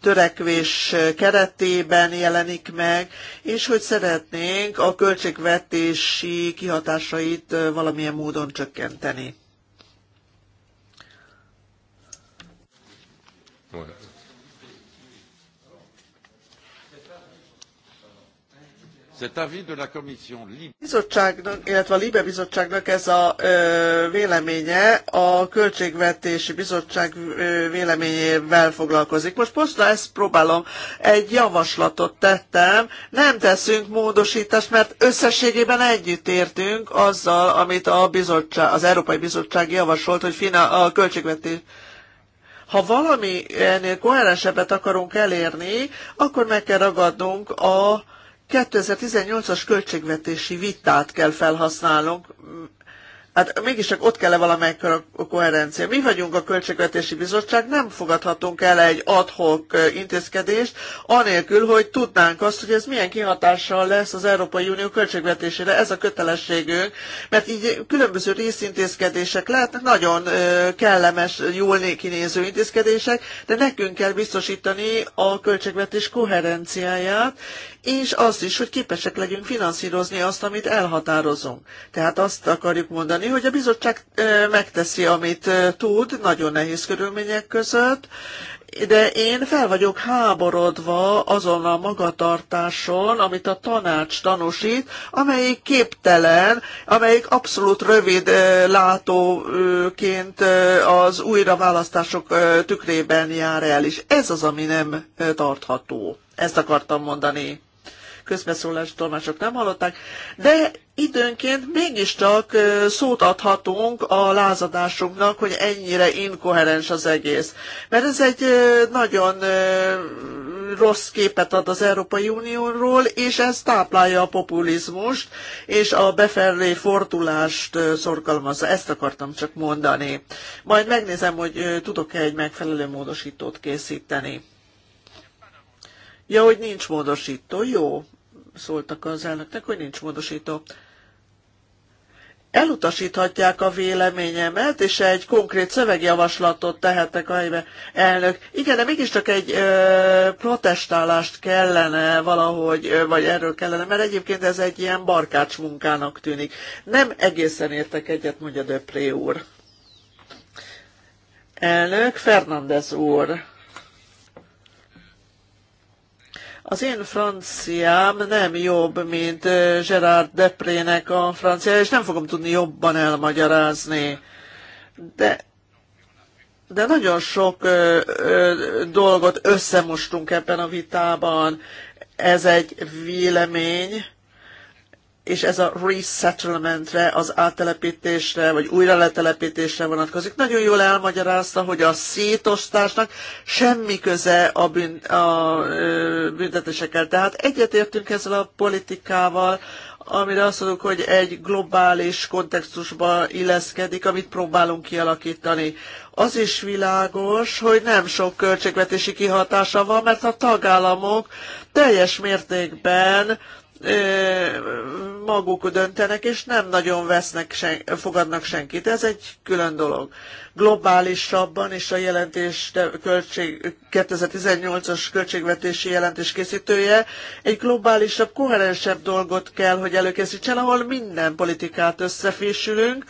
törekvés keretében jelenik meg, és hogy szeretnénk a költségvetési kihatásait valamilyen módon csökkenteni. Bizottságnak, illetve a Libe Bizottságnak ez a ö, véleménye a Költségvetési Bizottság ö, véleményével foglalkozik. Most most ezt próbálom, egy javaslatot tettem, nem teszünk módosítást, mert összességében együtt értünk azzal, amit a bizottság, az Európai Bizottság javasolt, hogy fina, a költségvetés ha valami ennél koherensebbet akarunk elérni, akkor meg kell ragadnunk a 2018-as költségvetési vitát kell felhasználnunk Hát mégiscsak ott kell-e valamelyik a koherencia. Mi vagyunk a Költségvetési Bizottság, nem fogadhatunk el egy adhok intézkedést, anélkül, hogy tudnánk azt, hogy ez milyen kihatással lesz az Európai Unió költségvetésére. Ez a kötelességünk, mert így különböző részintézkedések lehetnek, nagyon kellemes, jól kinéző intézkedések, de nekünk kell biztosítani a költségvetés koherenciáját, és azt is, hogy képesek legyünk finanszírozni azt, amit elhatározunk. Tehát azt akarjuk mondani, elmondani, hogy a bizottság megteszi, amit tud, nagyon nehéz körülmények között, de én fel vagyok háborodva azon a magatartáson, amit a tanács tanúsít, amelyik képtelen, amelyik abszolút rövid látóként az újraválasztások tükrében jár el, és ez az, ami nem tartható. Ezt akartam mondani közbeszólás tolmácsok nem hallották, de időnként mégiscsak szót adhatunk a lázadásunknak, hogy ennyire inkoherens az egész. Mert ez egy nagyon rossz képet ad az Európai Unióról, és ez táplálja a populizmust, és a befelé fordulást szorgalmazza. Ezt akartam csak mondani. Majd megnézem, hogy tudok-e egy megfelelő módosítót készíteni. Ja, hogy nincs módosító, jó szóltak az elnöknek, hogy nincs módosító. Elutasíthatják a véleményemet, és egy konkrét szövegjavaslatot tehetek a helybe. Elnök, igen, de mégiscsak egy ö, protestálást kellene valahogy, ö, vagy erről kellene, mert egyébként ez egy ilyen barkács munkának tűnik. Nem egészen értek egyet, mondja Döpré úr. Elnök, Fernandez úr. Az én franciám nem jobb, mint Gerard Deprének a francia, és nem fogom tudni jobban elmagyarázni. De de nagyon sok ö, ö, dolgot összemostunk ebben a vitában. Ez egy vélemény, és ez a resettlementre, az áttelepítésre, vagy újraletelepítésre vonatkozik. Nagyon jól elmagyarázta, hogy a szétosztásnak semmi köze a, bűn, a büntetésekkel. Tehát egyetértünk ezzel a politikával, amire azt mondjuk, hogy egy globális kontextusba illeszkedik, amit próbálunk kialakítani. Az is világos, hogy nem sok költségvetési kihatása van, mert a tagállamok teljes mértékben maguk döntenek, és nem nagyon vesznek sen, fogadnak senkit. Ez egy külön dolog. Globálisabban és a jelentés költség, 2018-as költségvetési jelentés készítője egy globálisabb, koherensebb dolgot kell, hogy előkészítsen, ahol minden politikát összefésülünk,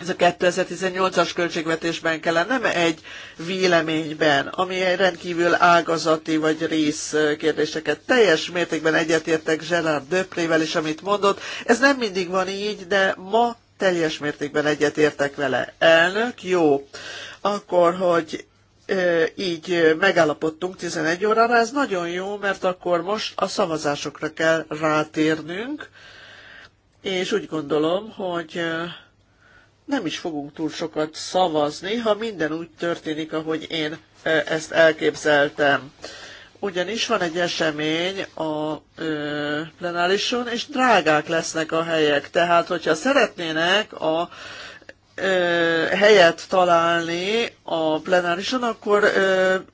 ez a 2018-as költségvetésben kellene, nem egy véleményben, ami egy rendkívül ágazati vagy rész kérdéseket. Teljes mértékben egyetértek Gerard Döprével is, amit mondott. Ez nem mindig van így, de ma teljes mértékben egyetértek vele. Elnök, jó. Akkor, hogy így megállapodtunk 11 órára, ez nagyon jó, mert akkor most a szavazásokra kell rátérnünk, és úgy gondolom, hogy nem is fogunk túl sokat szavazni, ha minden úgy történik, ahogy én e, ezt elképzeltem. Ugyanis van egy esemény a ö, e, plenárison, és drágák lesznek a helyek. Tehát, hogyha szeretnének a e, helyet találni a plenárison, akkor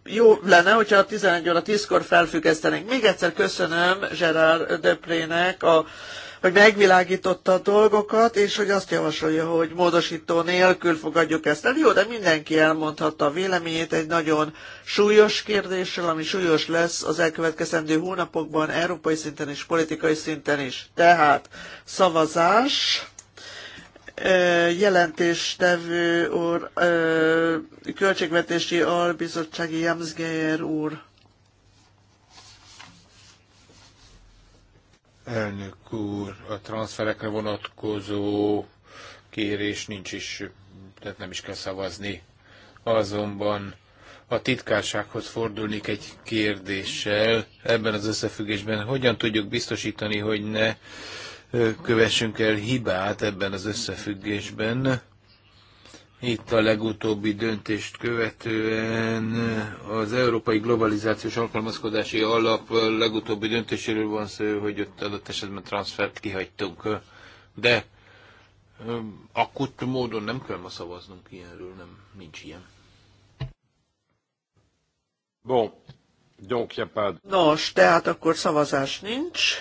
jó lenne, hogyha 11 óra 10-kor felfüggesztenénk. Még egyszer köszönöm Gerard Döprének a hogy megvilágította a dolgokat, és hogy azt javasolja, hogy módosító nélkül fogadjuk ezt el. Jó, de mindenki elmondhatta a véleményét egy nagyon súlyos kérdéssel, ami súlyos lesz az elkövetkezendő hónapokban, európai szinten és politikai szinten is. Tehát szavazás jelentéstevő úr, költségvetési albizottsági Jamsgeyer úr. Elnök úr, a transferekre vonatkozó kérés nincs is, tehát nem is kell szavazni. Azonban a titkársághoz fordulnék egy kérdéssel ebben az összefüggésben. Hogyan tudjuk biztosítani, hogy ne kövessünk el hibát ebben az összefüggésben? Itt a legutóbbi döntést követően az Európai Globalizációs Alkalmazkodási Alap legutóbbi döntéséről van szó, hogy ott adott esetben transfert kihagytunk. De akut módon nem kell ma szavaznunk ilyenről, nem, nincs ilyen. Bon, donc y a pas... Nos, tehát akkor szavazás nincs.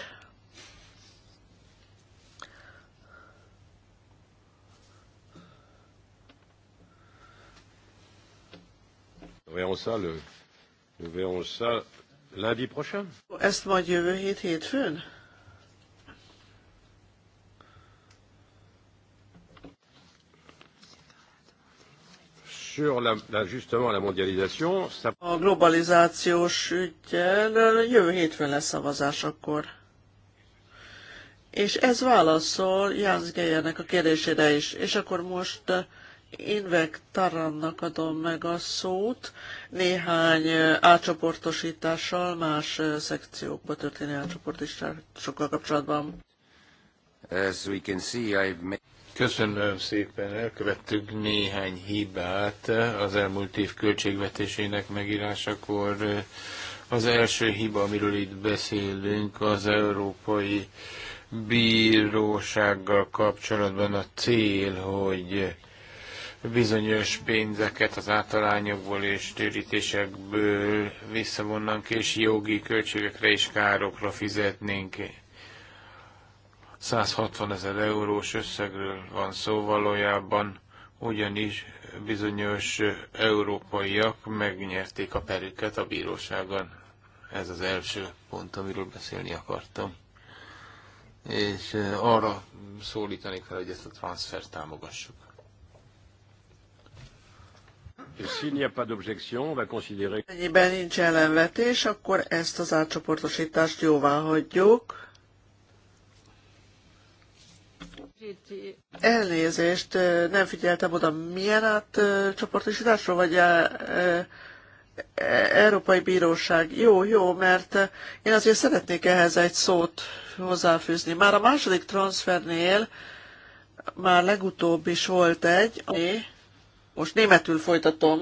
verrons ça le, nous verrons ça lundi prochain. Ezt majd jövő hét hétfőn? Sur la, la, justement la mondialisation, ça... A globalizációs ügyen jövő hétfőn lesz szavazás akkor. És ez válaszol Jánz Gejernek a kérdésére is. És akkor most Invek Tarannak adom meg a szót néhány átcsoportosítással, más szekciókba történő átcsoportosításokkal kapcsolatban. As we can see, I've made... Köszönöm szépen, elkövettük néhány hibát az elmúlt év költségvetésének megírásakor. Az első hiba, amiről itt beszélünk, az Európai Bírósággal kapcsolatban a cél, hogy bizonyos pénzeket az általányokból és térítésekből visszavonnánk, és jogi költségekre és károkra fizetnénk. 160 ezer eurós összegről van szó valójában, ugyanis bizonyos európaiak megnyerték a perüket a bíróságon. Ez az első pont, amiről beszélni akartam. És eh, arra szólítani kell, hogy ezt a transfert támogassuk. Ennyiben nincs ellenvetés, akkor ezt az átcsoportosítást jóvá hagyjuk. Elnézést, nem figyeltem oda, milyen átcsoportosításról, vagy a, Európai Bíróság. Jó, jó, mert én azért szeretnék ehhez egy szót hozzáfűzni. Már a második transfernél, már legutóbb is volt egy, ami most németül folytatom.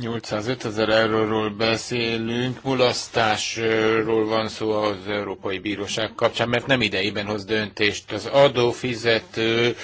805 ezer euróról beszélünk, mulasztásról van szó az Európai Bíróság kapcsán, mert nem idejében hoz döntést. Az adófizető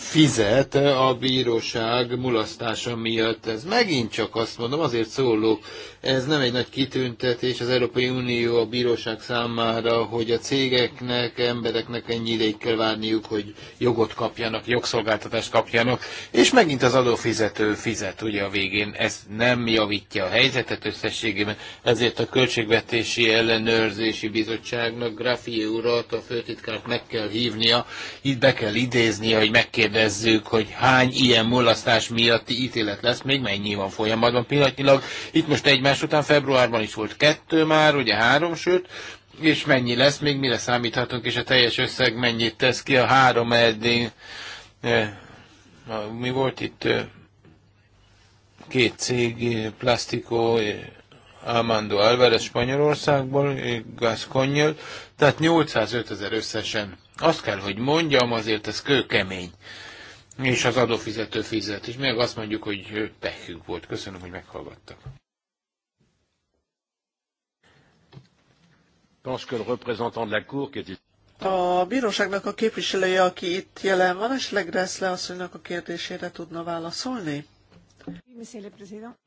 fizet a bíróság mulasztása miatt. Ez megint csak azt mondom, azért szólok, ez nem egy nagy kitüntetés az Európai Unió a bíróság számára, hogy a cégeknek, embereknek ennyi ideig kell várniuk, hogy jogot kapjanak, jogszolgáltatást kapjanak, és megint az adófizető fizet ugye a végén. Ez nem javítja a helyzetet összességében, ezért a Költségvetési Ellenőrzési Bizottságnak Grafi urat, a főtitkárt meg kell hívnia, itt be kell idéznie, hogy megkérdezik megkérdezzük, hogy hány ilyen mulasztás miatti ítélet lesz, még mennyi van folyamatban pillanatnyilag. Itt most egymás után februárban is volt kettő már, ugye három, sőt, és mennyi lesz, még mire számíthatunk, és a teljes összeg mennyit tesz ki a három eddig. Eh, mi volt itt? Eh, két cég, eh, Plastico, Amando Alvarez Spanyolországból, Gasconyol, tehát 805 ezer összesen azt kell, hogy mondjam, azért ez kőkemény. És az adófizető fizet. És még azt mondjuk, hogy pehünk volt. Köszönöm, hogy meghallgattak. A bíróságnak a képviselője, aki itt jelen van, és Gressle asszonynak a kérdésére tudna válaszolni?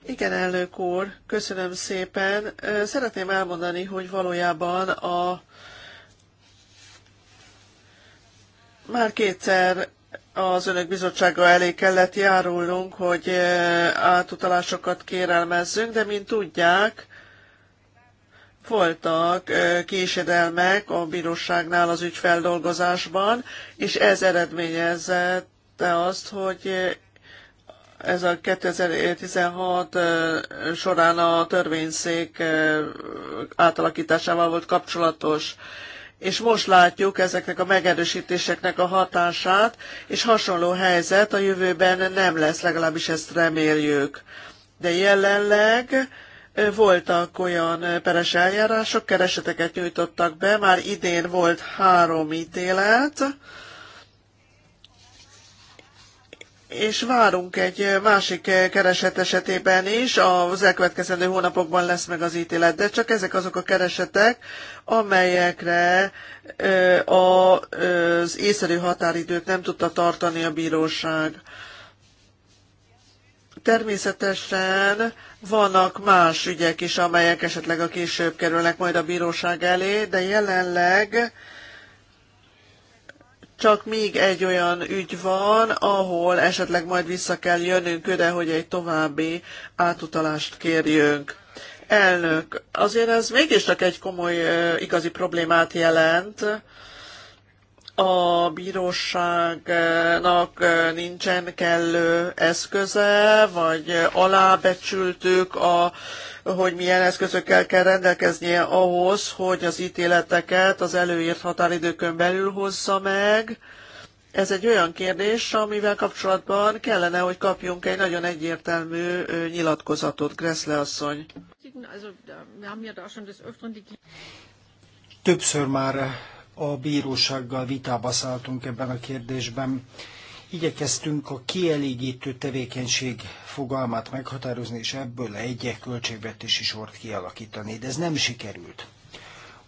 Igen, elnök úr, köszönöm szépen. Szeretném elmondani, hogy valójában a Már kétszer az önök bizottsága elé kellett járulnunk, hogy eh, átutalásokat kérelmezzünk, de mint tudják, voltak eh, késedelmek a bíróságnál az ügyfeldolgozásban, és ez eredményezette azt, hogy eh, ez a 2016 során a törvényszék átalakításával volt kapcsolatos és most látjuk ezeknek a megerősítéseknek a hatását, és hasonló helyzet a jövőben nem lesz, legalábbis ezt reméljük. De jelenleg voltak olyan peres eljárások, kereseteket nyújtottak be, már idén volt három ítélet, és várunk egy másik kereset esetében is, az elkövetkezendő hónapokban lesz meg az ítélet, de csak ezek azok a keresetek, amelyekre az észszerű határidőt nem tudta tartani a bíróság. Természetesen vannak más ügyek is, amelyek esetleg a később kerülnek majd a bíróság elé, de jelenleg csak még egy olyan ügy van, ahol esetleg majd vissza kell jönnünk öde, hogy egy további átutalást kérjünk. Elnök, azért ez mégiscsak egy komoly igazi problémát jelent. A bíróságnak nincsen kellő eszköze, vagy alábecsültük a hogy milyen eszközökkel kell rendelkeznie ahhoz, hogy az ítéleteket az előírt határidőkön belül hozza meg. Ez egy olyan kérdés, amivel kapcsolatban kellene, hogy kapjunk egy nagyon egyértelmű nyilatkozatot, Gressle asszony. Többször már a bírósággal vitába szálltunk ebben a kérdésben igyekeztünk a kielégítő tevékenység fogalmát meghatározni, és ebből egy költségvetési sort kialakítani, de ez nem sikerült.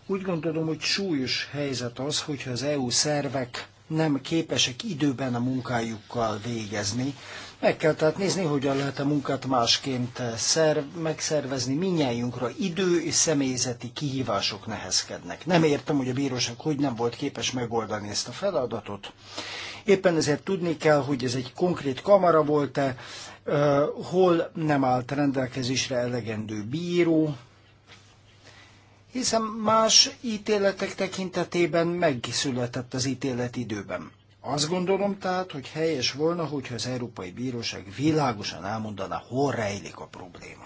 Úgy gondolom, hogy súlyos helyzet az, hogyha az EU szervek nem képesek időben a munkájukkal végezni. Meg kell tehát nézni, hogyan lehet a munkát másként szerv, megszervezni. Minnyájunkra idő és személyzeti kihívások nehezkednek. Nem értem, hogy a bíróság hogy nem volt képes megoldani ezt a feladatot, Éppen ezért tudni kell, hogy ez egy konkrét kamara volt-e, hol nem állt rendelkezésre elegendő bíró, hiszen más ítéletek tekintetében megszületett az ítélet időben. Azt gondolom tehát, hogy helyes volna, hogyha az Európai Bíróság világosan elmondaná, hol rejlik a probléma.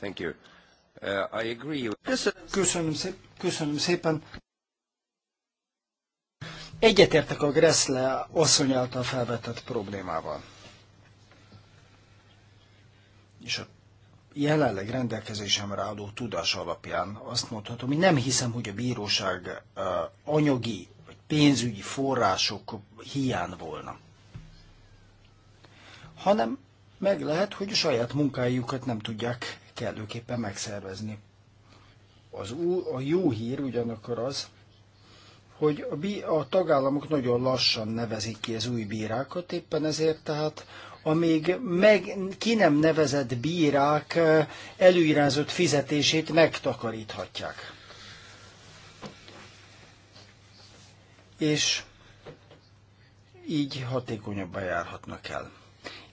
thank you. Uh, köszönöm, szépen. köszönöm szépen. Egyetértek a Gressle asszony által felvetett problémával. És a jelenleg rendelkezésemre álló tudás alapján azt mondhatom, hogy nem hiszem, hogy a bíróság uh, anyagi vagy pénzügyi források hiány volna. Hanem meg lehet, hogy a saját munkájukat nem tudják kellőképpen megszervezni. Az ú, a jó hír ugyanakkor az, hogy a, bí, a tagállamok nagyon lassan nevezik ki az új bírákat, éppen ezért tehát amíg meg, ki nem nevezett bírák előirányzott fizetését megtakaríthatják. És így hatékonyabban járhatnak el.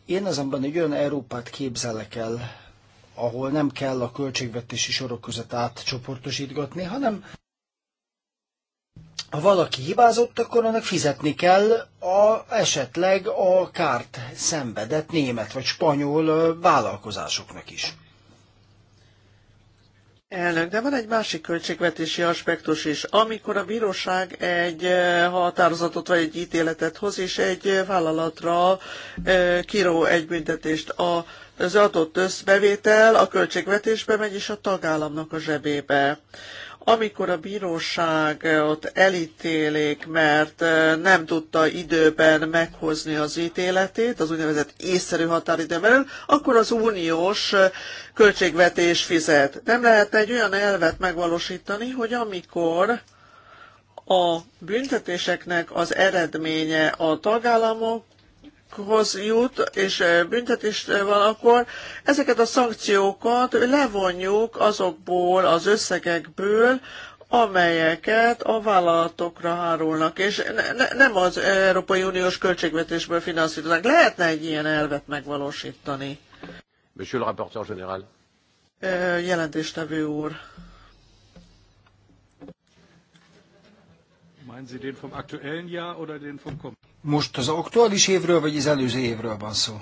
Én azonban egy olyan Európát képzelek el, ahol nem kell a költségvetési sorok között átcsoportosítgatni, hanem ha valaki hibázott, akkor annak fizetni kell a, esetleg a kárt szenvedett német vagy spanyol vállalkozásoknak is. Elnök, de van egy másik költségvetési aspektus is. Amikor a bíróság egy eh, határozatot vagy egy ítéletet hoz, és egy eh, vállalatra eh, kiró egy büntetést, a, az adott összbevétel a költségvetésbe megy, és a tagállamnak a zsebébe. Amikor a bíróságot eh, elítélik, mert eh, nem tudta időben meghozni az ítéletét, az úgynevezett észszerű határidő belül, akkor az uniós eh, költségvetés fizet. Nem lehet egy olyan elvet megvalósítani, hogy amikor a büntetéseknek az eredménye a tagállamok hoz jut, és eh, büntetést eh, van, akkor ezeket a szankciókat levonjuk azokból az összegekből, amelyeket a vállalatokra hárulnak, és ne, ne, nem az Európai Uniós költségvetésből finanszíroznak. Lehetne egy ilyen elvet megvalósítani? Monsieur le rapporteur général. Eh, jelentéstevő úr. Most az aktuális évről, vagy az előző évről van szó?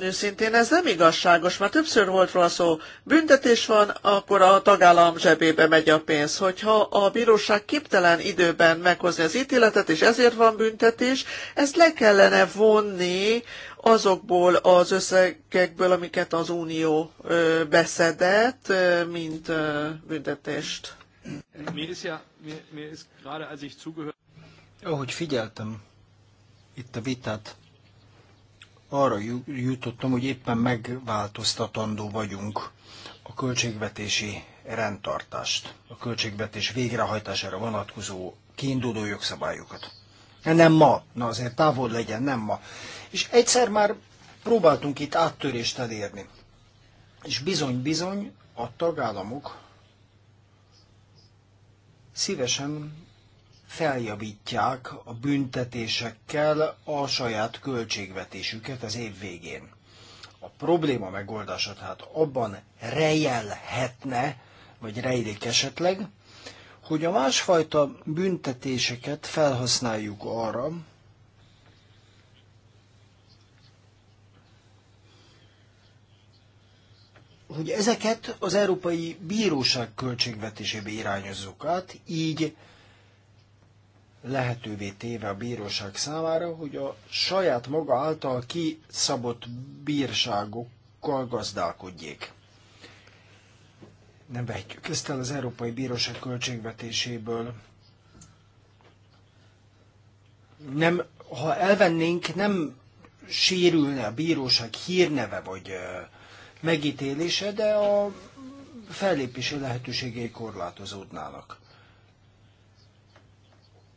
Őszintén ez nem igazságos, mert többször volt róla szó. Büntetés van, akkor a tagállam zsebébe megy a pénz. Hogyha a bíróság képtelen időben meghozni az ítéletet, és ezért van büntetés, ezt le kellene vonni azokból az összegekből, amiket az Unió beszedett, mint büntetést. Ahogy figyeltem itt a vitát, arra jutottam, hogy éppen megváltoztatandó vagyunk a költségvetési rendtartást, a költségvetés végrehajtására vonatkozó kiinduló jogszabályokat. Nem ma, na azért távol legyen, nem ma. És egyszer már próbáltunk itt áttörést elérni. És bizony-bizony a tagállamok szívesen feljavítják a büntetésekkel a saját költségvetésüket az év végén. A probléma megoldása tehát abban rejelhetne, vagy rejlik esetleg, hogy a másfajta büntetéseket felhasználjuk arra, hogy ezeket az Európai Bíróság költségvetésébe irányozzuk át, így lehetővé téve a bíróság számára, hogy a saját maga által kiszabott bírságokkal gazdálkodjék. Nem vehetjük ezt el az Európai Bíróság költségvetéséből. Nem, ha elvennénk, nem sérülne a bíróság hírneve, vagy megítélése, de a fellépési lehetőségei korlátozódnának.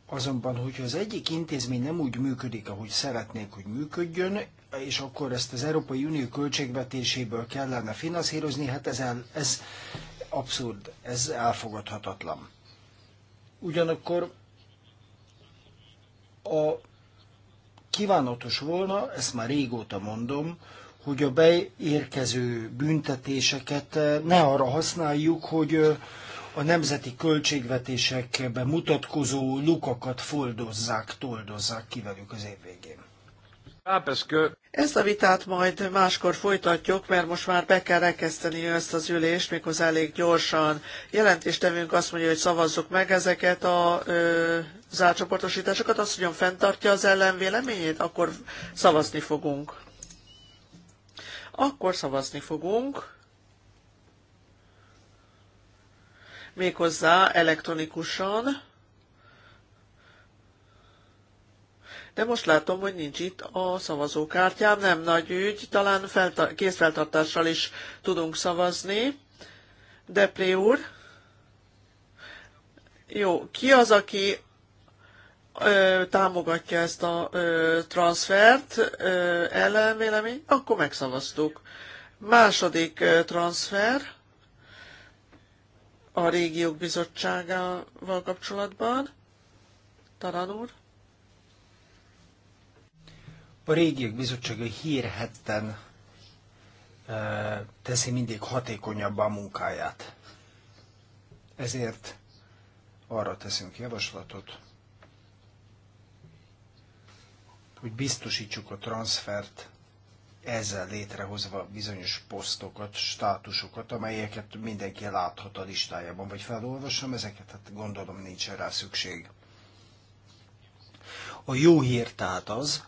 Azonban, hogyha az egyik intézmény nem úgy működik, ahogy szeretnénk, hogy működjön, és akkor ezt az Európai Unió költségvetéséből kellene finanszírozni, hát ez, el, ez abszurd, ez elfogadhatatlan. Ugyanakkor a kívánatos volna, ezt már régóta mondom, hogy a beérkező büntetéseket eh, ne arra használjuk, hogy eh, a nemzeti költségvetésekbe mutatkozó lukakat foldozzák, toldozzák ki velük az év végén. Ezt a vitát majd máskor folytatjuk, mert most már be kell rekeszteni ezt az ülést, méghozzá elég gyorsan. Jelentéstevünk azt mondja, hogy szavazzuk meg ezeket a ö, zárcsoportosításokat, azt mondjam, fenntartja az ellenvéleményét, akkor szavazni fogunk akkor szavazni fogunk, méghozzá elektronikusan, de most látom, hogy nincs itt a szavazókártyám, nem nagy ügy, talán felta- készfeltartással is tudunk szavazni. Depré úr, jó, ki az, aki támogatja ezt a ö, transfert, ö, ellenvélemény, akkor megszavaztuk. Második ö, transfer a régiók bizottságával kapcsolatban. Talán úr. A régiók bizottsága hírhetten ö, teszi mindig hatékonyabban a munkáját. Ezért arra teszünk javaslatot, hogy biztosítsuk a transfert ezzel létrehozva bizonyos posztokat, státusokat, amelyeket mindenki láthat a listájában, vagy felolvasom ezeket, hát gondolom nincs rá szükség. A jó hír tehát az,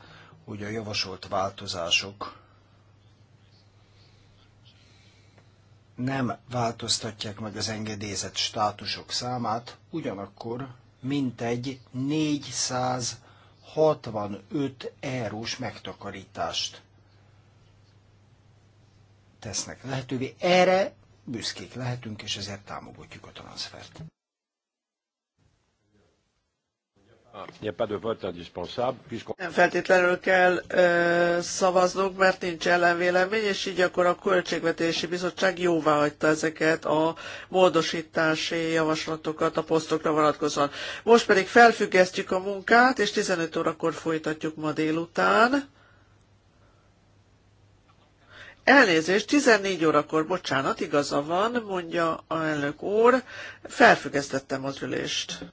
hogy a javasolt változások nem változtatják meg az engedélyezett státusok számát, ugyanakkor mintegy 400 65 eurós megtakarítást tesznek lehetővé. Erre büszkék lehetünk, és ezért támogatjuk a transfert. Nem feltétlenül kell ö, szavaznunk, mert nincs ellenvélemény, és így akkor a Költségvetési Bizottság hagyta ezeket a módosítási javaslatokat a posztokra vonatkozóan. Most pedig felfüggesztjük a munkát, és 15 órakor folytatjuk ma délután. Elnézést, 14 órakor, bocsánat, igaza van, mondja a elnök úr, felfüggesztettem az ülést.